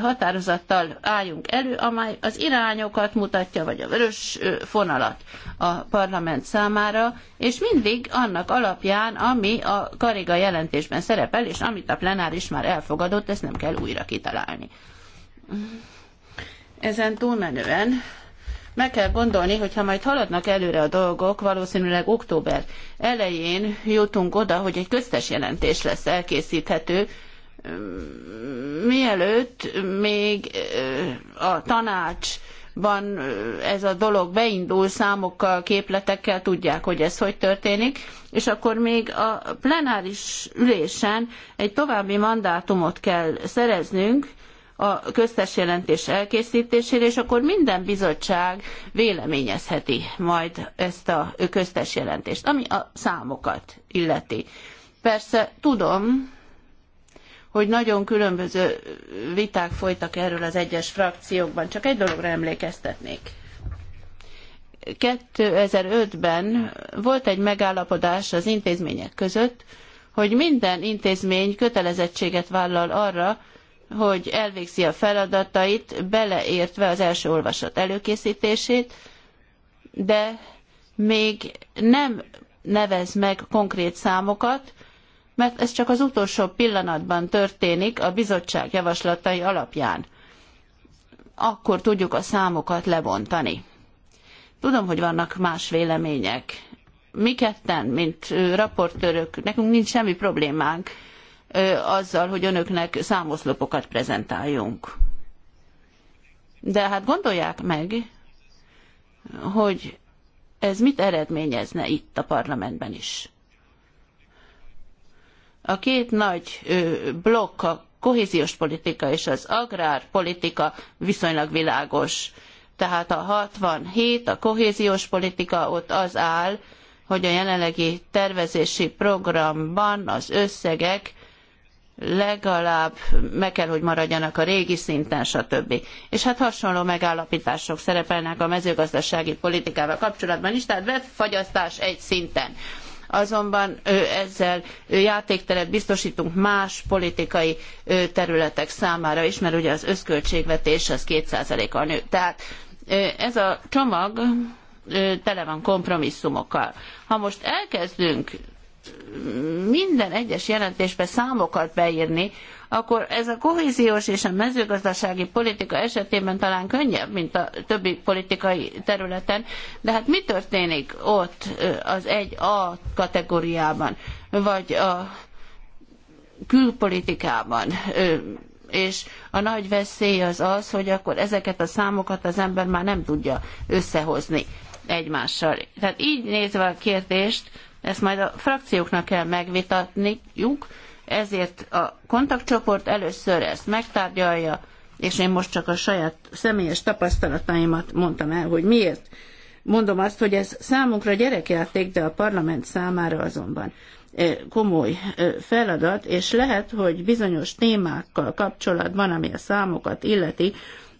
Speaker 2: határozattal álljunk elő, amely az irányokat mutatja, vagy a vörös fonalat a parlament számára, és mindig annak alapján, ami a Kariga jelentésben szerepel, és amit a plenáris már elfogadott, ezt nem kell újra kitalálni. Ezen túlmenően meg kell gondolni, hogy ha majd haladnak előre a dolgok, valószínűleg október elején jutunk oda, hogy egy köztes jelentés lesz elkészíthető, mielőtt még a tanácsban ez a dolog beindul számokkal, képletekkel, tudják, hogy ez hogy történik, és akkor még a plenáris ülésen egy további mandátumot kell szereznünk, a köztes jelentés elkészítésére, és akkor minden bizottság véleményezheti majd ezt a köztes jelentést, ami a számokat illeti. Persze tudom, hogy nagyon különböző viták folytak erről az egyes frakciókban, csak egy dologra emlékeztetnék. 2005-ben volt egy megállapodás az intézmények között, hogy minden intézmény kötelezettséget vállal arra, hogy elvégzi a feladatait, beleértve az első olvasat előkészítését, de még nem nevez meg konkrét számokat, mert ez csak az utolsó pillanatban történik a bizottság javaslatai alapján. Akkor tudjuk a számokat lebontani. Tudom, hogy vannak más vélemények. Mi ketten, mint raportőrök, nekünk nincs semmi problémánk azzal, hogy önöknek számoszlopokat prezentáljunk. De hát gondolják meg, hogy ez mit eredményezne itt a parlamentben is. A két nagy blokk, a kohéziós politika és az agrárpolitika viszonylag világos. Tehát a 67, a kohéziós politika ott az áll, hogy a jelenlegi tervezési programban az összegek legalább meg kell, hogy maradjanak a régi szinten, stb. És hát hasonló megállapítások szerepelnek a mezőgazdasági politikával kapcsolatban is, tehát befagyasztás egy szinten azonban ezzel játékteret biztosítunk más politikai területek számára is, mert ugye az összköltségvetés az 2%-kal nő. Tehát ez a csomag tele van kompromisszumokkal. Ha most elkezdünk minden egyes jelentésbe számokat beírni, akkor ez a kohéziós és a mezőgazdasági politika esetében talán könnyebb, mint a többi politikai területen, de hát mi történik ott az egy a kategóriában, vagy a külpolitikában? És a nagy veszély az az, hogy akkor ezeket a számokat az ember már nem tudja összehozni egymással. Tehát így nézve a kérdést, ezt majd a frakcióknak kell megvitatniuk, ezért a kontaktcsoport először ezt megtárgyalja, és én most csak a saját személyes tapasztalataimat mondtam el, hogy miért. Mondom azt, hogy ez számunkra gyerekjáték, de a parlament számára azonban komoly feladat, és lehet, hogy bizonyos témákkal kapcsolatban, ami a számokat illeti,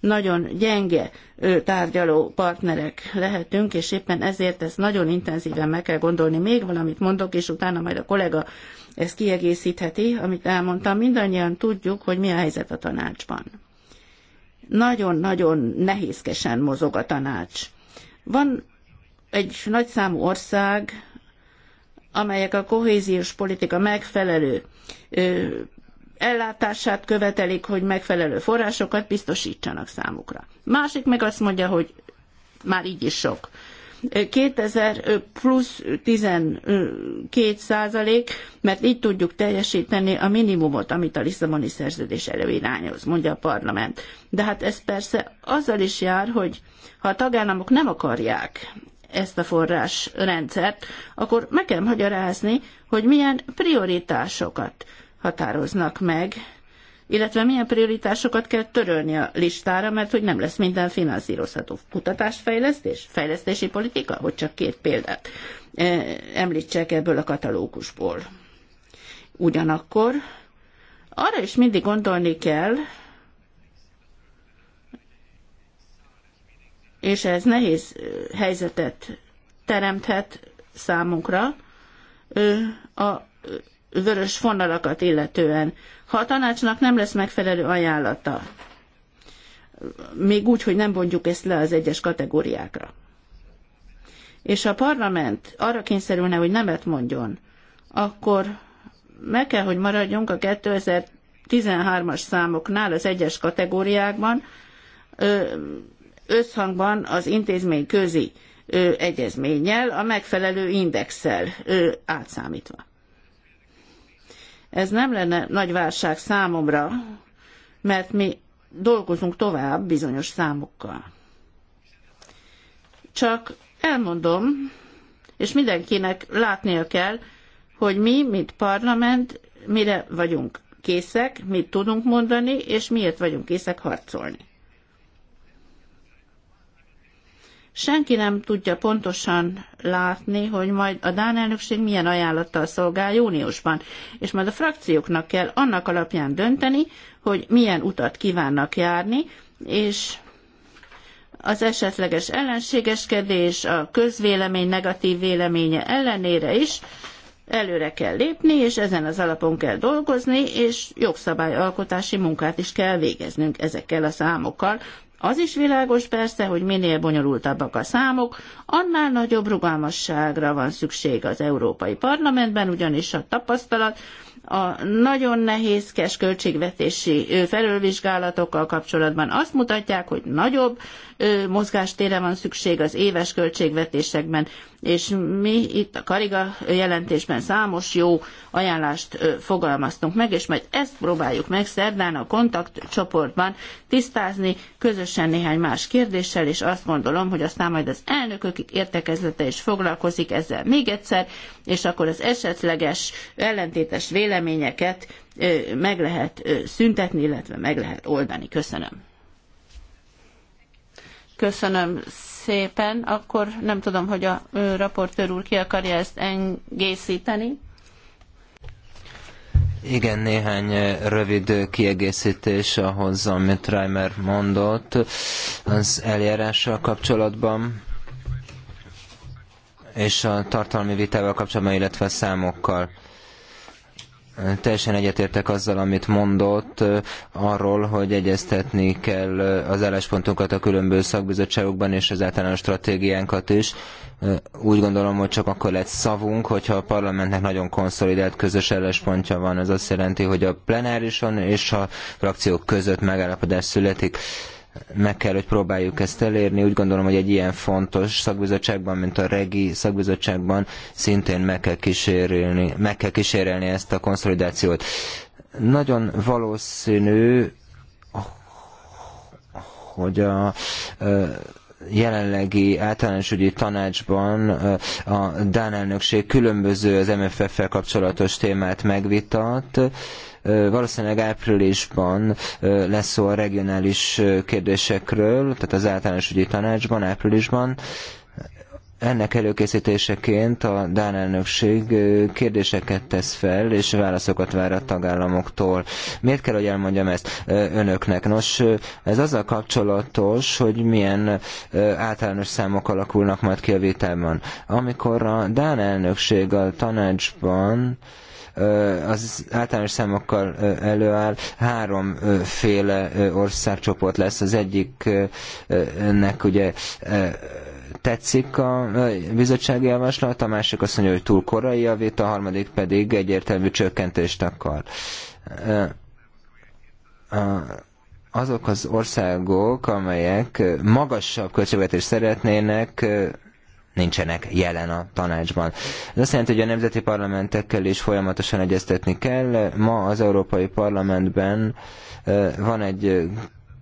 Speaker 2: nagyon gyenge tárgyaló partnerek lehetünk, és éppen ezért ezt nagyon intenzíven meg kell gondolni. Még valamit mondok, és utána majd a kollega ezt kiegészítheti, amit elmondtam. Mindannyian tudjuk, hogy mi a helyzet a tanácsban. Nagyon-nagyon nehézkesen mozog a tanács. Van egy nagyszámú ország, amelyek a kohéziós politika megfelelő ellátását követelik, hogy megfelelő forrásokat biztosítsanak számukra. Másik meg azt mondja, hogy már így is sok. 2000 plusz 12 százalék, mert így tudjuk teljesíteni a minimumot, amit a Lisszaboni szerződés előirányoz, mondja a parlament. De hát ez persze azzal is jár, hogy ha a tagállamok nem akarják ezt a forrásrendszert, akkor meg kell magyarázni, hogy milyen prioritásokat határoznak meg, illetve milyen prioritásokat kell törölni a listára, mert hogy nem lesz minden finanszírozható. Kutatásfejlesztés? Fejlesztési politika? Hogy csak két példát eh, említsek ebből a katalógusból. Ugyanakkor arra is mindig gondolni kell, és ez nehéz eh, helyzetet teremthet számunkra, eh, a vörös fonalakat illetően. Ha a tanácsnak nem lesz megfelelő ajánlata, még úgy, hogy nem bontjuk ezt le az egyes kategóriákra. És a parlament arra kényszerülne, hogy nemet mondjon, akkor meg kell, hogy maradjunk a 2013-as számoknál az egyes kategóriákban, összhangban az intézmény közi egyezménnyel, a megfelelő indexel átszámítva. Ez nem lenne nagy válság számomra, mert mi dolgozunk tovább bizonyos számokkal. Csak elmondom, és mindenkinek látnia kell, hogy mi, mint parlament, mire vagyunk készek, mit tudunk mondani, és miért vagyunk készek harcolni. Senki nem tudja pontosan látni, hogy majd a Dán elnökség milyen ajánlattal szolgál júniusban, és majd a frakcióknak kell annak alapján dönteni, hogy milyen utat kívánnak járni, és az esetleges ellenségeskedés, a közvélemény negatív véleménye ellenére is előre kell lépni, és ezen az alapon kell dolgozni, és jogszabályalkotási munkát is kell végeznünk ezekkel a számokkal, az is világos persze, hogy minél bonyolultabbak a számok, annál nagyobb rugalmasságra van szükség az Európai Parlamentben, ugyanis a tapasztalat a nagyon nehézkes költségvetési felülvizsgálatokkal kapcsolatban azt mutatják, hogy nagyobb mozgástére van szükség az éves költségvetésekben, és mi itt a Kariga jelentésben számos jó ajánlást fogalmaztunk meg, és majd ezt próbáljuk meg szerdán a kontaktcsoportban tisztázni, közösen néhány más kérdéssel, és azt gondolom, hogy aztán majd az elnökök értekezlete is foglalkozik ezzel még egyszer, és akkor az esetleges ellentétes véleményeket meg lehet szüntetni, illetve meg lehet oldani. Köszönöm. Köszönöm szépen. Akkor nem tudom, hogy a raportőr úr ki akarja ezt engészíteni.
Speaker 1: Igen, néhány rövid kiegészítés ahhoz, amit Reimer mondott az eljárással kapcsolatban és a tartalmi vitával kapcsolatban, illetve a számokkal teljesen egyetértek azzal, amit mondott, arról, hogy egyeztetni kell az álláspontunkat a különböző szakbizottságokban és az általános stratégiánkat is. Úgy gondolom, hogy csak akkor lett szavunk, hogyha a parlamentnek nagyon konszolidált közös álláspontja van. Ez azt jelenti, hogy a plenárison és a frakciók között megállapodás születik meg kell, hogy próbáljuk ezt elérni. Úgy gondolom, hogy egy ilyen fontos szakbizottságban, mint a regi szakbizottságban szintén meg kell kísérelni, meg kell kísérelni ezt a konszolidációt. Nagyon valószínű, hogy a jelenlegi általános ügyi tanácsban a Dán elnökség különböző az MFF-fel kapcsolatos témát megvitat, Valószínűleg áprilisban lesz szó a regionális kérdésekről, tehát az általános ügyi tanácsban, áprilisban. Ennek előkészítéseként a Dán elnökség kérdéseket tesz fel, és válaszokat vár a tagállamoktól. Miért kell, hogy elmondjam ezt önöknek? Nos, ez azzal kapcsolatos, hogy milyen általános számok alakulnak majd ki a vitában. Amikor a Dán elnökség a tanácsban az általános számokkal előáll, háromféle országcsoport lesz. Az egyiknek ugye tetszik a bizottsági javaslat, a másik azt mondja, hogy túl korai a vita, a harmadik pedig egyértelmű csökkentést akar. Azok az országok, amelyek magasabb költségvetést szeretnének, nincsenek jelen a tanácsban. Ez azt jelenti, hogy a nemzeti parlamentekkel is folyamatosan egyeztetni kell. Ma az Európai Parlamentben van egy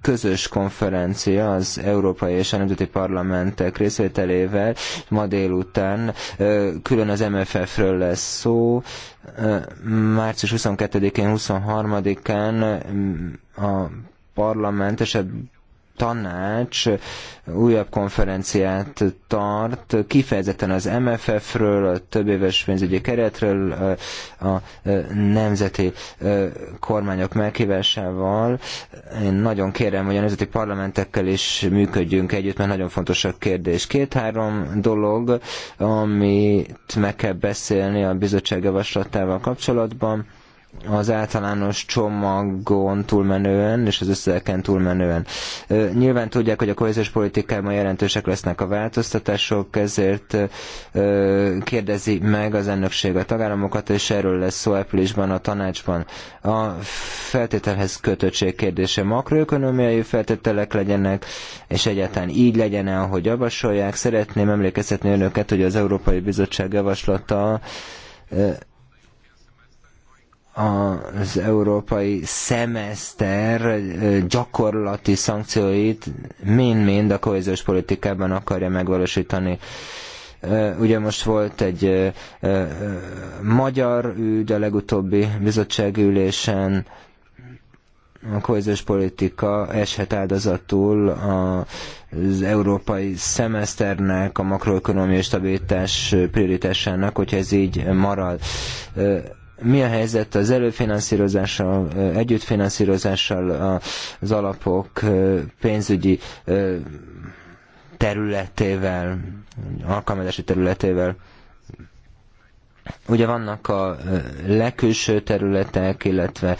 Speaker 1: közös konferencia az európai és a nemzeti parlamentek részvételével. Ma délután külön az MFF-ről lesz szó. Március 22-én, 23-án mm, a parlament esetben tanács újabb konferenciát tart, kifejezetten az MFF-ről, a többéves pénzügyi keretről, a nemzeti kormányok meghívásával. Én nagyon kérem, hogy a nemzeti parlamentekkel is működjünk együtt, mert nagyon fontos a kérdés. Két-három dolog, amit meg kell beszélni a bizottság javaslatával kapcsolatban az általános csomagon túlmenően és az összegeken túlmenően. Nyilván tudják, hogy a kohéziós politikában jelentősek lesznek a változtatások, ezért kérdezi meg az elnökség a tagállamokat, és erről lesz szó áprilisban a tanácsban. A feltételhez kötöttség kérdése makroökonomiai feltételek legyenek, és egyáltalán így legyen ahogy javasolják. Szeretném emlékeztetni önöket, hogy az Európai Bizottság javaslata az európai szemeszter gyakorlati szankcióit mind-mind a kohéziós politikában akarja megvalósítani. Ugye most volt egy magyar ügy a legutóbbi bizottságülésen, a kohéziós politika eshet áldozatul az európai szemeszternek, a makroökonomiai stabilitás prioritásának, hogyha ez így marad mi a helyzet az előfinanszírozással, együttfinanszírozással az alapok pénzügyi területével, alkalmazási területével? Ugye vannak a legkülső területek, illetve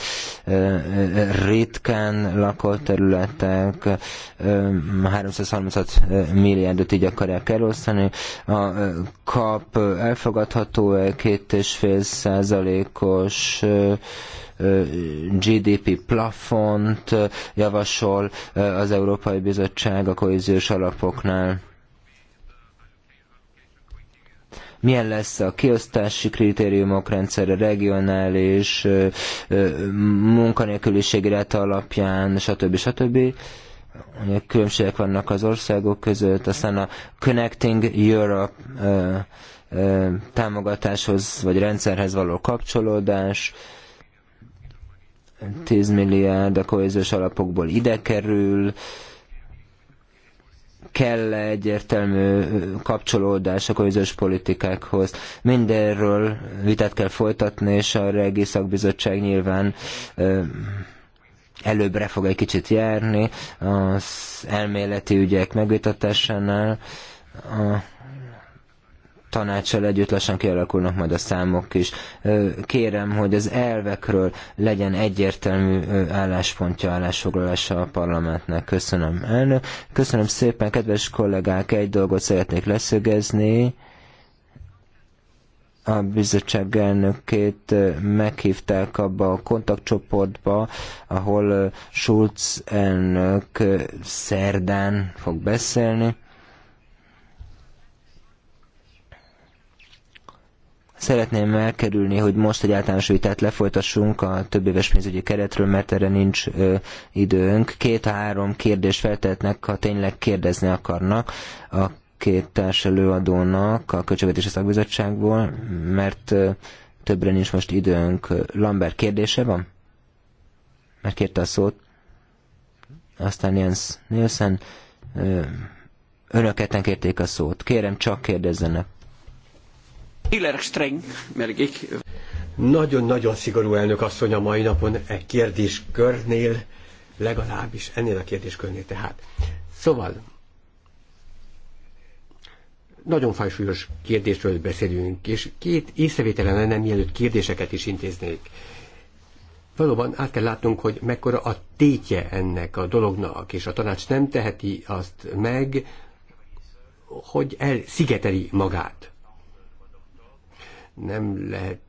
Speaker 1: ritkán lakott területek, 336 milliárdot így akarják elosztani. A kap elfogadható -e 2,5 százalékos GDP plafont javasol az Európai Bizottság a kohéziós alapoknál. milyen lesz a kiosztási kritériumok rendszere, regionális, munkanélküliségi ráta alapján, stb. stb. különbségek vannak az országok között, aztán a Connecting Europe támogatáshoz vagy rendszerhez való kapcsolódás, 10 milliárd a kohéziós alapokból ide kerül, kell -e egyértelmű kapcsolódás a közös politikákhoz. Mindenről vitát kell folytatni, és a Regi Szakbizottság nyilván előbbre fog egy kicsit járni az elméleti ügyek megvitatásánál. A tanácssal együtt lassan kialakulnak majd a számok is. Kérem, hogy az elvekről legyen egyértelmű álláspontja, állásfoglalása a parlamentnek. Köszönöm, elnök. Köszönöm szépen, kedves kollégák, egy dolgot szeretnék leszögezni a bizottság elnökét meghívták abba a kontaktcsoportba, ahol Schulz elnök szerdán fog beszélni. Szeretném elkerülni, hogy most egy általános vitát lefolytassunk a több éves pénzügyi keretről, mert erre nincs ö, időnk. Két-három kérdés feltetnek, ha tényleg kérdezni akarnak a két társ előadónak a Költségvetési Szakbizottságból, mert ö, többre nincs most időnk. Lambert kérdése van? Mert kérte a szót. Aztán Jens Nielsen. Ö, önök ketten kérték a szót. Kérem, csak kérdezzenek.
Speaker 4: Nagyon-nagyon szigorú elnök asszony a mai napon e kérdéskörnél, legalábbis ennél a kérdéskörnél tehát. Szóval, nagyon fajsúlyos kérdésről beszélünk, és két észrevétele lenne, mielőtt kérdéseket is intéznék. Valóban át kell látnunk, hogy mekkora a tétje ennek a dolognak, és a tanács nem teheti azt meg, hogy elszigeteli magát nem lehet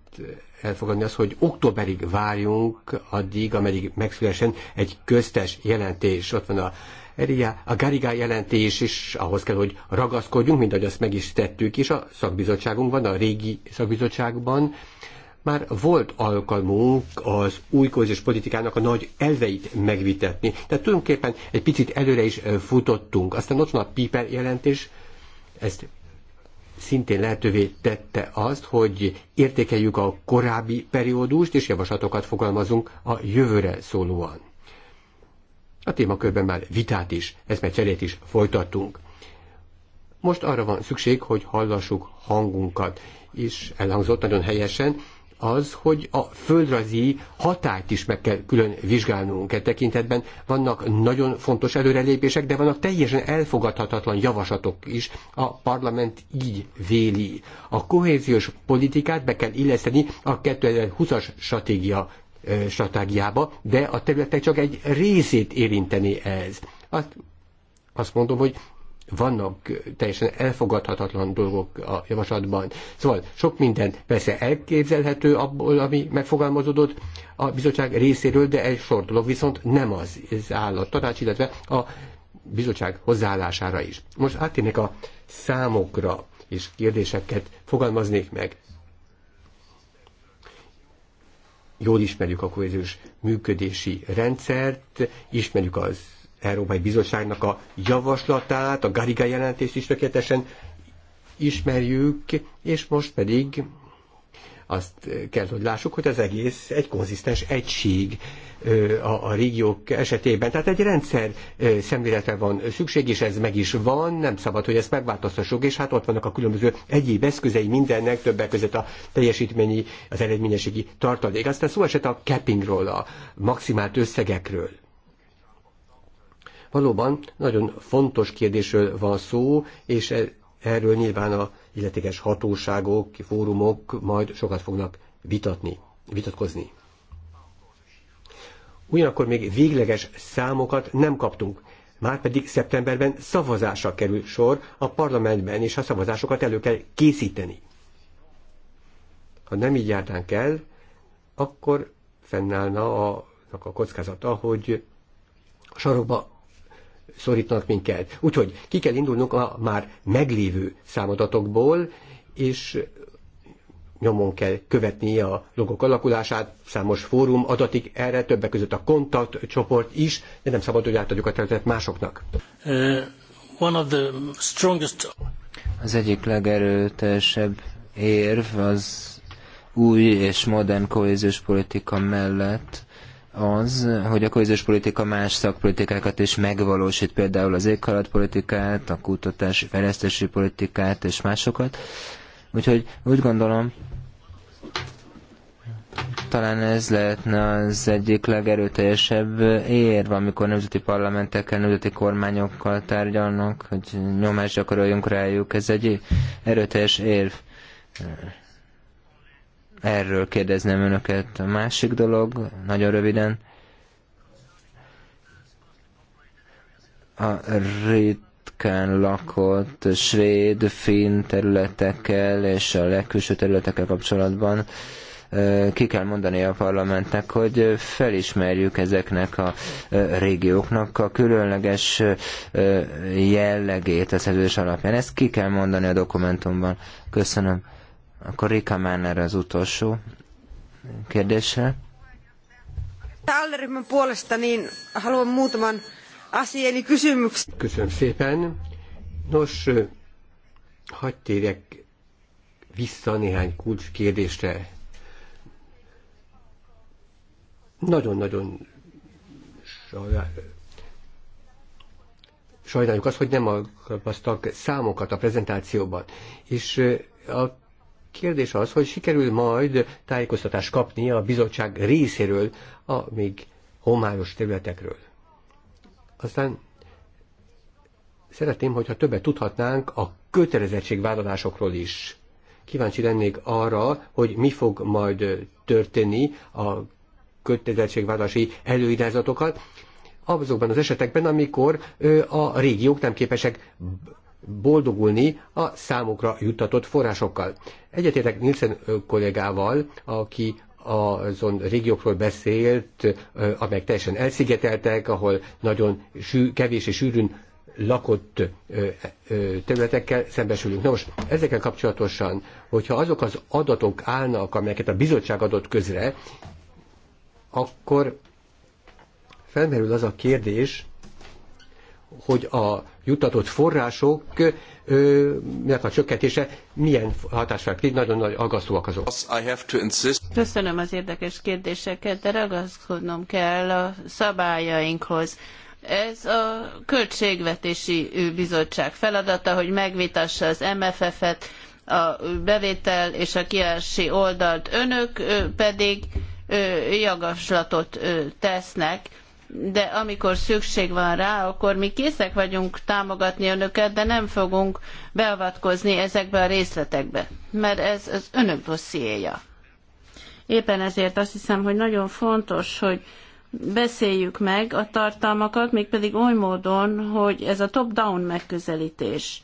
Speaker 4: elfogadni az, hogy októberig várjunk addig, ameddig megszülesen egy köztes jelentés. Ott van a Eria, a Garigá jelentés is ahhoz kell, hogy ragaszkodjunk, mint ahogy azt meg is tettük is a szakbizottságunkban, a régi szakbizottságban. Már volt alkalmunk az új kohéziós politikának a nagy elveit megvitetni. Tehát tulajdonképpen egy picit előre is futottunk. Aztán ott van a Piper jelentés, ezt szintén lehetővé tette azt, hogy értékeljük a korábbi periódust, és javaslatokat fogalmazunk a jövőre szólóan. A témakörben már vitát is, eszmecserét is folytattunk. Most arra van szükség, hogy hallassuk hangunkat, és elhangzott nagyon helyesen, az, hogy a földrajzi hatályt is meg kell külön vizsgálnunk e tekintetben. Vannak nagyon fontos előrelépések, de vannak teljesen elfogadhatatlan javaslatok is. A parlament így véli. A kohéziós politikát be kell illeszteni a 2020-as stratégia stratégiába, de a területek csak egy részét érinteni ez. Azt, azt mondom, hogy vannak teljesen elfogadhatatlan dolgok a javaslatban. Szóval sok minden persze elképzelhető abból, ami megfogalmazódott a bizottság részéről, de egy sor dolog viszont nem az, az áll a tanács, illetve a bizottság hozzáállására is. Most áttérnék a számokra, és kérdéseket fogalmaznék meg. Jól ismerjük a kohéziós működési rendszert, ismerjük az Európai Bizottságnak a javaslatát, a Gariga jelentést is tökéletesen ismerjük, és most pedig azt kell, hogy lássuk, hogy az egész egy konzisztens egység a, a régiók esetében. Tehát egy rendszer szemléletre van szükség, és ez meg is van, nem szabad, hogy ezt megváltoztassuk, és hát ott vannak a különböző egyéb eszközei mindennek, többek között a teljesítményi, az eredményességi tartalék. Aztán szó esett a cappingról, a maximált összegekről. Valóban nagyon fontos kérdésről van szó, és e- erről nyilván a illetékes hatóságok, fórumok majd sokat fognak vitatni, vitatkozni. Ugyanakkor még végleges számokat nem kaptunk. Márpedig szeptemberben szavazásra kerül sor a parlamentben, és a szavazásokat elő kell készíteni. Ha nem így jártánk el, akkor fennállna a, a kockázata, hogy a sarokba szorítanak minket. Úgyhogy ki kell indulnunk a már meglévő számadatokból, és nyomon kell követni a logok alakulását, számos fórum adatik erre, többek között a kontakt csoport is, de nem szabad, hogy átadjuk a területet másoknak.
Speaker 3: Uh, one of the
Speaker 4: strongest...
Speaker 1: Az egyik legerőteljesebb érv az új és modern kohéziós politika mellett az, hogy a kohéziós politika más szakpolitikákat is megvalósít, például az éghajlatpolitikát, a kutatási, fejlesztési politikát és másokat. Úgyhogy úgy gondolom, talán ez lehetne az egyik legerőteljesebb érv, amikor nemzeti parlamentekkel, nemzeti kormányokkal tárgyalnak, hogy nyomást gyakoroljunk rájuk. Ez egy erőteljes érv. Erről kérdezném önöket. A másik dolog, nagyon röviden, a ritkán lakott svéd, finn területekkel és a legkülső területekkel kapcsolatban ki kell mondani a parlamentnek, hogy felismerjük ezeknek a régióknak a különleges jellegét a szerződés alapján. Ezt ki kell mondani a dokumentumban. Köszönöm. Akkor Rika Manner az utolsó kérdésre.
Speaker 2: Talleryhmän puolesta niin haluan muutaman asiani kysymyksen.
Speaker 4: Köszönöm szépen. Nos, hagyj térjek vissza néhány kulcskérdésre. Nagyon-nagyon sajnáljuk azt, hogy nem alkalmaztak számokat a prezentációban. És a kérdés az, hogy sikerül majd tájékoztatást kapni a bizottság részéről a még homályos területekről. Aztán szeretném, hogyha többet tudhatnánk a kötelezettségvállalásokról is. Kíváncsi lennék arra, hogy mi fog majd történni a kötelezettségvállalási előidázatokat azokban az esetekben, amikor a régiók nem képesek boldogulni a számukra juttatott forrásokkal. Egyetértek Nielsen kollégával, aki azon régiókról beszélt, amelyek teljesen elszigeteltek, ahol nagyon kevés és sűrűn lakott területekkel szembesülünk. Na most ezekkel kapcsolatosan, hogyha azok az adatok állnak, amelyeket a bizottság adott közre, akkor felmerül az a kérdés, hogy a juttatott források miatt a csökkentése milyen hatással kér, nagyon nagy agasztóak azok.
Speaker 2: Köszönöm az érdekes kérdéseket, de ragaszkodnom kell a szabályainkhoz. Ez a Költségvetési Bizottság feladata, hogy megvitassa az MFF-et, a bevétel és a kiási oldalt. Önök pedig javaslatot tesznek de amikor szükség van rá, akkor mi készek vagyunk támogatni önöket, de nem fogunk beavatkozni ezekbe a részletekbe, mert ez az önök dossziéja. Éppen ezért azt hiszem, hogy nagyon fontos, hogy beszéljük meg a tartalmakat, mégpedig oly módon, hogy ez a top-down megközelítés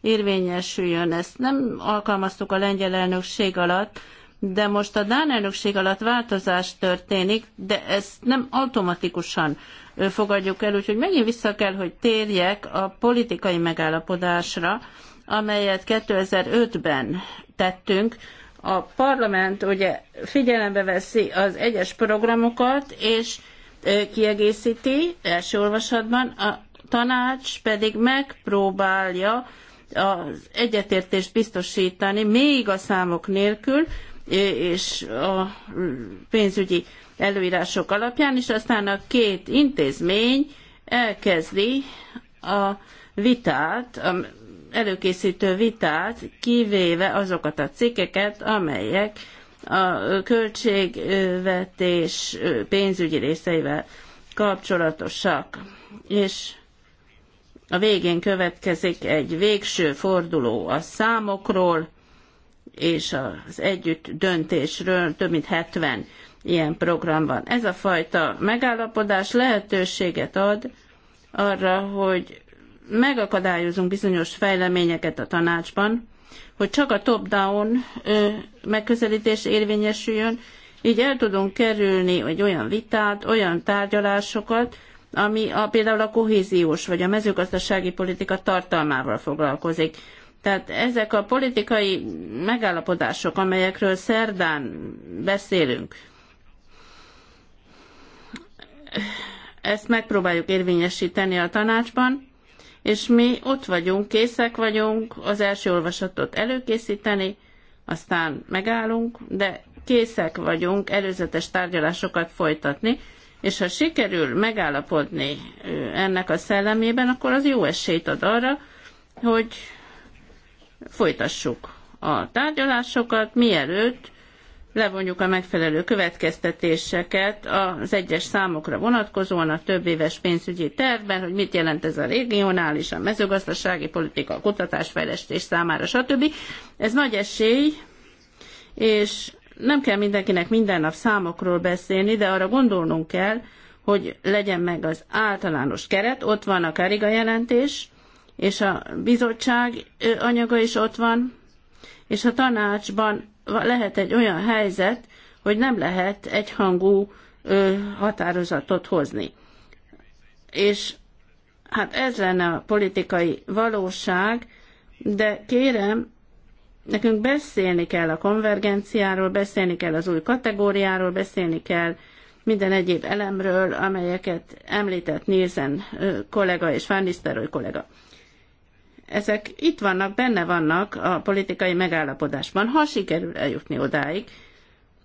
Speaker 2: érvényesüljön. Ezt nem alkalmaztuk a lengyel elnökség alatt, de most a Dán elnökség alatt változás történik, de ezt nem automatikusan fogadjuk el, úgyhogy megint vissza kell, hogy térjek a politikai megállapodásra, amelyet 2005-ben tettünk, a parlament ugye figyelembe veszi az egyes programokat, és kiegészíti első olvasatban, a tanács pedig megpróbálja az egyetértést biztosítani, még a számok nélkül, és a pénzügyi előírások alapján, és aztán a két intézmény elkezdi a vitát, a előkészítő vitát, kivéve azokat a cikkeket, amelyek a költségvetés pénzügyi részeivel kapcsolatosak. És a végén következik egy végső forduló a számokról, és az együtt döntésről több mint 70 ilyen program van. Ez a fajta megállapodás lehetőséget ad arra, hogy megakadályozunk bizonyos fejleményeket a tanácsban, hogy csak a top-down megközelítés érvényesüljön, így el tudunk kerülni egy olyan vitát, olyan tárgyalásokat, ami a, például a kohéziós vagy a mezőgazdasági politika tartalmával foglalkozik. Tehát ezek a politikai megállapodások, amelyekről szerdán beszélünk, ezt megpróbáljuk érvényesíteni a tanácsban, és mi ott vagyunk, készek vagyunk az első olvasatot előkészíteni, aztán megállunk, de készek vagyunk előzetes tárgyalásokat folytatni, és ha sikerül megállapodni ennek a szellemében, akkor az jó esélyt ad arra, hogy folytassuk a tárgyalásokat, mielőtt levonjuk a megfelelő következtetéseket az egyes számokra vonatkozóan a több éves pénzügyi tervben, hogy mit jelent ez a regionális, a mezőgazdasági politika, a kutatásfejlesztés számára, stb. Ez nagy esély, és nem kell mindenkinek minden nap számokról beszélni, de arra gondolnunk kell, hogy legyen meg az általános keret, ott van a Kariga jelentés, és a bizottság anyaga is ott van, és a tanácsban lehet egy olyan helyzet, hogy nem lehet egyhangú határozatot hozni. És hát ez lenne a politikai valóság, de kérem, nekünk beszélni kell a konvergenciáról, beszélni kell az új kategóriáról, beszélni kell minden egyéb elemről, amelyeket említett Nielsen kollega és Van kollega ezek itt vannak, benne vannak a politikai megállapodásban, ha sikerül eljutni odáig,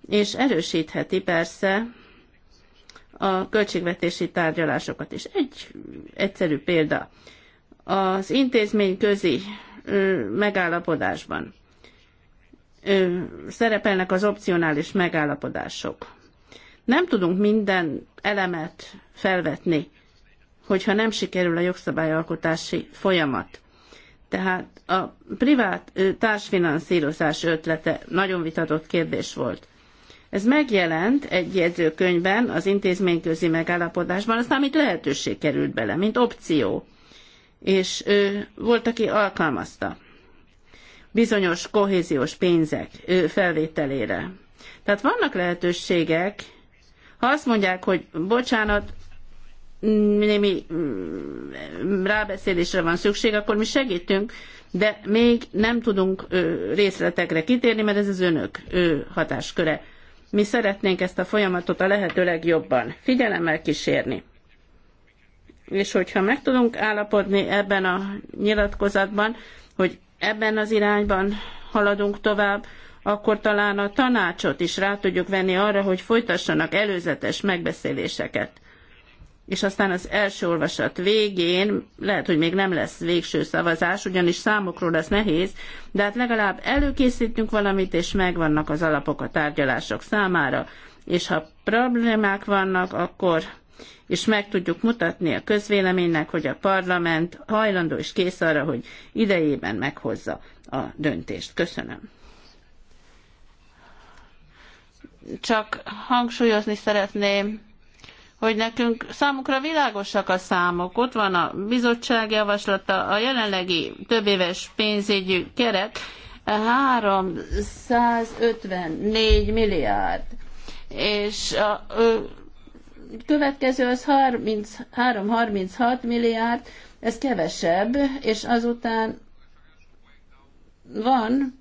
Speaker 2: és erősítheti persze a költségvetési tárgyalásokat is. Egy egyszerű példa. Az intézmény közi megállapodásban szerepelnek az opcionális megállapodások. Nem tudunk minden elemet felvetni, hogyha nem sikerül a jogszabályalkotási folyamat. Tehát a privát társfinanszírozás ötlete nagyon vitatott kérdés volt. Ez megjelent egy jegyzőkönyvben, az intézményközi megállapodásban, aztán itt lehetőség került bele, mint opció. És ö, volt, aki alkalmazta bizonyos kohéziós pénzek ö, felvételére. Tehát vannak lehetőségek, ha azt mondják, hogy bocsánat, némi mm, rábeszélésre van szükség, akkor mi segítünk, de még nem tudunk részletekre kitérni, mert ez az önök hatásköre. Mi szeretnénk ezt a folyamatot a lehető legjobban figyelemmel kísérni. És hogyha meg tudunk állapodni ebben a nyilatkozatban, hogy ebben az irányban haladunk tovább, akkor talán a tanácsot is rá tudjuk venni arra, hogy folytassanak előzetes megbeszéléseket és aztán az első olvasat végén, lehet, hogy még nem lesz végső szavazás, ugyanis számokról lesz nehéz, de hát legalább előkészítünk valamit, és megvannak az alapok a tárgyalások számára, és ha problémák vannak, akkor és meg tudjuk mutatni a közvéleménynek, hogy a parlament hajlandó és kész arra, hogy idejében meghozza a döntést. Köszönöm. Csak hangsúlyozni szeretném, hogy nekünk számukra világosak a számok. Ott van a bizottság javaslata, a jelenlegi többéves pénzügyi keret 354 milliárd, és a következő az 336 milliárd, ez kevesebb, és azután van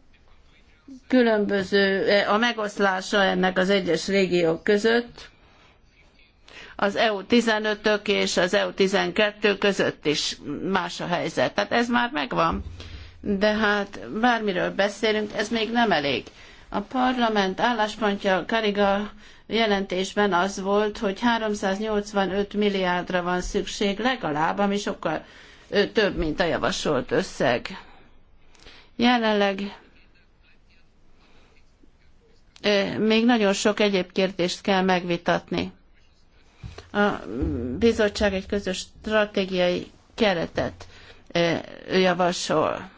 Speaker 2: különböző eh, a megoszlása ennek az egyes régiók között, az EU-15-ök és az EU-12 között is más a helyzet. Tehát ez már megvan. De hát bármiről beszélünk, ez még nem elég. A parlament álláspontja Kariga jelentésben az volt, hogy 385 milliárdra van szükség legalább, ami sokkal több, mint a javasolt összeg. Jelenleg még nagyon sok egyéb kérdést kell megvitatni. A bizottság egy közös stratégiai keretet javasol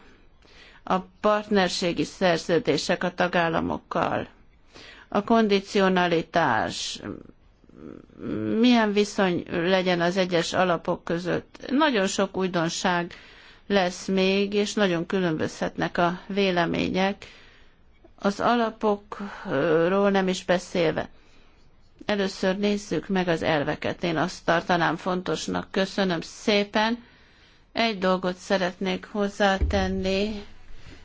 Speaker 2: a partnerségi szerződések a tagállamokkal. A kondicionalitás milyen viszony legyen az egyes alapok között. Nagyon sok újdonság lesz még, és nagyon különbözhetnek a vélemények, az alapokról nem is beszélve. Először nézzük meg az elveket. Én azt tartanám fontosnak. Köszönöm szépen. Egy dolgot szeretnék hozzátenni,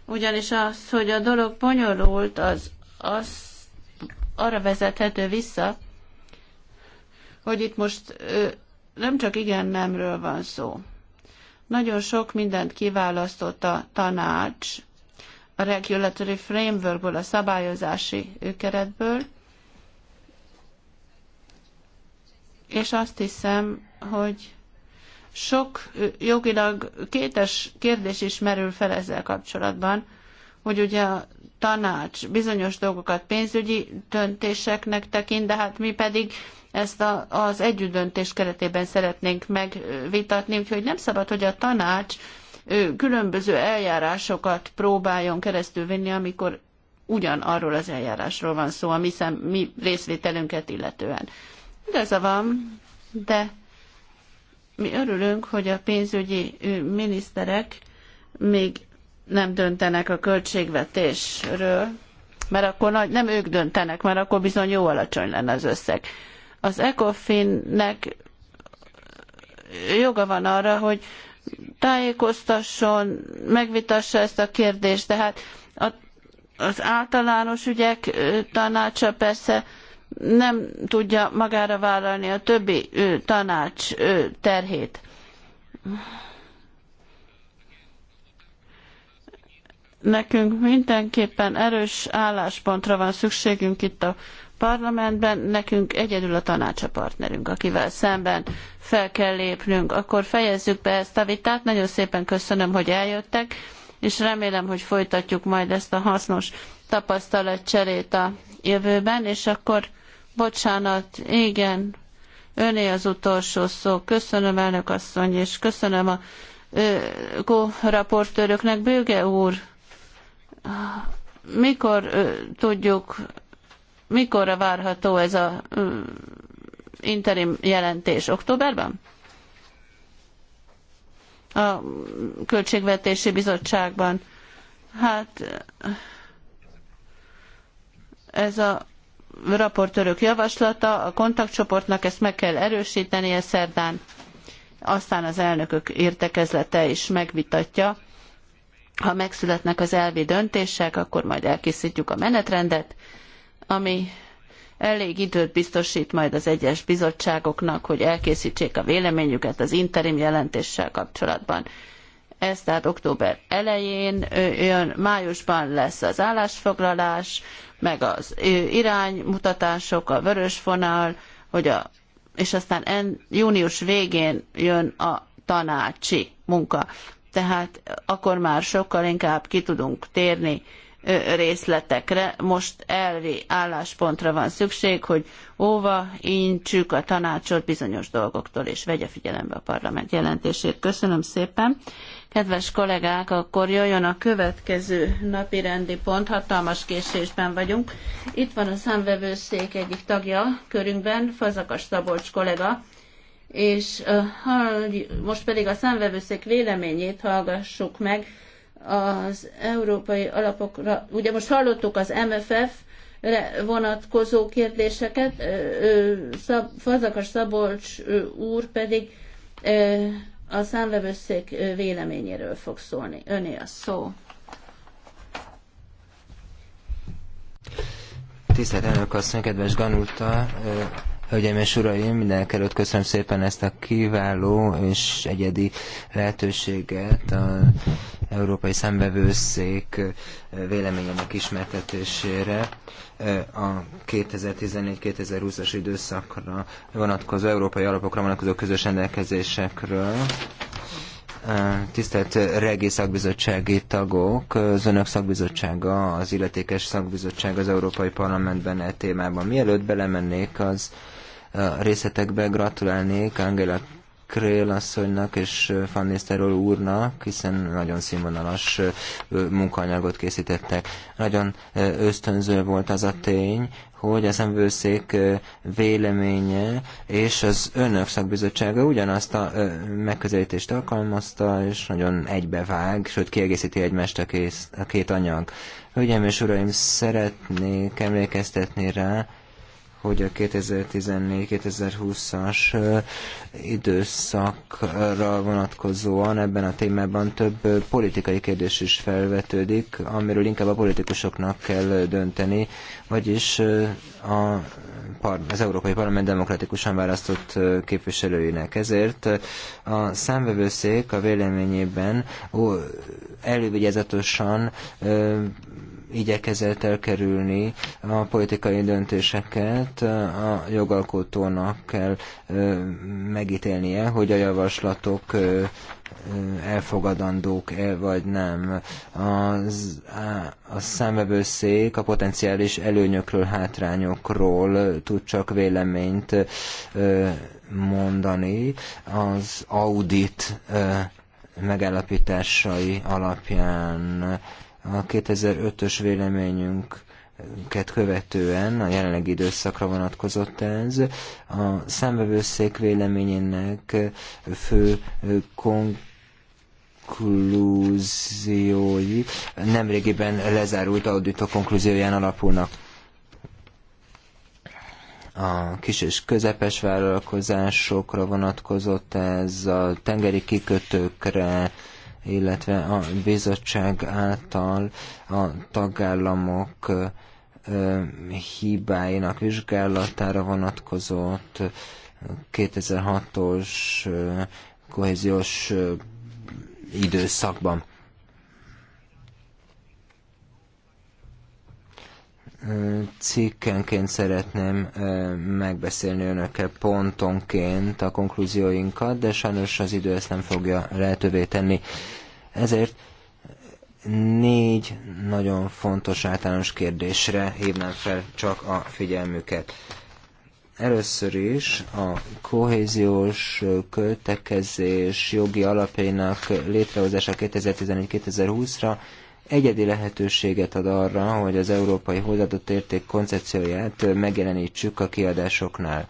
Speaker 2: ugyanis az, hogy a dolog bonyolult, az, az arra vezethető vissza, hogy itt most ö, nem csak igen-nemről van szó. Nagyon sok mindent kiválasztott a tanács a regulatory frameworkból, a szabályozási keretből, és azt hiszem, hogy sok jogilag kétes kérdés is merül fel ezzel kapcsolatban, hogy ugye a tanács bizonyos dolgokat pénzügyi döntéseknek tekint, de hát mi pedig ezt a, az együttdöntés keretében szeretnénk megvitatni, úgyhogy nem szabad, hogy a tanács különböző eljárásokat próbáljon keresztül vinni, amikor ugyanarról az eljárásról van szó, a mi, szem, mi részvételünket illetően. Igaza van, de mi örülünk, hogy a pénzügyi miniszterek még nem döntenek a költségvetésről, mert akkor nagy, nem ők döntenek, mert akkor bizony jó alacsony lenne az összeg. Az ECOFIN-nek joga van arra, hogy tájékoztasson, megvitassa ezt a kérdést, tehát az általános ügyek tanácsa persze nem tudja magára vállalni a többi tanács terhét. Nekünk mindenképpen erős álláspontra van szükségünk itt a parlamentben, nekünk egyedül a tanács a partnerünk, akivel szemben fel kell lépnünk. Akkor fejezzük be ezt a vitát. Nagyon szépen köszönöm, hogy eljöttek, és remélem, hogy folytatjuk majd ezt a hasznos tapasztalatcserét a jövőben, és akkor Bocsánat, igen, öné az utolsó szó. Köszönöm, elnök asszony, és köszönöm a kóraportőröknek. Bőge úr, mikor ö, tudjuk, mikorra várható ez a ö, interim jelentés? Októberben? A Költségvetési Bizottságban. Hát ez a raportőrök javaslata, a kontaktcsoportnak ezt meg kell erősítenie szerdán, aztán az elnökök értekezlete is megvitatja. Ha megszületnek az elvi döntések, akkor majd elkészítjük a menetrendet, ami elég időt biztosít majd az egyes bizottságoknak, hogy elkészítsék a véleményüket az interim jelentéssel kapcsolatban. Ez tehát október elején, jön májusban lesz az állásfoglalás, meg az iránymutatások, a vörös vonal, hogy a, és aztán en, június végén jön a tanácsi munka. Tehát akkor már sokkal inkább ki tudunk térni részletekre. Most elvi álláspontra van szükség, hogy óva intsük a tanácsot bizonyos dolgoktól, és vegye figyelembe a parlament jelentését. Köszönöm szépen. Kedves kollégák, akkor jöjjön a következő napi rendi pont, hatalmas késésben vagyunk. Itt van a számvevőszék egyik tagja körünkben, Fazakas Szabolcs kollega, és most pedig a számvevőszék véleményét hallgassuk meg az európai alapokra. Ugye most hallottuk az MFF, vonatkozó kérdéseket. Fazakas Szabolcs úr pedig a számvevőszék véleményéről fog szólni. Öné a szó.
Speaker 1: Tisztelt elnök asszony, kedves Ganulta, Hölgyeim és Uraim, mindenek előtt köszönöm szépen ezt a kiváló és egyedi lehetőséget az Európai Szembevőszék véleményének ismertetésére a 2014-2020-as időszakra vonatkozó európai alapokra vonatkozó közös rendelkezésekről. Tisztelt Regi szakbizottsági tagok, az Önök szakbizottsága, az illetékes szakbizottság az Európai Parlamentben e témában. Mielőtt belemennék az részletekbe gratulálnék Angela Krél asszonynak és Van Nistelrooy úrnak, hiszen nagyon színvonalas munkanyagot készítettek. Nagyon ösztönző volt az a tény, hogy az emberszék véleménye és az önök szakbizottsága ugyanazt a megközelítést alkalmazta, és nagyon egybevág, sőt kiegészíti egymást a két anyag. Hölgyeim és uraim, szeretnék emlékeztetni rá, hogy a 2014-2020-as időszakra vonatkozóan ebben a témában több politikai kérdés is felvetődik, amiről inkább a politikusoknak kell dönteni, vagyis a, az Európai Parlament demokratikusan választott képviselőinek. Ezért a számvevőszék a véleményében elővigyázatosan igyekezett elkerülni a politikai döntéseket, a jogalkotónak kell megítélnie, hogy a javaslatok elfogadandók-e vagy nem. Az, a számvevőszék a potenciális előnyökről, hátrányokról tud csak véleményt mondani. Az audit megállapításai alapján a 2005-ös véleményünk ket követően a jelenlegi időszakra vonatkozott ez. A számvevőszék véleményének fő konklúziói nemrégiben lezárult audita konklúzióján alapulnak. A kis és közepes vállalkozásokra vonatkozott ez, a tengeri kikötőkre, illetve a bizottság által a tagállamok hibáinak vizsgálatára vonatkozott 2006-os kohéziós időszakban. cikkenként szeretném megbeszélni önökkel pontonként a konklúzióinkat, de sajnos az idő ezt nem fogja lehetővé tenni. Ezért négy nagyon fontos általános kérdésre hívnám fel csak a figyelmüket. Először is a kohéziós költekezés jogi alapjainak létrehozása 2011-2020-ra egyedi lehetőséget ad arra, hogy az európai hozzáadott érték koncepcióját megjelenítsük a kiadásoknál.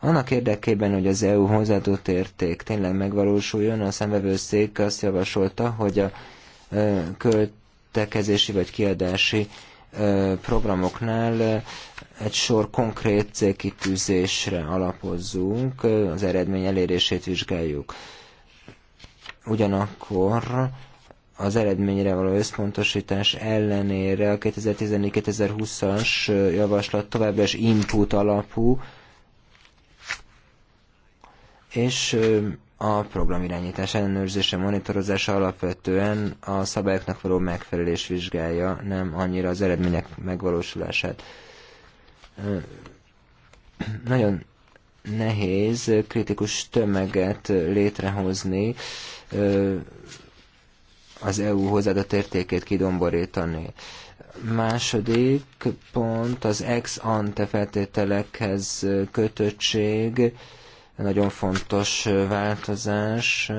Speaker 1: Annak érdekében, hogy az EU hozzáadott érték tényleg megvalósuljon, a szemvevőszék azt javasolta, hogy a költekezési vagy kiadási programoknál egy sor konkrét célkitűzésre alapozzunk, az eredmény elérését vizsgáljuk. Ugyanakkor az eredményre való összpontosítás ellenére a 2014-2020-as javaslat továbbra is input alapú, és a programirányítás ellenőrzése, monitorozása alapvetően a szabályoknak való megfelelés vizsgálja, nem annyira az eredmények megvalósulását. Nagyon nehéz kritikus tömeget létrehozni, az EU hozzáadott értékét kidomborítani. Második pont az ex ante feltételekhez kötöttség, nagyon fontos változás,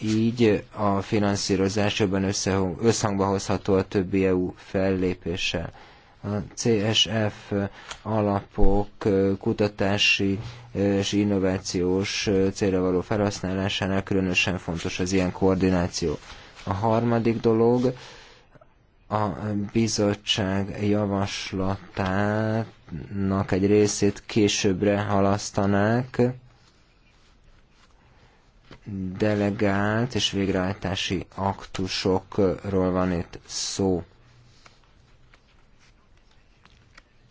Speaker 1: így a finanszírozás jobban összhangba hozható a többi EU fellépése. a CSF alapok kutatási és innovációs célra való felhasználásánál különösen fontos az ilyen koordináció. A harmadik dolog, a bizottság javaslatának egy részét későbbre halasztanák, delegált és végrehajtási aktusokról van itt szó.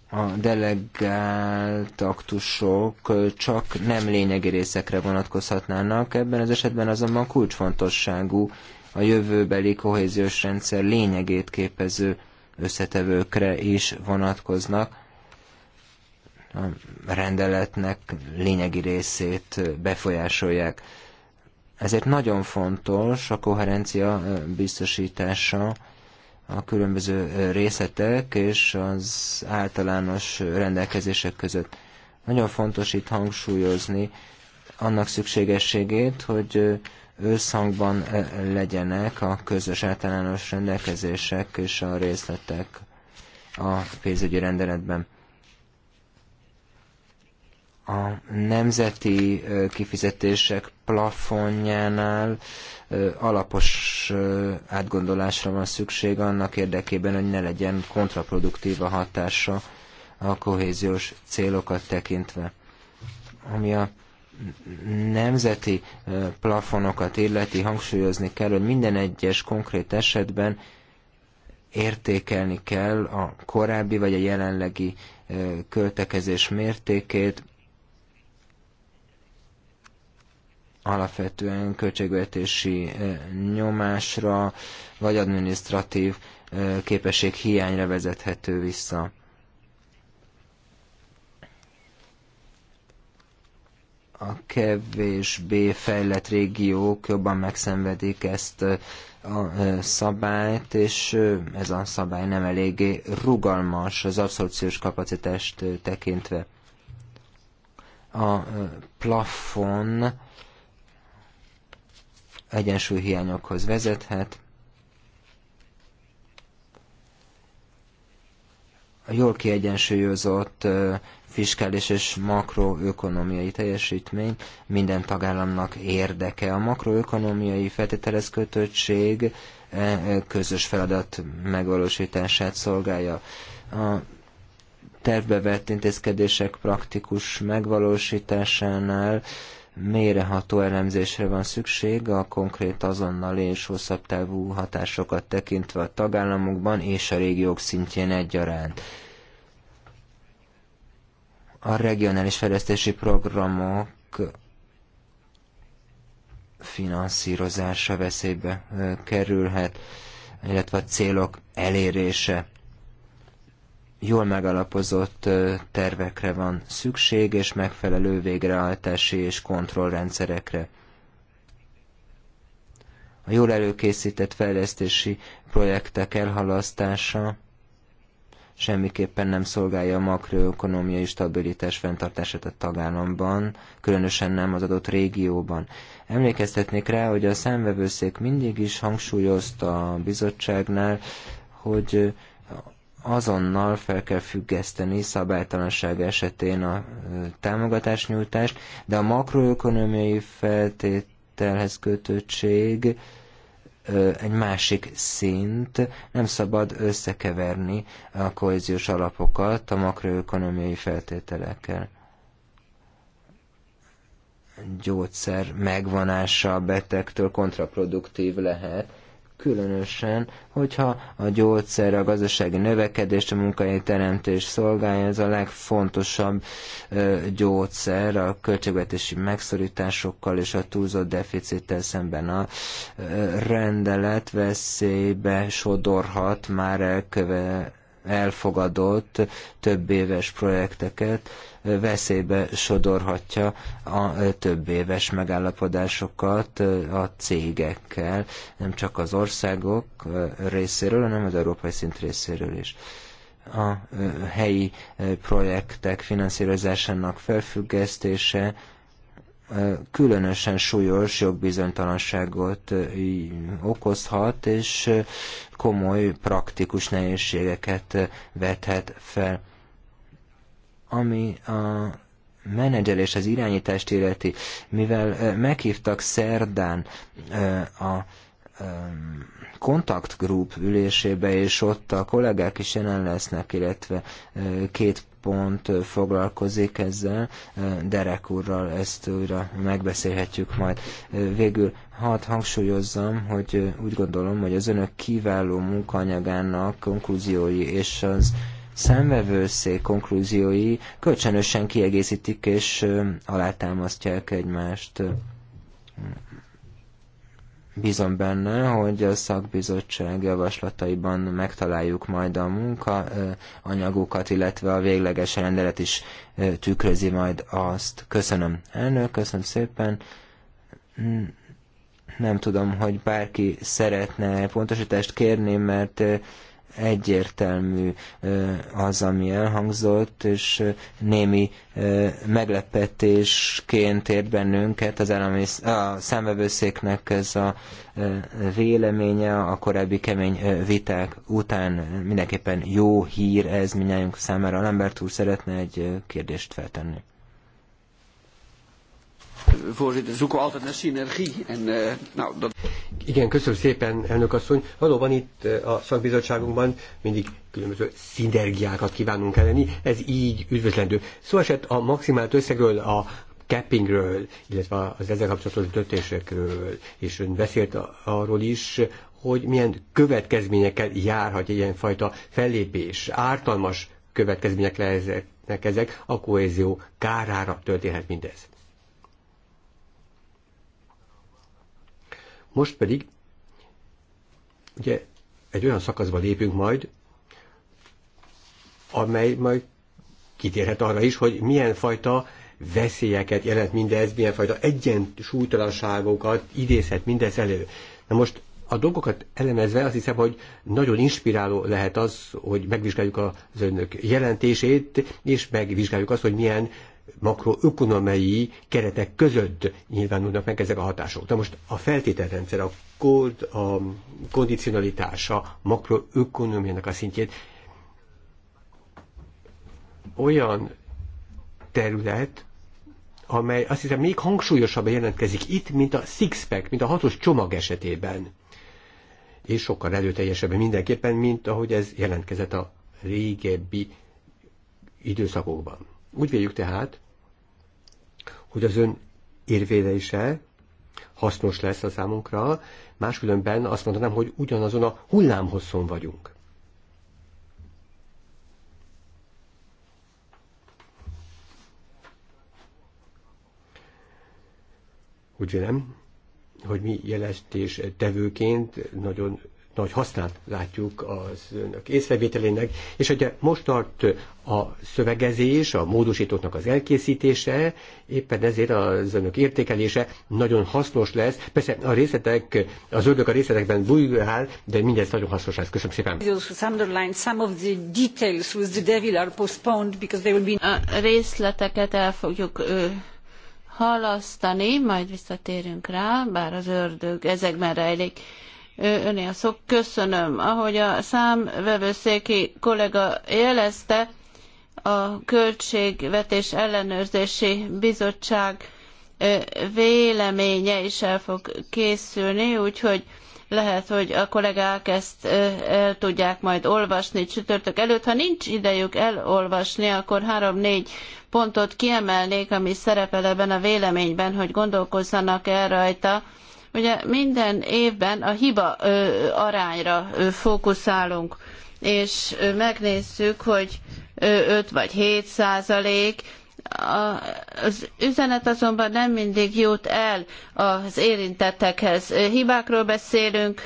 Speaker 1: A delegált aktusok csak nem lényegi részekre vonatkozhatnának, ebben az esetben azonban kulcsfontosságú a jövőbeli kohéziós rendszer lényegét képező összetevőkre is vonatkoznak. A rendeletnek lényegi részét befolyásolják. Ezért nagyon fontos a koherencia biztosítása a különböző részletek és az általános rendelkezések között. Nagyon fontos itt hangsúlyozni annak szükségességét, hogy összhangban e, legyenek a közös általános rendelkezések és a részletek a pénzügyi rendeletben. A nemzeti e, kifizetések plafonjánál e, alapos átgondolásra van szükség annak érdekében, hogy ne legyen kontraproduktív a hatása a kohéziós célokat tekintve. Ami a nemzeti plafonokat illeti hangsúlyozni kell, hogy minden egyes konkrét esetben értékelni kell a korábbi vagy a jelenlegi költekezés mértékét, alapvetően költségvetési nyomásra vagy adminisztratív képesség hiányra vezethető vissza. a kevésbé fejlett régiók jobban megszenvedik ezt a szabályt, és ez a szabály nem eléggé rugalmas az abszorpciós kapacitást tekintve. A plafon egyensúlyhiányokhoz vezethet, a jól kiegyensúlyozott fiskális és makroökonomiai teljesítmény minden tagállamnak érdeke. A makroökonomiai feltételez kötöttség e, e, közös feladat megvalósítását szolgálja. A tervbe vett intézkedések praktikus megvalósításánál mélyreható elemzésre van szükség a konkrét azonnal és hosszabb távú hatásokat tekintve a tagállamokban és a régiók szintjén egyaránt a regionális fejlesztési programok finanszírozása veszélybe kerülhet, illetve a célok elérése. Jól megalapozott tervekre van szükség, és megfelelő végrehajtási és kontrollrendszerekre. A jól előkészített fejlesztési projektek elhalasztása semmiképpen nem szolgálja a makroökonomiai stabilitás fenntartását a tagállamban, különösen nem az adott régióban. Emlékeztetnék rá, hogy a számvevőszék mindig is hangsúlyozta a bizottságnál, hogy azonnal fel kell függeszteni szabálytalanság esetén a támogatásnyújtást, de a makroökonomiai feltételhez kötöttség egy másik szint, nem szabad összekeverni a kohéziós alapokat a makroökonomiai feltételekkel. Gyógyszer megvonása a betegtől kontraproduktív lehet, különösen, hogyha a gyógyszer, a gazdasági növekedés, a munkahelyi teremtés szolgálja, ez a legfontosabb gyógyszer a költségvetési megszorításokkal és a túlzott deficittel szemben a rendelet veszélybe sodorhat már elköve, elfogadott több éves projekteket, veszélybe sodorhatja a több éves megállapodásokat a cégekkel, nem csak az országok részéről, hanem az európai szint részéről is a helyi projektek finanszírozásának felfüggesztése különösen súlyos jogbizonytalanságot okozhat, és komoly praktikus nehézségeket vethet fel. Ami a menedzselés, az irányítást illeti, mivel meghívtak szerdán a kontaktgrup ülésébe, és ott a kollégák is jelen lesznek, illetve két pont foglalkozik ezzel. Derek úrral ezt újra megbeszélhetjük majd. Végül hadd hangsúlyozzam, hogy úgy gondolom, hogy az önök kiváló munkanyagának konklúziói és az szemvevőszék konklúziói kölcsönösen kiegészítik és alátámasztják egymást. Bízom benne, hogy a szakbizottság javaslataiban megtaláljuk majd a munkaanyagokat, illetve a végleges rendelet is tükrözi majd azt. Köszönöm elnök, köszönöm szépen. Hm, nem tudom, hogy bárki szeretne pontosítást kérni, mert egyértelmű az, ami elhangzott, és némi meglepetésként ért bennünket az állami, a számvevőszéknek ez a véleménye a korábbi kemény viták után mindenképpen jó hír ez minnyájunk számára. Lambert úr szeretne egy kérdést feltenni.
Speaker 4: Voorzitter, zoeken altijd naar synergie. En, eh, nou, dat... Igen, köszönöm szépen, elnök asszony. Valóban itt eh, a szakbizottságunkban mindig különböző szinergiákat kívánunk elleni, ez így üdvözlendő. Szó szóval esett a maximált összegről, a cappingről, illetve az ezzel kapcsolatos döntésekről, és ön beszélt arról is, hogy milyen következményekkel járhat egy ilyenfajta fellépés, ártalmas következmények lesznek ezek, a kohézió kárára történhet mindez. Most pedig ugye egy olyan szakaszba lépünk majd, amely majd kitérhet arra is, hogy milyen fajta veszélyeket jelent mindez, milyen fajta egyensúlytalanságokat idézhet mindez elő. Na most a dolgokat elemezve azt hiszem, hogy nagyon inspiráló lehet az, hogy megvizsgáljuk az önök jelentését, és megvizsgáljuk azt, hogy milyen makroökonomiai keretek között nyilvánulnak meg ezek a hatások. De most a feltételrendszer, a, kód, a kondicionalitása makroökonomiának a szintjét olyan terület, amely azt hiszem még hangsúlyosabban jelentkezik itt, mint a six-pack, mint a hatos csomag esetében. És sokkal előteljesebben mindenképpen, mint ahogy ez jelentkezett a régebbi időszakokban. Úgy véljük tehát, hogy az ön érvélése hasznos lesz a számunkra, máskülönben azt mondanám, hogy ugyanazon a hullámhosszon vagyunk. Úgy vélem, hogy mi jelentés tevőként nagyon nagy hasznát látjuk az önök észrevételének, és hogy most tart a szövegezés, a módosítóknak az elkészítése, éppen ezért az önök értékelése nagyon hasznos lesz. Persze a részletek, az ördög a részletekben bújgál, de mindez nagyon hasznos lesz. Köszönöm szépen.
Speaker 2: A részleteket el fogjuk halasztani, majd visszatérünk rá, bár az ördög ezekben rejlik önél szok. Köszönöm. Ahogy a számvevőszéki kollega jelezte, a Költségvetés Ellenőrzési Bizottság véleménye is el fog készülni, úgyhogy lehet, hogy a kollégák ezt el tudják majd olvasni csütörtök előtt. Ha nincs idejük elolvasni, akkor három-négy pontot kiemelnék, ami szerepel ebben a véleményben, hogy gondolkozzanak el rajta Ugye minden évben a hiba arányra fókuszálunk, és megnézzük, hogy 5 vagy 7 százalék, az üzenet azonban nem mindig jut el az érintettekhez. Hibákról beszélünk,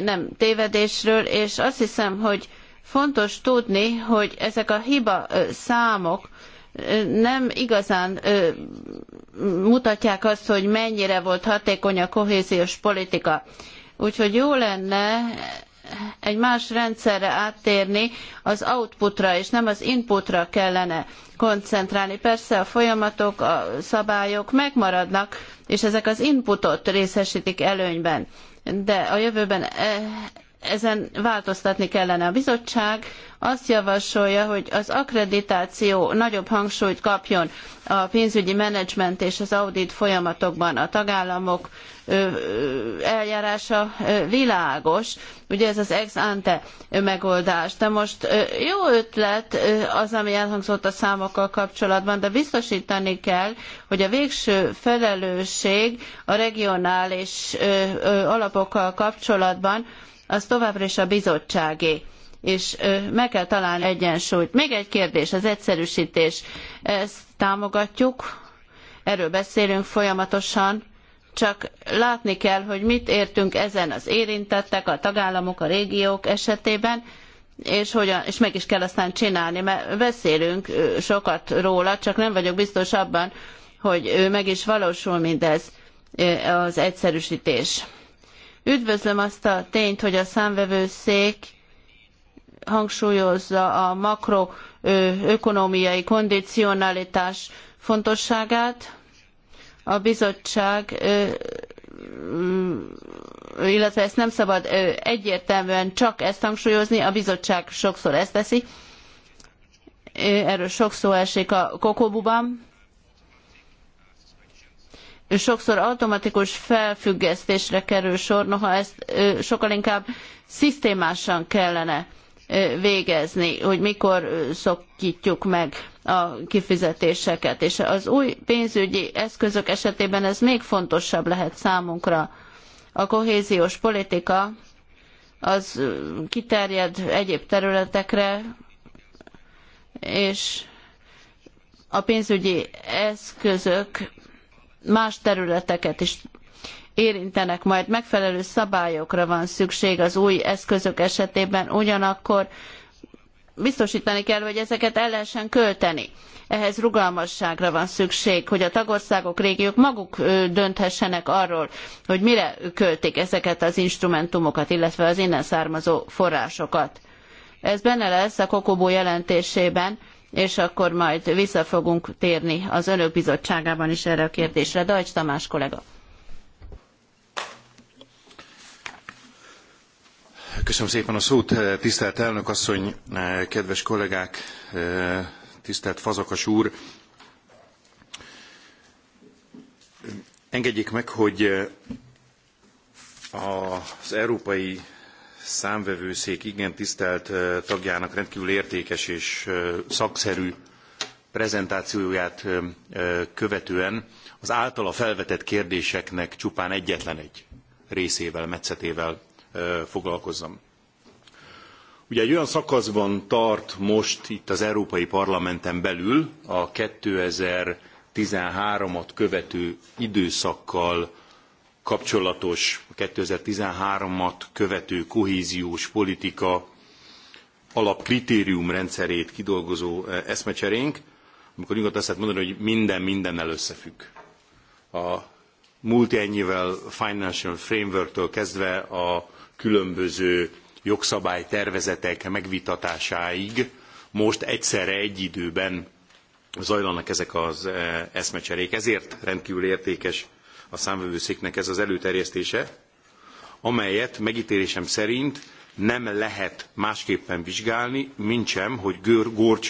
Speaker 2: nem tévedésről, és azt hiszem, hogy fontos tudni, hogy ezek a hiba számok nem igazán mutatják azt, hogy mennyire volt hatékony a kohéziós politika. Úgyhogy jó lenne egy más rendszerre áttérni, az outputra és nem az inputra kellene koncentrálni. Persze a folyamatok, a szabályok megmaradnak, és ezek az inputot részesítik előnyben, de a jövőben e- ezen változtatni kellene. A bizottság azt javasolja, hogy az akkreditáció nagyobb hangsúlyt kapjon a pénzügyi menedzsment és az audit folyamatokban a tagállamok eljárása világos, ugye ez az ex ante megoldás. De most jó ötlet az, ami elhangzott a számokkal kapcsolatban, de biztosítani kell, hogy a végső felelősség a regionális alapokkal kapcsolatban az továbbra is a bizottságé és meg kell találni egyensúlyt. Még egy kérdés, az egyszerűsítés. Ezt támogatjuk, erről beszélünk folyamatosan, csak látni kell, hogy mit értünk ezen az érintettek, a tagállamok, a régiók esetében, és, hogyan, és meg is kell aztán csinálni, mert beszélünk sokat róla, csak nem vagyok biztos abban, hogy meg is valósul mindez az egyszerűsítés. Üdvözlöm azt a tényt, hogy a számvevőszék hangsúlyozza a makroökonomiai kondicionalitás fontosságát. A bizottság illetve ezt nem szabad egyértelműen csak ezt hangsúlyozni, a bizottság sokszor ezt teszi. Erről sok szó esik a kokobuban sokszor automatikus felfüggesztésre kerül sor, noha ezt sokkal inkább szisztémásan kellene végezni, hogy mikor szokítjuk meg a kifizetéseket. És az új pénzügyi eszközök esetében ez még fontosabb lehet számunkra. A kohéziós politika az kiterjed egyéb területekre, és a pénzügyi eszközök más területeket is érintenek, majd megfelelő szabályokra van szükség az új eszközök esetében, ugyanakkor biztosítani kell, hogy ezeket el lehessen költeni. Ehhez rugalmasságra van szükség, hogy a tagországok, régiók maguk dönthessenek arról, hogy mire költik ezeket az instrumentumokat, illetve az innen származó forrásokat. Ez benne lesz a Kokobó jelentésében, és akkor majd vissza fogunk térni az önök bizottságában is erre a kérdésre. Dajcs Tamás kollega.
Speaker 3: Köszönöm szépen a szót, tisztelt elnök asszony, kedves kollégák, tisztelt Fazakas úr. Engedjék meg, hogy az Európai számvevőszék igen tisztelt tagjának rendkívül értékes és szakszerű prezentációját követően az általa felvetett kérdéseknek csupán egyetlen egy részével, metszetével foglalkozzam. Ugye egy olyan szakaszban tart most itt az Európai Parlamenten belül a 2013-at követő időszakkal kapcsolatos 2013-at követő kohéziós politika alapkritériumrendszerét kidolgozó e, eszmecserénk, amikor nyugodtan azt lehet mondani, hogy minden mindennel összefügg. A multi-annual financial framework-től kezdve a különböző jogszabálytervezetek megvitatásáig most egyszerre egy időben zajlanak ezek az e, eszmecserék. Ezért rendkívül értékes a számvevőszéknek ez az előterjesztése, amelyet megítélésem szerint nem lehet másképpen vizsgálni, mintsem, hogy gör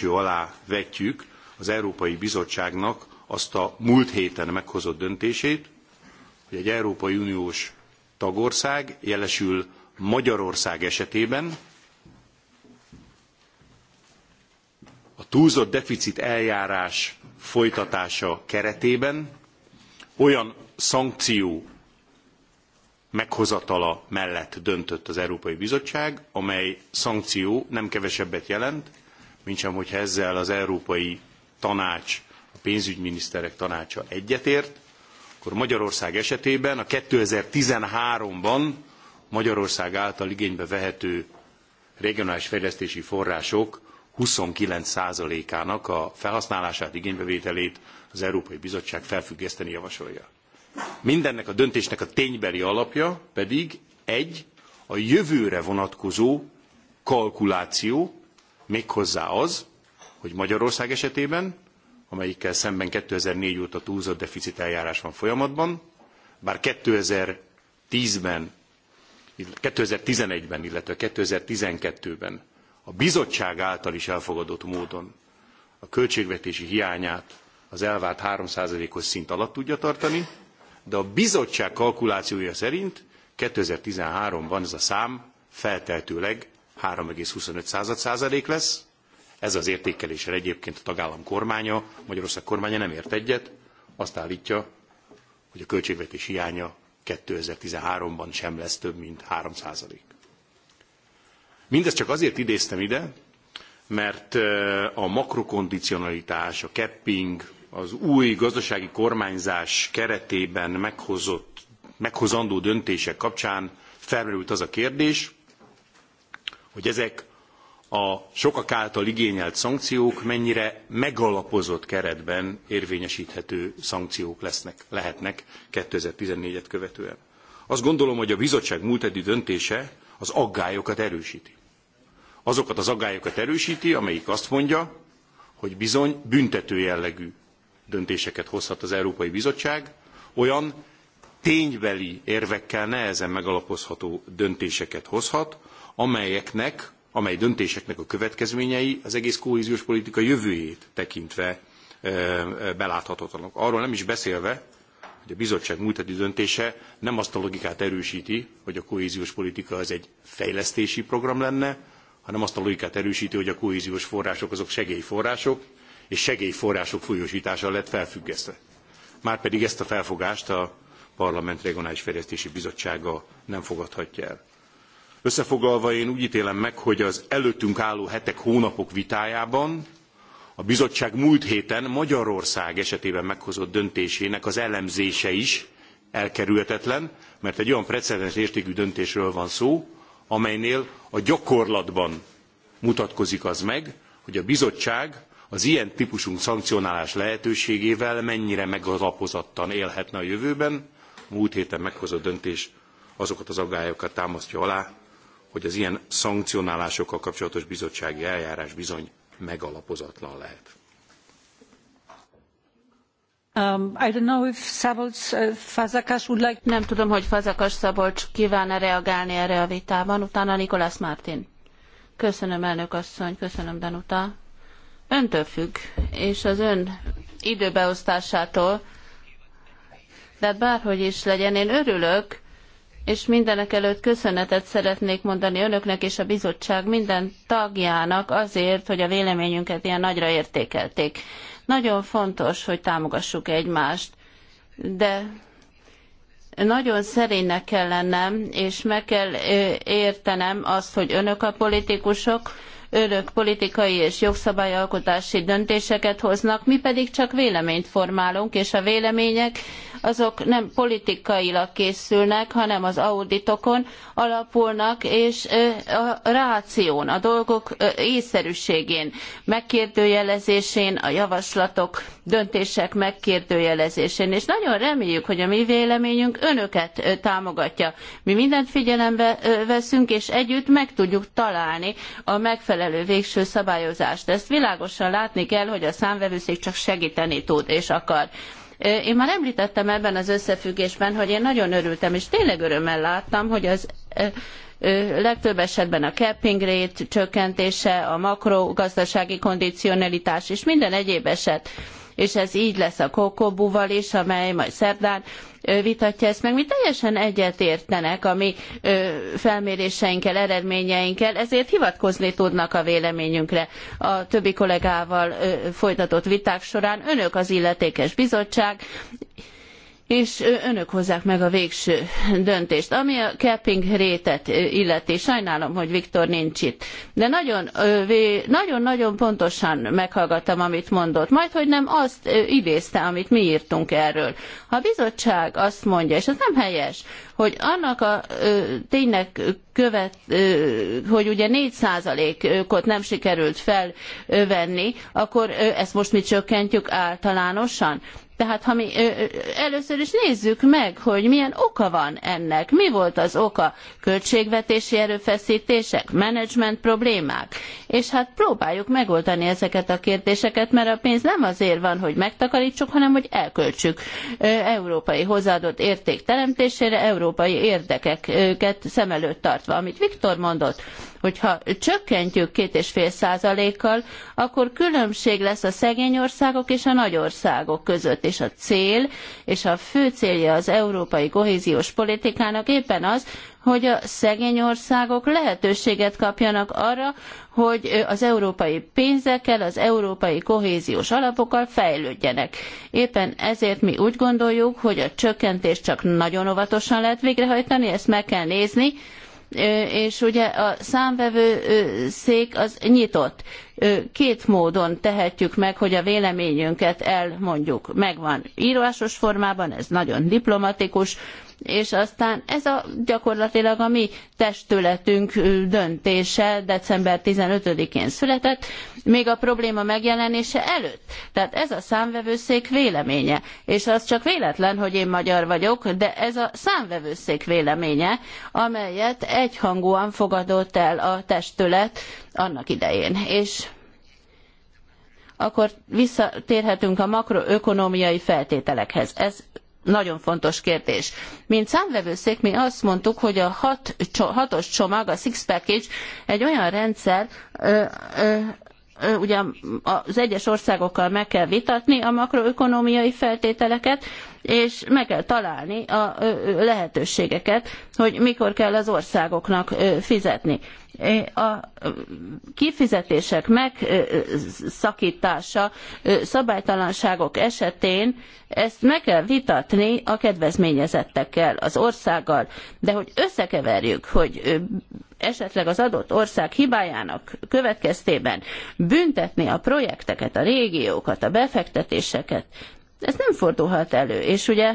Speaker 3: alá vetjük az Európai Bizottságnak azt a múlt héten meghozott döntését, hogy egy Európai Uniós tagország, jelesül Magyarország esetében a túlzott deficit eljárás folytatása keretében olyan szankció meghozatala mellett döntött az Európai Bizottság, amely szankció nem kevesebbet jelent, mintsem, hogyha ezzel az Európai Tanács, a pénzügyminiszterek tanácsa egyetért, akkor Magyarország esetében a 2013-ban Magyarország által igénybe vehető regionális fejlesztési források 29%-ának a felhasználását, igénybevételét az Európai Bizottság felfüggeszteni javasolja. Mindennek a döntésnek a ténybeli alapja pedig egy a jövőre vonatkozó kalkuláció, méghozzá az, hogy Magyarország esetében, amelyikkel szemben 2004 óta túlzott deficit eljárás van folyamatban, bár 2010-ben, 2011-ben, illetve 2012-ben a bizottság által is elfogadott módon a költségvetési hiányát az elvárt 3%-os szint alatt tudja tartani, de a bizottság kalkulációja szerint 2013-ban ez a szám feltehetőleg 3,25 százalék lesz. Ez az értékeléssel egyébként a tagállam kormánya, Magyarország kormánya nem ért egyet, azt állítja, hogy a költségvetés hiánya 2013-ban sem lesz több, mint 3 százalék. Mindezt csak azért idéztem ide, mert a makrokondicionalitás, a capping, az új gazdasági kormányzás keretében meghozott, meghozandó döntések kapcsán felmerült az a kérdés, hogy ezek a sokak által igényelt szankciók mennyire megalapozott keretben érvényesíthető szankciók lesznek, lehetnek 2014-et követően. Azt gondolom, hogy a bizottság múlt heti döntése az aggályokat erősíti. Azokat az aggályokat erősíti, amelyik azt mondja, hogy bizony büntető jellegű döntéseket hozhat az Európai Bizottság, olyan ténybeli érvekkel nehezen megalapozható döntéseket hozhat, amelyeknek, amely döntéseknek a következményei az egész kohéziós politika jövőjét tekintve beláthatatlanok. Arról nem is beszélve, hogy a bizottság múlt heti döntése nem azt a logikát erősíti, hogy a kohéziós politika az egy fejlesztési program lenne, hanem azt a logikát erősíti, hogy a kohéziós források azok segélyforrások, és segélyforrások folyósítása lett felfüggesztve. Márpedig ezt a felfogást a Parlament Regionális Fejlesztési Bizottsága nem fogadhatja el. Összefoglalva én úgy ítélem meg, hogy az előttünk álló hetek, hónapok vitájában a bizottság múlt héten Magyarország esetében meghozott döntésének az elemzése is elkerülhetetlen, mert egy olyan precedens értékű döntésről van szó, amelynél a gyakorlatban mutatkozik az meg, hogy a bizottság az ilyen típusú szankcionálás lehetőségével mennyire megalapozottan élhetne a jövőben. A múlt héten meghozott döntés azokat az aggályokat támasztja alá, hogy az ilyen szankcionálásokkal kapcsolatos bizottsági eljárás bizony megalapozatlan lehet.
Speaker 2: Um, I don't know if Szabolcs, uh, Fazakas would like... Nem tudom, hogy Fazakas Szabolcs kíván-e reagálni erre a vitában, utána Nikolász Mártin. Köszönöm, elnök asszony, köszönöm, Danuta öntől függ, és az ön időbeosztásától, de hát bárhogy is legyen, én örülök, és előtt köszönetet szeretnék mondani önöknek és a bizottság minden tagjának azért, hogy a véleményünket ilyen nagyra értékelték. Nagyon fontos, hogy támogassuk egymást, de nagyon szerénynek kell lennem, és meg kell értenem azt, hogy önök a politikusok, önök politikai és jogszabályalkotási döntéseket hoznak, mi pedig csak véleményt formálunk, és a vélemények azok nem politikailag készülnek, hanem az auditokon alapulnak, és a ráción, a dolgok észszerűségén, megkérdőjelezésén, a javaslatok, döntések megkérdőjelezésén. És nagyon reméljük, hogy a mi véleményünk önöket támogatja. Mi mindent figyelembe veszünk, és együtt meg tudjuk találni a megfelelő végső szabályozást. Ezt világosan látni kell, hogy a számvevőszék csak segíteni tud és akar. Én már említettem ebben az összefüggésben, hogy én nagyon örültem, és tényleg örömmel láttam, hogy az legtöbb esetben a capping rate csökkentése, a makrogazdasági kondicionalitás és minden egyéb eset és ez így lesz a Kokobúval is, amely majd szerdán vitatja ezt meg. Mi teljesen egyetértenek a mi felméréseinkkel, eredményeinkkel, ezért hivatkozni tudnak a véleményünkre a többi kollégával folytatott viták során. Önök az illetékes bizottság, és önök hozzák meg a végső döntést. Ami a capping rétet illeti, sajnálom, hogy Viktor nincs itt, de nagyon-nagyon pontosan meghallgattam, amit mondott, majd hogy nem azt idézte, amit mi írtunk erről. Ha a bizottság azt mondja, és ez nem helyes, hogy annak a ténynek követ, hogy ugye 4%-ot nem sikerült felvenni, akkor ezt most mi csökkentjük általánosan. Tehát ha mi először is nézzük meg, hogy milyen oka van ennek, mi volt az oka, költségvetési erőfeszítések, menedzsment problémák, és hát próbáljuk megoldani ezeket a kérdéseket, mert a pénz nem azért van, hogy megtakarítsuk, hanem hogy elköltsük európai hozzáadott érték teremtésére, európai érdekeket szem előtt tartva, amit Viktor mondott, hogyha csökkentjük két és fél százalékkal, akkor különbség lesz a szegény országok és a nagy országok között és a cél, és a fő célja az európai kohéziós politikának éppen az, hogy a szegény országok lehetőséget kapjanak arra, hogy az európai pénzekkel, az európai kohéziós alapokkal fejlődjenek. Éppen ezért mi úgy gondoljuk, hogy a csökkentést csak nagyon óvatosan lehet végrehajtani, ezt meg kell nézni, és ugye a számvevő szék az nyitott. Két módon tehetjük meg, hogy a véleményünket elmondjuk. Megvan írásos formában, ez nagyon diplomatikus, és aztán ez a gyakorlatilag a mi testületünk döntése december 15-én született, még a probléma megjelenése előtt. Tehát ez a számvevőszék véleménye. És az csak véletlen, hogy én magyar vagyok, de ez a számvevőszék véleménye, amelyet egyhangúan fogadott el a testület annak idején. És akkor visszatérhetünk a makroökonómiai feltételekhez. Ez nagyon fontos kérdés. Mint számvevőszék mi azt mondtuk, hogy a hat, hatos csomag, a six package egy olyan rendszer, ö, ö, ugye az egyes országokkal meg kell vitatni a makroökonomiai feltételeket, és meg kell találni a lehetőségeket, hogy mikor kell az országoknak fizetni. A kifizetések megszakítása szabálytalanságok esetén ezt meg kell vitatni a kedvezményezettekkel, az országgal, de hogy összekeverjük, hogy esetleg az adott ország hibájának következtében büntetni a projekteket, a régiókat, a befektetéseket, ez nem fordulhat elő. És ugye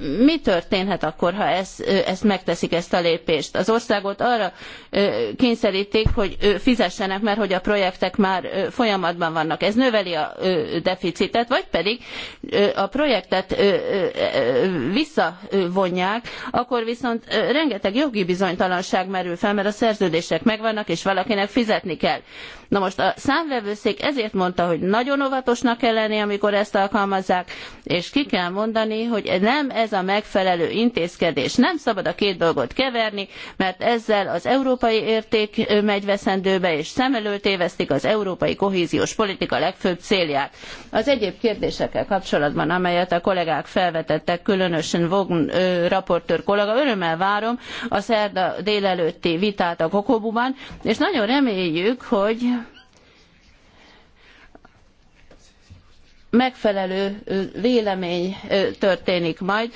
Speaker 2: mi történhet akkor, ha ezt, ezt megteszik, ezt a lépést? Az országot arra kényszerítik, hogy fizessenek, mert hogy a projektek már folyamatban vannak. Ez növeli a deficitet, vagy pedig a projektet visszavonják, akkor viszont rengeteg jogi bizonytalanság merül fel, mert a szerződések megvannak, és valakinek fizetni kell Na most a számvevőszék ezért mondta, hogy nagyon óvatosnak kell lenni, amikor ezt alkalmazzák, és ki kell mondani, hogy nem ez a megfelelő intézkedés. Nem szabad a két dolgot keverni, mert ezzel az európai érték megy veszendőbe, és szem előtt tévesztik az európai kohéziós politika legfőbb célját. Az egyéb kérdésekkel kapcsolatban, amelyet a kollégák felvetettek, különösen Vogn raportőr kollega, örömmel várom a szerda délelőtti vitát a Kokobuban, és nagyon reméljük, hogy megfelelő vélemény történik majd,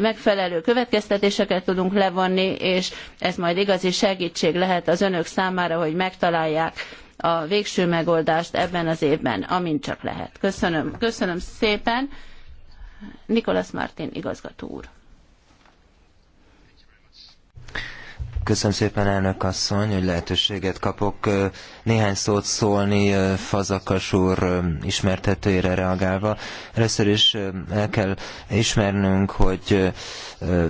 Speaker 2: megfelelő következtetéseket tudunk levonni, és ez majd igazi segítség lehet az önök számára, hogy megtalálják a végső megoldást ebben az évben, amint csak lehet. Köszönöm, Köszönöm szépen. Nikolas Martin igazgató úr.
Speaker 1: Köszönöm szépen, elnök asszony, hogy lehetőséget kapok néhány szót szólni Fazakas úr ismertetőjére reagálva. Először is el kell ismernünk, hogy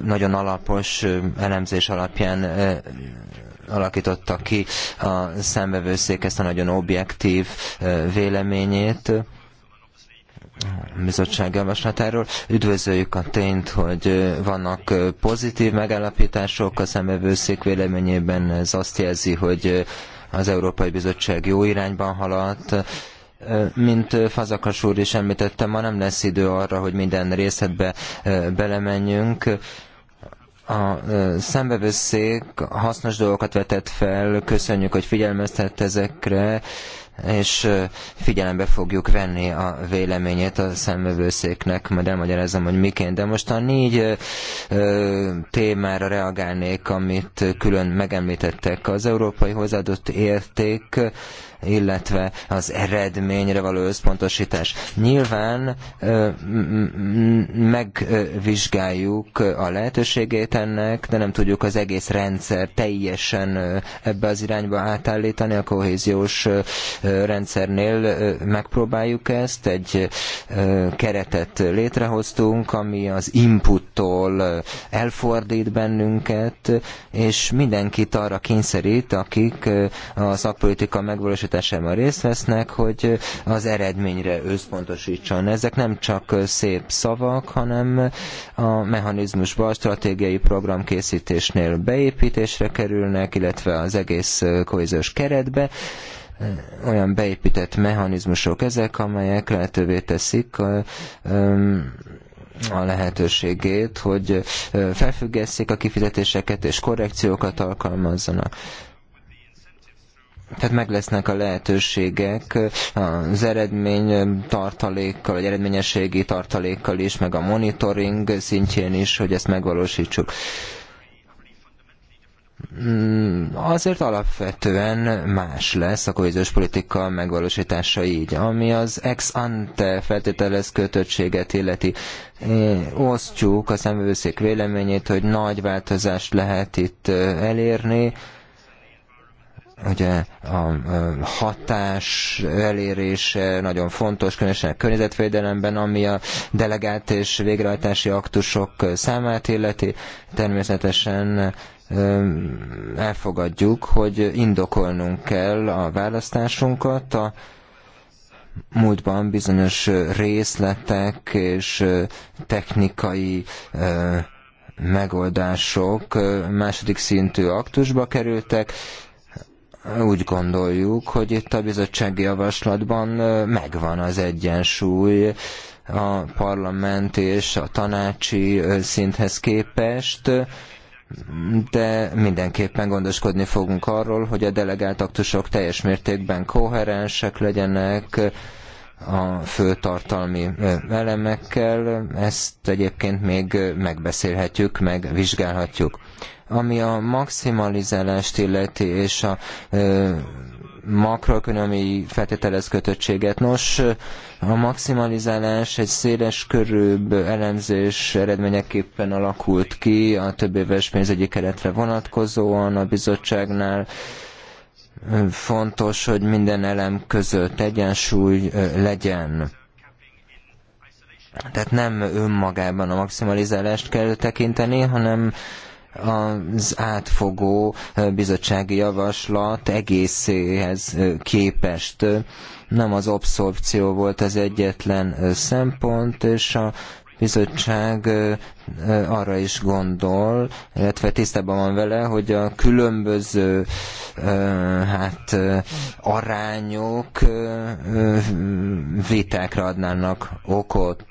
Speaker 1: nagyon alapos elemzés alapján alakította ki a számbevőszék ezt a nagyon objektív véleményét bizottság javaslatáról. Üdvözöljük a tényt, hogy vannak pozitív megállapítások a szemevőszék véleményében. Ez azt jelzi, hogy az Európai Bizottság jó irányban haladt. Mint Fazakas úr is említette, ma nem lesz idő arra, hogy minden részletbe belemenjünk a szembevőszék hasznos dolgokat vetett fel, köszönjük, hogy figyelmeztet ezekre, és figyelembe fogjuk venni a véleményét a szemövőszéknek, majd elmagyarázom, hogy miként. De most a négy témára reagálnék, amit külön megemlítettek. Az európai hozzáadott érték illetve az eredményre való összpontosítás. Nyilván megvizsgáljuk a lehetőségét ennek, de nem tudjuk az egész rendszer teljesen ebbe az irányba átállítani. A kohéziós rendszernél megpróbáljuk ezt. Egy keretet létrehoztunk, ami az inputtól elfordít bennünket, és mindenkit arra kényszerít, akik a szakpolitika megvalósítása kutatásában részt vesznek, hogy az eredményre összpontosítson. Ezek nem csak szép szavak, hanem a mechanizmusba a stratégiai programkészítésnél beépítésre kerülnek, illetve az egész kohéziós keretbe olyan beépített mechanizmusok ezek, amelyek lehetővé teszik a, a lehetőségét, hogy felfüggesszék a kifizetéseket és korrekciókat alkalmazzanak. Tehát meg lesznek a lehetőségek az eredmény tartalékkal, vagy eredményességi tartalékkal is, meg a monitoring szintjén is, hogy ezt megvalósítsuk mm, azért alapvetően más lesz a kohéziós politika megvalósítása így, ami az ex ante feltételez kötöttséget illeti. Osztjuk a szemvőszék véleményét, hogy nagy változást lehet itt elérni, ugye a hatás elérése nagyon fontos, különösen a környezetvédelemben, ami a delegált és végrehajtási aktusok számát illeti. Természetesen elfogadjuk, hogy indokolnunk kell a választásunkat, a múltban bizonyos részletek és technikai megoldások második szintű aktusba kerültek, úgy gondoljuk, hogy itt a bizottsági javaslatban megvan az egyensúly a parlament és a tanácsi szinthez képest, de mindenképpen gondoskodni fogunk arról, hogy a delegált aktusok teljes mértékben koherensek legyenek, a fő tartalmi elemekkel. Ezt egyébként még megbeszélhetjük, megvizsgálhatjuk. Ami a maximalizálást illeti, és a makroökonomiai feltételez kötöttséget. Nos, a maximalizálás egy széles körűbb elemzés eredményeképpen alakult ki a több éves pénzügyi keretre vonatkozóan a bizottságnál. Fontos, hogy minden elem között egyensúly legyen. Tehát nem önmagában a maximalizálást kell tekinteni, hanem az átfogó bizottsági javaslat egészéhez képest. Nem az abszorpció volt az egyetlen szempont, és a bizottság arra is gondol, illetve tisztában van vele, hogy a különböző hát, arányok vitákra adnának okot.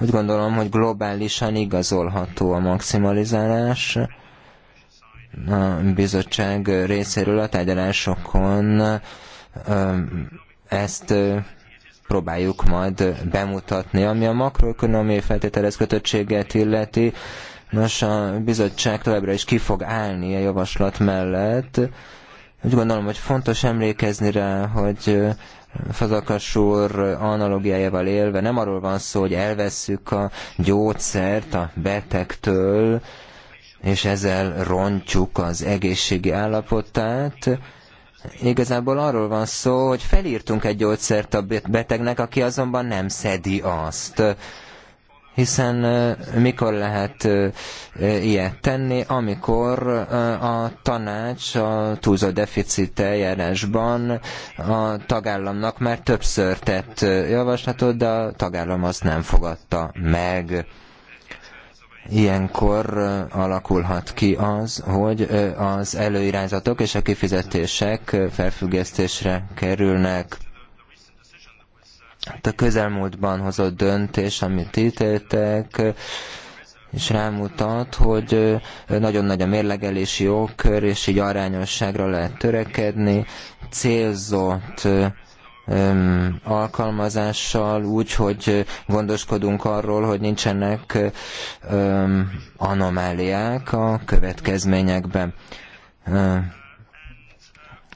Speaker 1: Úgy gondolom, hogy globálisan igazolható a maximalizálás a bizottság részéről a tárgyalásokon ezt próbáljuk majd bemutatni. Ami a makroökonomiai feltételez kötöttséget illeti, nos a bizottság továbbra is ki fog állni a e javaslat mellett. Úgy gondolom, hogy fontos emlékezni rá, hogy Fazakas úr analogiájával élve nem arról van szó, hogy elvesszük a gyógyszert a betegtől, és ezzel rontjuk az egészségi állapotát, Igazából arról van szó, hogy felírtunk egy gyógyszert a betegnek, aki azonban nem szedi azt hiszen mikor lehet ilyet tenni, amikor a tanács a túlzó deficit eljárásban a tagállamnak már többször tett javaslatot, de a tagállam azt nem fogadta meg. Ilyenkor alakulhat ki az, hogy az előirányzatok és a kifizetések felfüggesztésre kerülnek. Hát a közelmúltban hozott döntés, amit ítéltek, és rámutat, hogy nagyon nagy a mérlegelési jogkör, és így arányosságra lehet törekedni, célzott alkalmazással, úgy, hogy gondoskodunk arról, hogy nincsenek anomáliák a következményekben.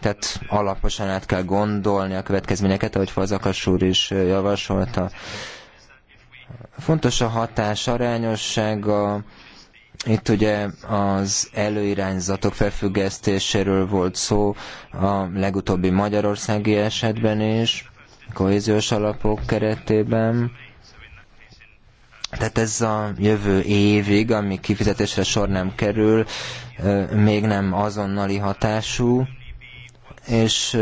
Speaker 1: Tehát alaposan át kell gondolni a következményeket, ahogy Fazakas úr is javasolta. Fontos a hatás arányossága, itt ugye az előirányzatok felfüggesztéséről volt szó a legutóbbi magyarországi esetben is, kohéziós alapok keretében. Tehát ez a jövő évig, ami kifizetésre sor nem kerül, még nem azonnali hatású, és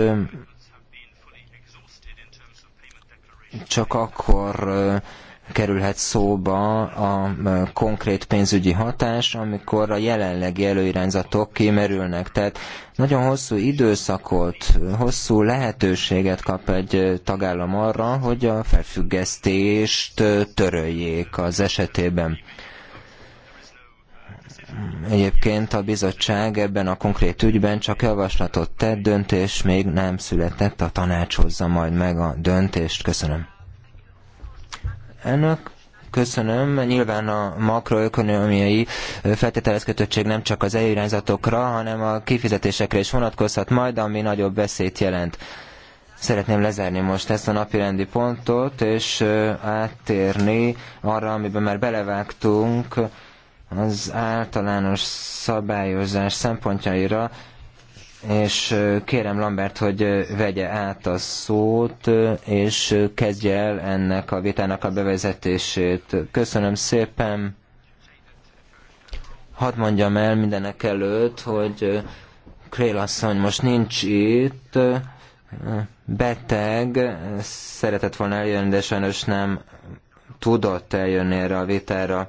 Speaker 1: csak akkor kerülhet szóba a konkrét pénzügyi hatás, amikor a jelenlegi előirányzatok kimerülnek. Tehát nagyon hosszú időszakot, hosszú lehetőséget kap egy tagállam arra, hogy a felfüggesztést töröljék az esetében. Egyébként a bizottság ebben a konkrét ügyben csak javaslatot tett, döntés még nem született, a tanács hozza majd meg a döntést. Köszönöm. Elnök, köszönöm. Nyilván a makroökonomiai feltételezkötöttség nem csak az előirányzatokra, hanem a kifizetésekre is vonatkozhat majd, ami nagyobb veszélyt jelent. Szeretném lezárni most ezt a napirendi pontot, és áttérni arra, amiben már belevágtunk az általános szabályozás szempontjaira, és kérem Lambert, hogy vegye át a szót, és kezdje el ennek a vitának a bevezetését. Köszönöm szépen. Hadd mondjam el mindenek előtt, hogy Krél asszony most nincs itt, beteg, szeretett volna eljönni, de sajnos nem tudott eljönni erre a vitára.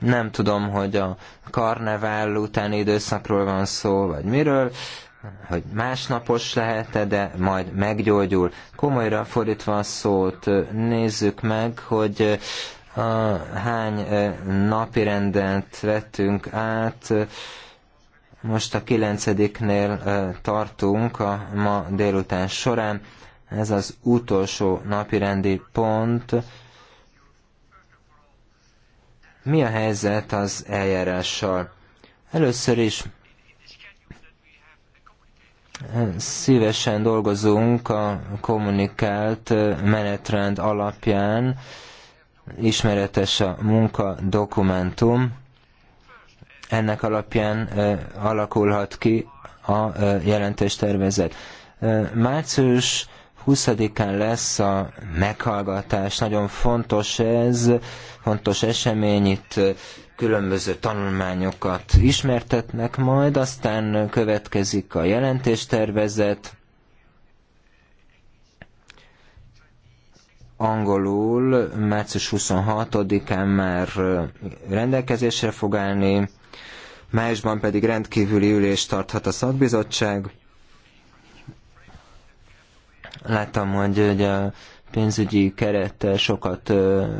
Speaker 1: Nem tudom, hogy a karnevál utáni időszakról van szó, vagy miről, hogy másnapos lehet -e, de majd meggyógyul. Komolyra fordítva a szót, nézzük meg, hogy a, hány rendet vettünk át. Most a kilencediknél tartunk a ma délután során. Ez az utolsó napirendi pont. Mi a helyzet az eljárással? Először is eh, szívesen dolgozunk a kommunikált eh, menetrend alapján, ismeretes a munka dokumentum, ennek alapján eh, alakulhat ki a jelentéstervezet. Március 20-án lesz a meghallgatás, nagyon fontos ez, fontos esemény, itt különböző tanulmányokat ismertetnek majd, aztán következik a jelentéstervezet, angolul március 26-án már rendelkezésre fog állni, májusban pedig rendkívüli ülést tarthat a szakbizottság, Láttam, hogy hogy a pénzügyi kerettel sokat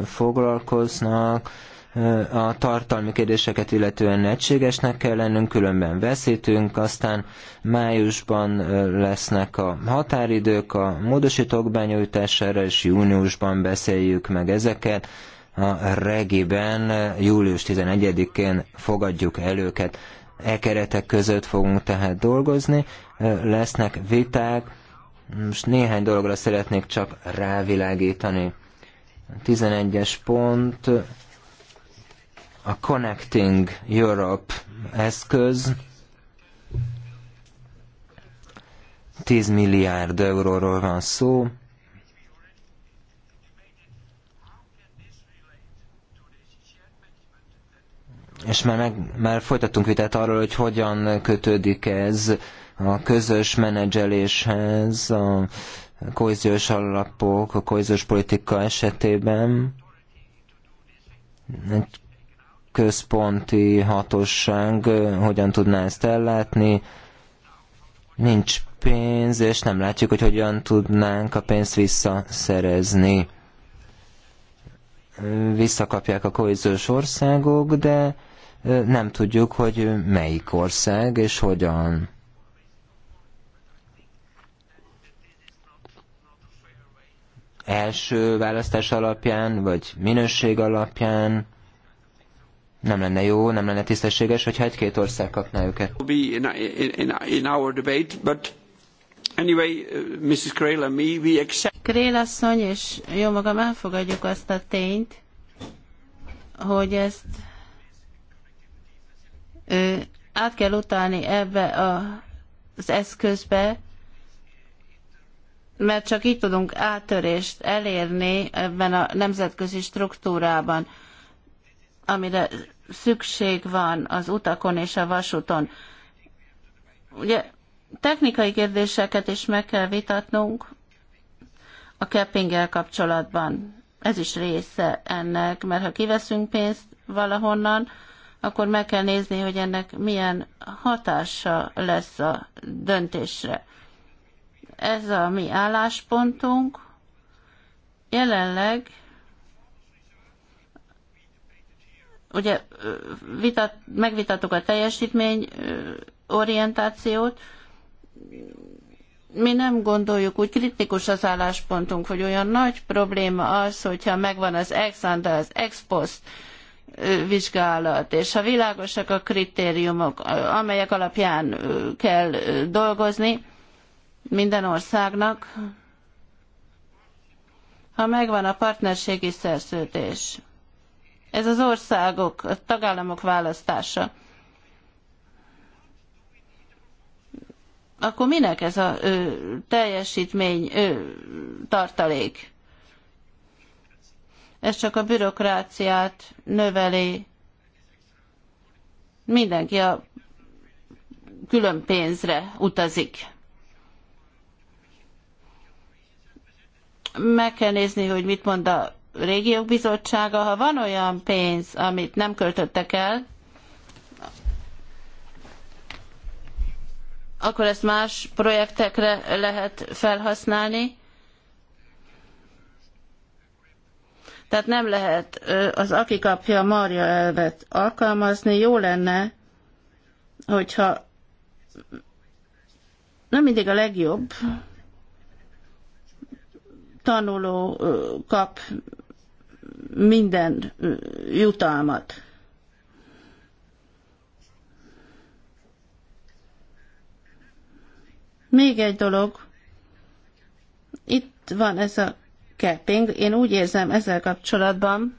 Speaker 1: foglalkoznak, a tartalmi kérdéseket illetően egységesnek kell lennünk, különben veszítünk, aztán májusban lesznek a határidők a módosítók benyújtására, és júniusban beszéljük meg ezeket. A regiben július 11-én fogadjuk el őket. E keretek között fogunk tehát dolgozni, lesznek viták, most néhány dologra szeretnék csak rávilágítani. A 11-es pont a Connecting Europe eszköz 10 milliárd euróról van szó. És már, meg, már folytattunk vitát arról, hogy hogyan kötődik ez a közös menedzseléshez, a kohéziós alapok, a kohéziós politika esetében egy központi hatóság hogyan tudná ezt ellátni. Nincs pénz, és nem látjuk, hogy hogyan tudnánk a pénzt visszaszerezni. Visszakapják a kohéziós országok, de nem tudjuk, hogy melyik ország és hogyan. első választás alapján, vagy minőség alapján. Nem lenne jó, nem lenne tisztességes, hogyha egy-két ország kapná őket.
Speaker 4: Anyway, uh, Mrs. and me, we accept...
Speaker 2: Krél asszony, és jó magam elfogadjuk azt a tényt, hogy ezt ö, át kell utalni ebbe a, az eszközbe, mert csak így tudunk áttörést elérni ebben a nemzetközi struktúrában, amire szükség van az utakon és a vasúton. Ugye technikai kérdéseket is meg kell vitatnunk a keppinggel kapcsolatban. Ez is része ennek, mert ha kiveszünk pénzt valahonnan, akkor meg kell nézni, hogy ennek milyen hatása lesz a döntésre ez a mi álláspontunk. Jelenleg ugye vitat, megvitattuk a teljesítmény orientációt, mi nem gondoljuk úgy kritikus az álláspontunk, hogy olyan nagy probléma az, hogyha megvan az ex ante, az ex post vizsgálat, és ha világosak a kritériumok, amelyek alapján kell dolgozni, minden országnak, ha megvan a partnerségi szerződés. Ez az országok, a tagállamok választása. Akkor minek ez a ö, teljesítmény ö, tartalék? Ez csak a bürokráciát növeli. Mindenki a külön pénzre utazik. meg kell nézni, hogy mit mond a régiók bizottsága. Ha van olyan pénz, amit nem költöttek el, akkor ezt más projektekre lehet felhasználni. Tehát nem lehet az aki kapja a marja elvet alkalmazni. Jó lenne, hogyha nem mindig a legjobb, tanuló kap minden jutalmat. Még egy dolog, itt van ez a capping, én úgy érzem ezzel kapcsolatban,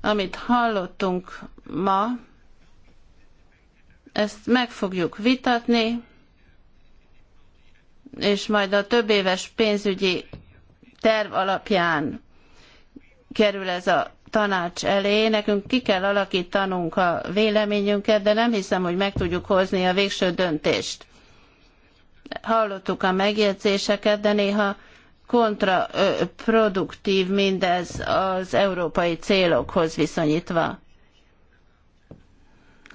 Speaker 2: amit hallottunk ma, ezt meg fogjuk vitatni, és majd a több éves pénzügyi terv alapján kerül ez a tanács elé. Nekünk ki kell alakítanunk a véleményünket, de nem hiszem, hogy meg tudjuk hozni a végső döntést. Hallottuk a megjegyzéseket, de néha kontraproduktív mindez az európai célokhoz viszonyítva.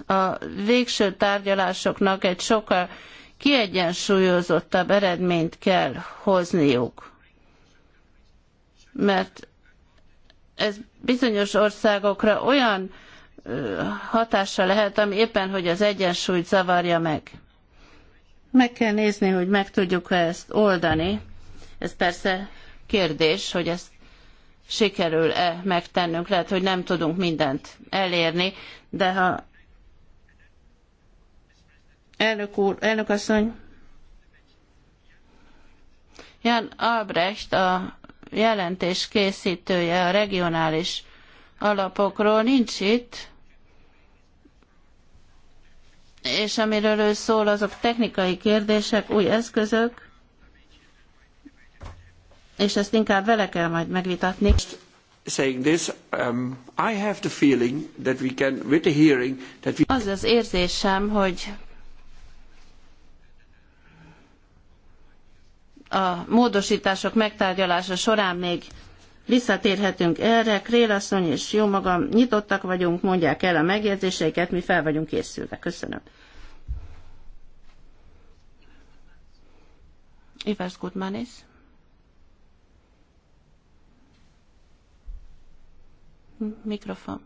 Speaker 2: A végső tárgyalásoknak egy sokkal kiegyensúlyozottabb eredményt kell hozniuk. Mert ez bizonyos országokra olyan hatása lehet, ami éppen, hogy az egyensúlyt zavarja meg. Meg kell nézni, hogy meg tudjuk-e ezt oldani. Ez persze kérdés, hogy ezt sikerül-e megtennünk. Lehet, hogy nem tudunk mindent elérni, de ha Elnök úr, elnök asszony. Jan Albrecht, a jelentés készítője a regionális alapokról nincs itt, és amiről ő szól, azok technikai kérdések, új eszközök, és ezt inkább vele kell majd megvitatni. Az az érzésem, hogy a módosítások megtárgyalása során még visszatérhetünk erre. Krélasszony és jó magam, nyitottak vagyunk, mondják el a megjegyzéseiket, mi fel vagyunk készülve. Köszönöm. Ivers Gutmanis. Mikrofon.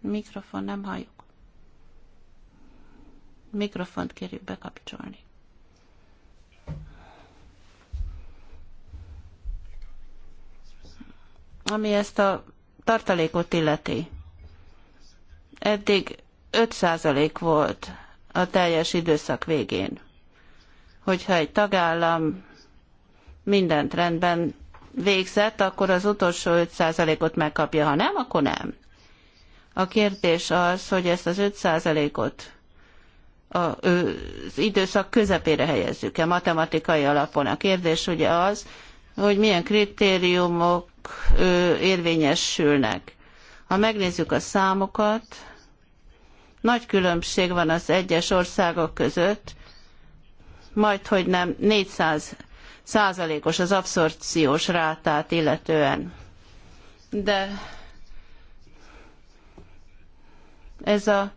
Speaker 2: Mikrofon, nem halljuk. Mikrofont kérjük bekapcsolni. ami ezt a tartalékot illeti. Eddig 5% volt a teljes időszak végén. Hogyha egy tagállam mindent rendben végzett, akkor az utolsó 5%-ot megkapja, ha nem, akkor nem. A kérdés az, hogy ezt az 5%-ot az időszak közepére helyezzük-e matematikai alapon. A kérdés ugye az, hogy milyen kritériumok érvényesülnek. Ha megnézzük a számokat, nagy különbség van az egyes országok között, majd hogy nem 400 százalékos az abszorpciós rátát illetően. De ez a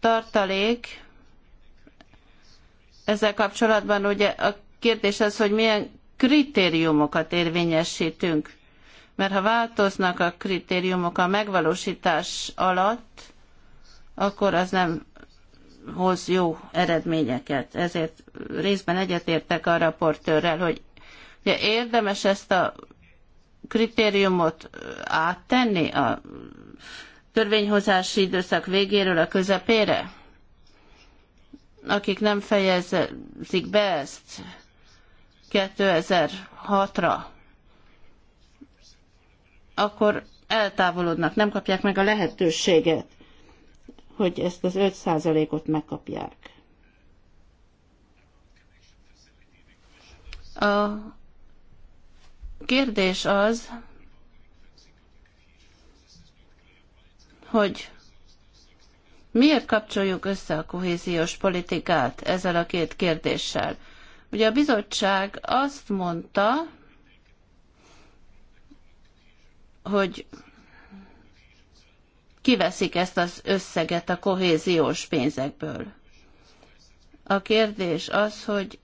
Speaker 2: tartalék, ezzel kapcsolatban ugye a kérdés az, hogy milyen kritériumokat érvényesítünk. Mert ha változnak a kritériumok a megvalósítás alatt, akkor az nem hoz jó eredményeket. Ezért részben egyetértek a raportőrrel, hogy ugye érdemes ezt a kritériumot áttenni a törvényhozási időszak végéről a közepére? Akik nem fejezik be ezt, 2006-ra, akkor eltávolodnak, nem kapják meg a lehetőséget, hogy ezt az 5%-ot megkapják. A kérdés az, hogy miért kapcsoljuk össze a kohéziós politikát ezzel a két kérdéssel? Ugye a bizottság azt mondta, hogy kiveszik ezt az összeget a kohéziós pénzekből. A kérdés az, hogy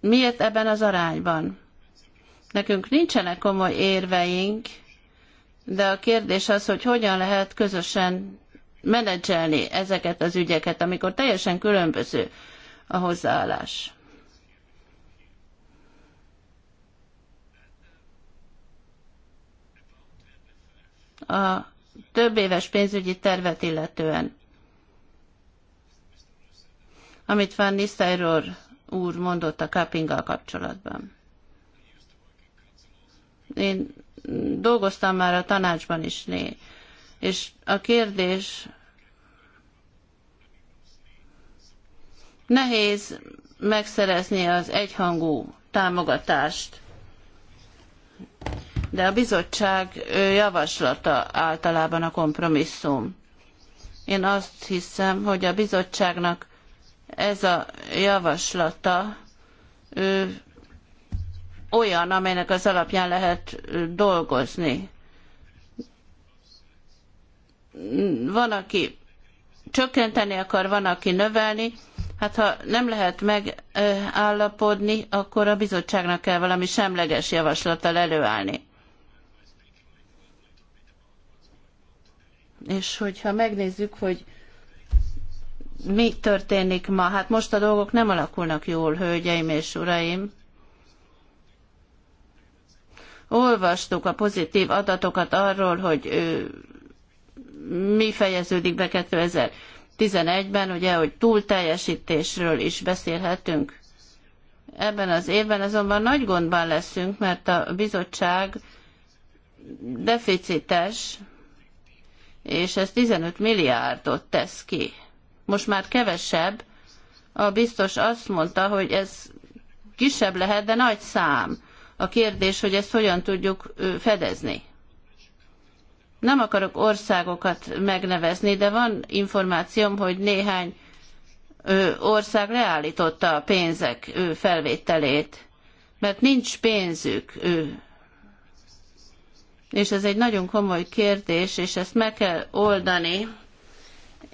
Speaker 2: miért ebben az arányban? Nekünk nincsenek komoly érveink, de a kérdés az, hogy hogyan lehet közösen menedzselni ezeket az ügyeket, amikor teljesen különböző a hozzáállás. A több éves pénzügyi tervet illetően, amit Van Nistelrooy úr mondott a Kappinggal kapcsolatban. Én dolgoztam már a tanácsban is né, és a kérdés Nehéz megszerezni az egyhangú támogatást, de a bizottság javaslata általában a kompromisszum. Én azt hiszem, hogy a bizottságnak ez a javaslata olyan, amelynek az alapján lehet dolgozni. Van, aki csökkenteni akar, van, aki növelni, Hát ha nem lehet megállapodni, akkor a bizottságnak kell valami semleges javaslattal előállni. És hogyha megnézzük, hogy mi történik ma, hát most a dolgok nem alakulnak jól, hölgyeim és uraim. Olvastuk a pozitív adatokat arról, hogy mi fejeződik be 2000 11-ben, ugye, hogy túlteljesítésről is beszélhetünk. Ebben az évben azonban nagy gondban leszünk, mert a bizottság deficites, és ez 15 milliárdot tesz ki. Most már kevesebb, a biztos azt mondta, hogy ez kisebb lehet, de nagy szám. A kérdés, hogy ezt hogyan tudjuk fedezni. Nem akarok országokat megnevezni, de van információm, hogy néhány ország leállította a pénzek felvételét, mert nincs pénzük. És ez egy nagyon komoly kérdés, és ezt meg kell oldani.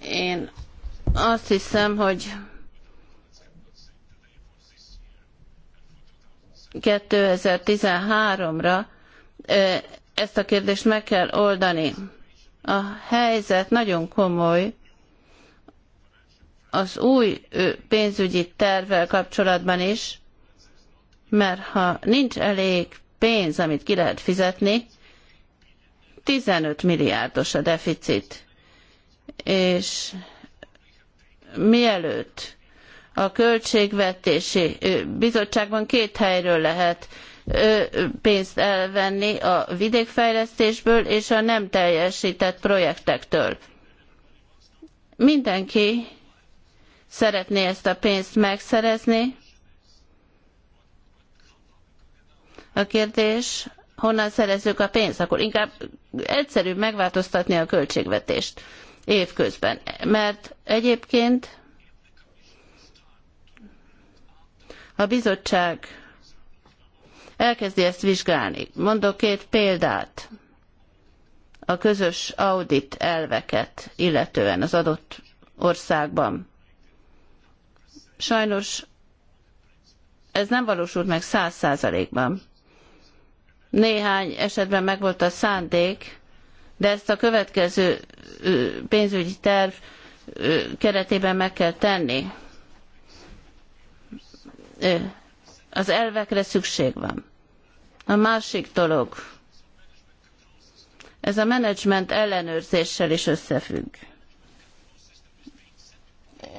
Speaker 2: Én azt hiszem, hogy 2013-ra ezt a kérdést meg kell oldani. A helyzet nagyon komoly. Az új pénzügyi tervvel kapcsolatban is, mert ha nincs elég pénz, amit ki lehet fizetni, 15 milliárdos a deficit. És mielőtt a költségvetési bizottságban két helyről lehet pénzt elvenni a vidékfejlesztésből és a nem teljesített projektektől. Mindenki szeretné ezt a pénzt megszerezni. A kérdés, honnan szerezzük a pénzt? Akkor inkább egyszerűbb megváltoztatni a költségvetést évközben, mert egyébként a bizottság elkezdi ezt vizsgálni. Mondok két példát a közös audit elveket illetően az adott országban. Sajnos ez nem valósult meg száz százalékban. Néhány esetben megvolt a szándék, de ezt a következő pénzügyi terv keretében meg kell tenni az elvekre szükség van. A másik dolog, ez a menedzsment ellenőrzéssel is összefügg.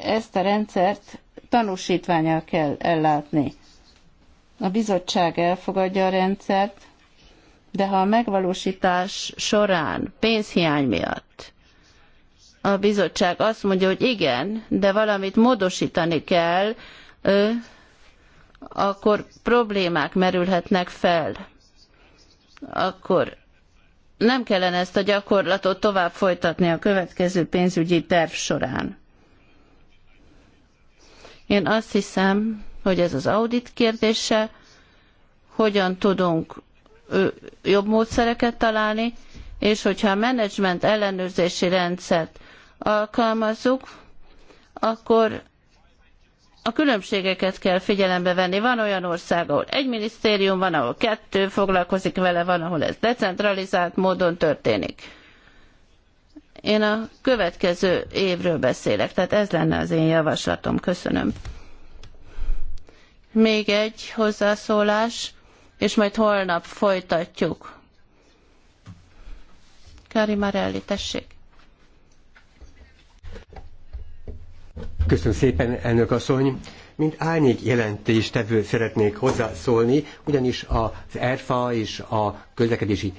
Speaker 2: Ezt a rendszert tanúsítványal kell ellátni. A bizottság elfogadja a rendszert, de ha a megvalósítás során pénzhiány miatt a bizottság azt mondja, hogy igen, de valamit módosítani kell, akkor problémák merülhetnek fel. Akkor nem kellene ezt a gyakorlatot tovább folytatni a következő pénzügyi terv során. Én azt hiszem, hogy ez az audit kérdése, hogyan tudunk jobb módszereket találni, és hogyha a menedzsment ellenőrzési rendszert alkalmazzuk, akkor a különbségeket kell figyelembe venni. Van olyan ország, ahol egy minisztérium van, ahol kettő foglalkozik vele, van, ahol ez decentralizált módon történik. Én a következő évről beszélek, tehát ez lenne az én javaslatom. Köszönöm. Még egy hozzászólás, és majd holnap folytatjuk. Kari Marelli, tessék.
Speaker 4: Köszönöm szépen, elnök asszony. Mint árnyék jelentéstevő szeretnék hozzászólni, ugyanis az ERFA és a közlekedési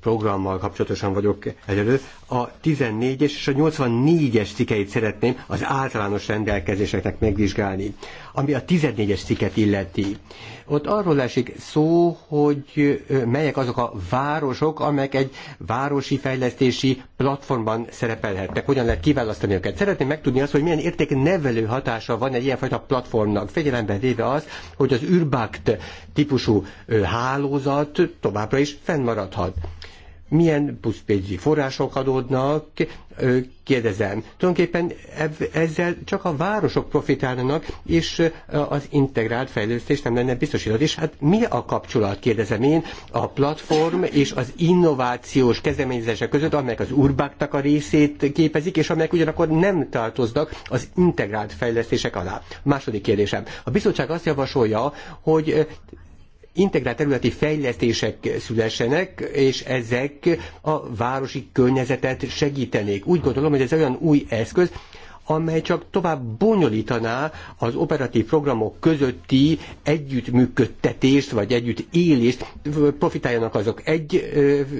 Speaker 4: programmal kapcsolatosan vagyok elő. A 14-es és a 84-es cikkeit szeretném az általános rendelkezéseknek megvizsgálni ami a 14-es cikket illeti. Ott arról esik szó, hogy melyek azok a városok, amelyek egy városi fejlesztési platformban szerepelhetnek. Hogyan lehet kiválasztani őket? Szeretném megtudni azt, hogy milyen értéknevelő hatása van egy ilyenfajta platformnak, figyelembe véve az, hogy az űrbakt típusú hálózat továbbra is fennmaradhat milyen pluszpénzügyi források adódnak, kérdezem. Tulajdonképpen ezzel csak a városok profitálnak, és az integrált fejlesztés nem lenne biztosított. És hát mi a kapcsolat, kérdezem én, a platform és az innovációs kezdeményezések között, amelyek az urbáktak a részét képezik, és amelyek ugyanakkor nem tartoznak az integrált fejlesztések alá. Második kérdésem. A bizottság azt javasolja, hogy integrált területi fejlesztések szülessenek, és ezek a városi környezetet segítenék. Úgy gondolom, hogy ez olyan új eszköz, amely csak tovább bonyolítaná az operatív programok közötti együttműködtetést, vagy együttélést, profitáljanak azok egy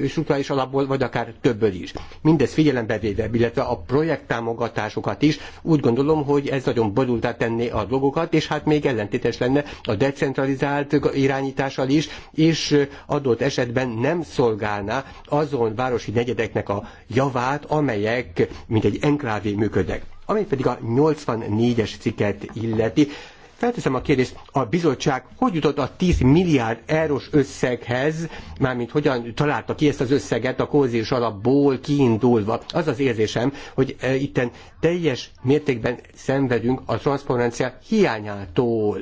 Speaker 4: struktúrális alapból, vagy akár többből is. Mindez figyelembe véve, illetve a projekttámogatásokat is, úgy gondolom, hogy ez nagyon bonyolultá tenné a dolgokat, és hát még ellentétes lenne a decentralizált irányítással is, és adott esetben nem szolgálná azon városi negyedeknek a javát, amelyek mint egy enklávé működnek. Ami pedig a 84-es cikket illeti, Felteszem a kérdést, a bizottság hogy jutott a 10 milliárd eurós összeghez, mármint hogyan találta ki ezt az összeget a kózés alapból kiindulva. Az az érzésem, hogy e, itten teljes mértékben szenvedünk a transzparencia hiányától.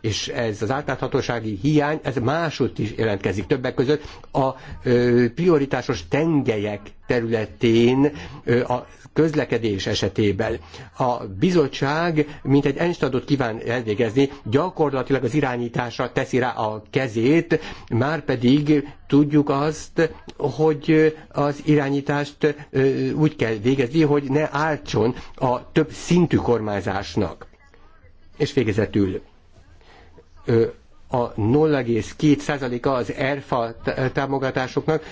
Speaker 4: És ez az átláthatósági hiány, ez máshogy is jelentkezik többek között a ö, prioritásos tengelyek területén ö, a közlekedés esetében. A bizottság, mint egy enstadot kíván elvégezni, gyakorlatilag az irányításra teszi rá a kezét, már pedig tudjuk azt, hogy az irányítást úgy kell végezni, hogy ne áltson a több szintű kormányzásnak. És végezetül a 0,2%-a az ERFA támogatásoknak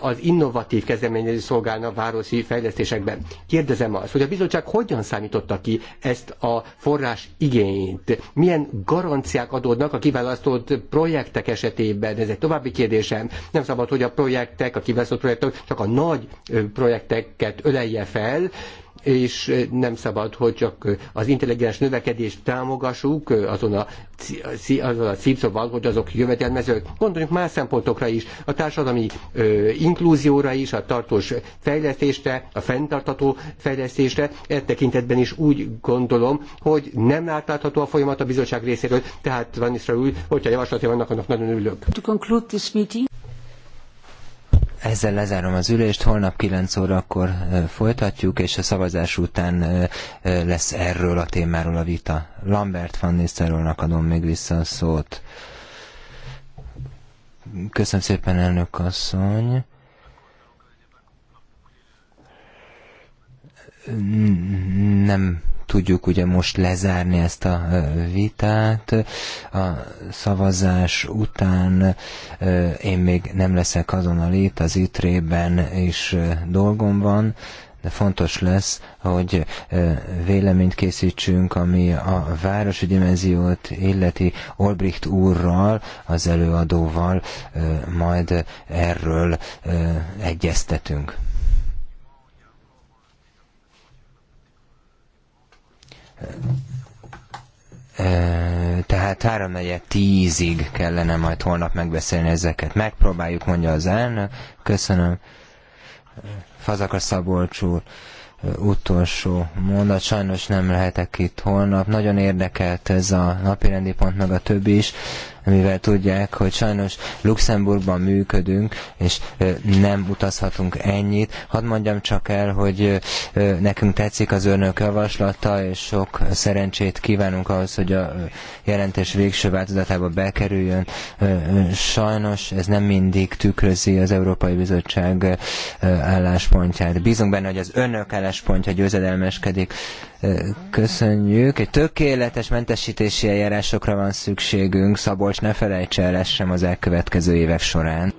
Speaker 4: az innovatív kezdeményező szolgálna városi fejlesztésekben. Kérdezem azt, hogy a bizottság hogyan számította ki ezt a forrás igényt? Milyen garanciák adódnak a kiválasztott projektek esetében? Ez egy további kérdésem. Nem szabad, hogy a projektek, a kiválasztott projektek csak a nagy projekteket ölelje fel, és eh, nem szabad, hogy csak eh, az intelligens növekedést támogassuk eh, azon a, azon a címszóval, hogy azok jövedelmezők. Gondoljunk más szempontokra is, a társadalmi ö, inklúzióra is, a tartós fejlesztésre, a fenntartató fejlesztésre. E tekintetben is úgy gondolom, hogy nem átlátható a folyamat a bizottság részéről, tehát van is úgy, hogyha javaslatja vannak, annak nagyon örülök.
Speaker 1: To conclude this meeting. Ezzel lezárom az ülést, holnap 9 órakor folytatjuk, és a szavazás után lesz erről a témáról a vita. Lambert van Nisztelrónak adom még vissza a szót. Köszönöm szépen, elnök asszony. nem tudjuk ugye most lezárni ezt a vitát. A szavazás után én még nem leszek azonnal itt, az ütrében is dolgom van, de fontos lesz, hogy véleményt készítsünk, ami a városi dimenziót illeti Olbricht úrral, az előadóval, majd erről egyeztetünk. tehát háromnegyed tízig kellene majd holnap megbeszélni ezeket. Megpróbáljuk, mondja az elnök. Köszönöm. Fazakas Szabolcs úr, utolsó mondat. Sajnos nem lehetek itt holnap. Nagyon érdekelt ez a napirendi pont, meg a többi is mivel tudják, hogy sajnos Luxemburgban működünk, és nem utazhatunk ennyit. Hadd mondjam csak el, hogy nekünk tetszik az önök javaslata, és sok szerencsét kívánunk ahhoz, hogy a jelentés végső változatába bekerüljön. Sajnos ez nem mindig tükrözi az Európai Bizottság álláspontját. Bízunk benne, hogy az önök álláspontja győzedelmeskedik. Köszönjük. Egy tökéletes mentesítési eljárásokra van szükségünk. Szabolcs, ne felejts el, ez sem az elkövetkező évek során.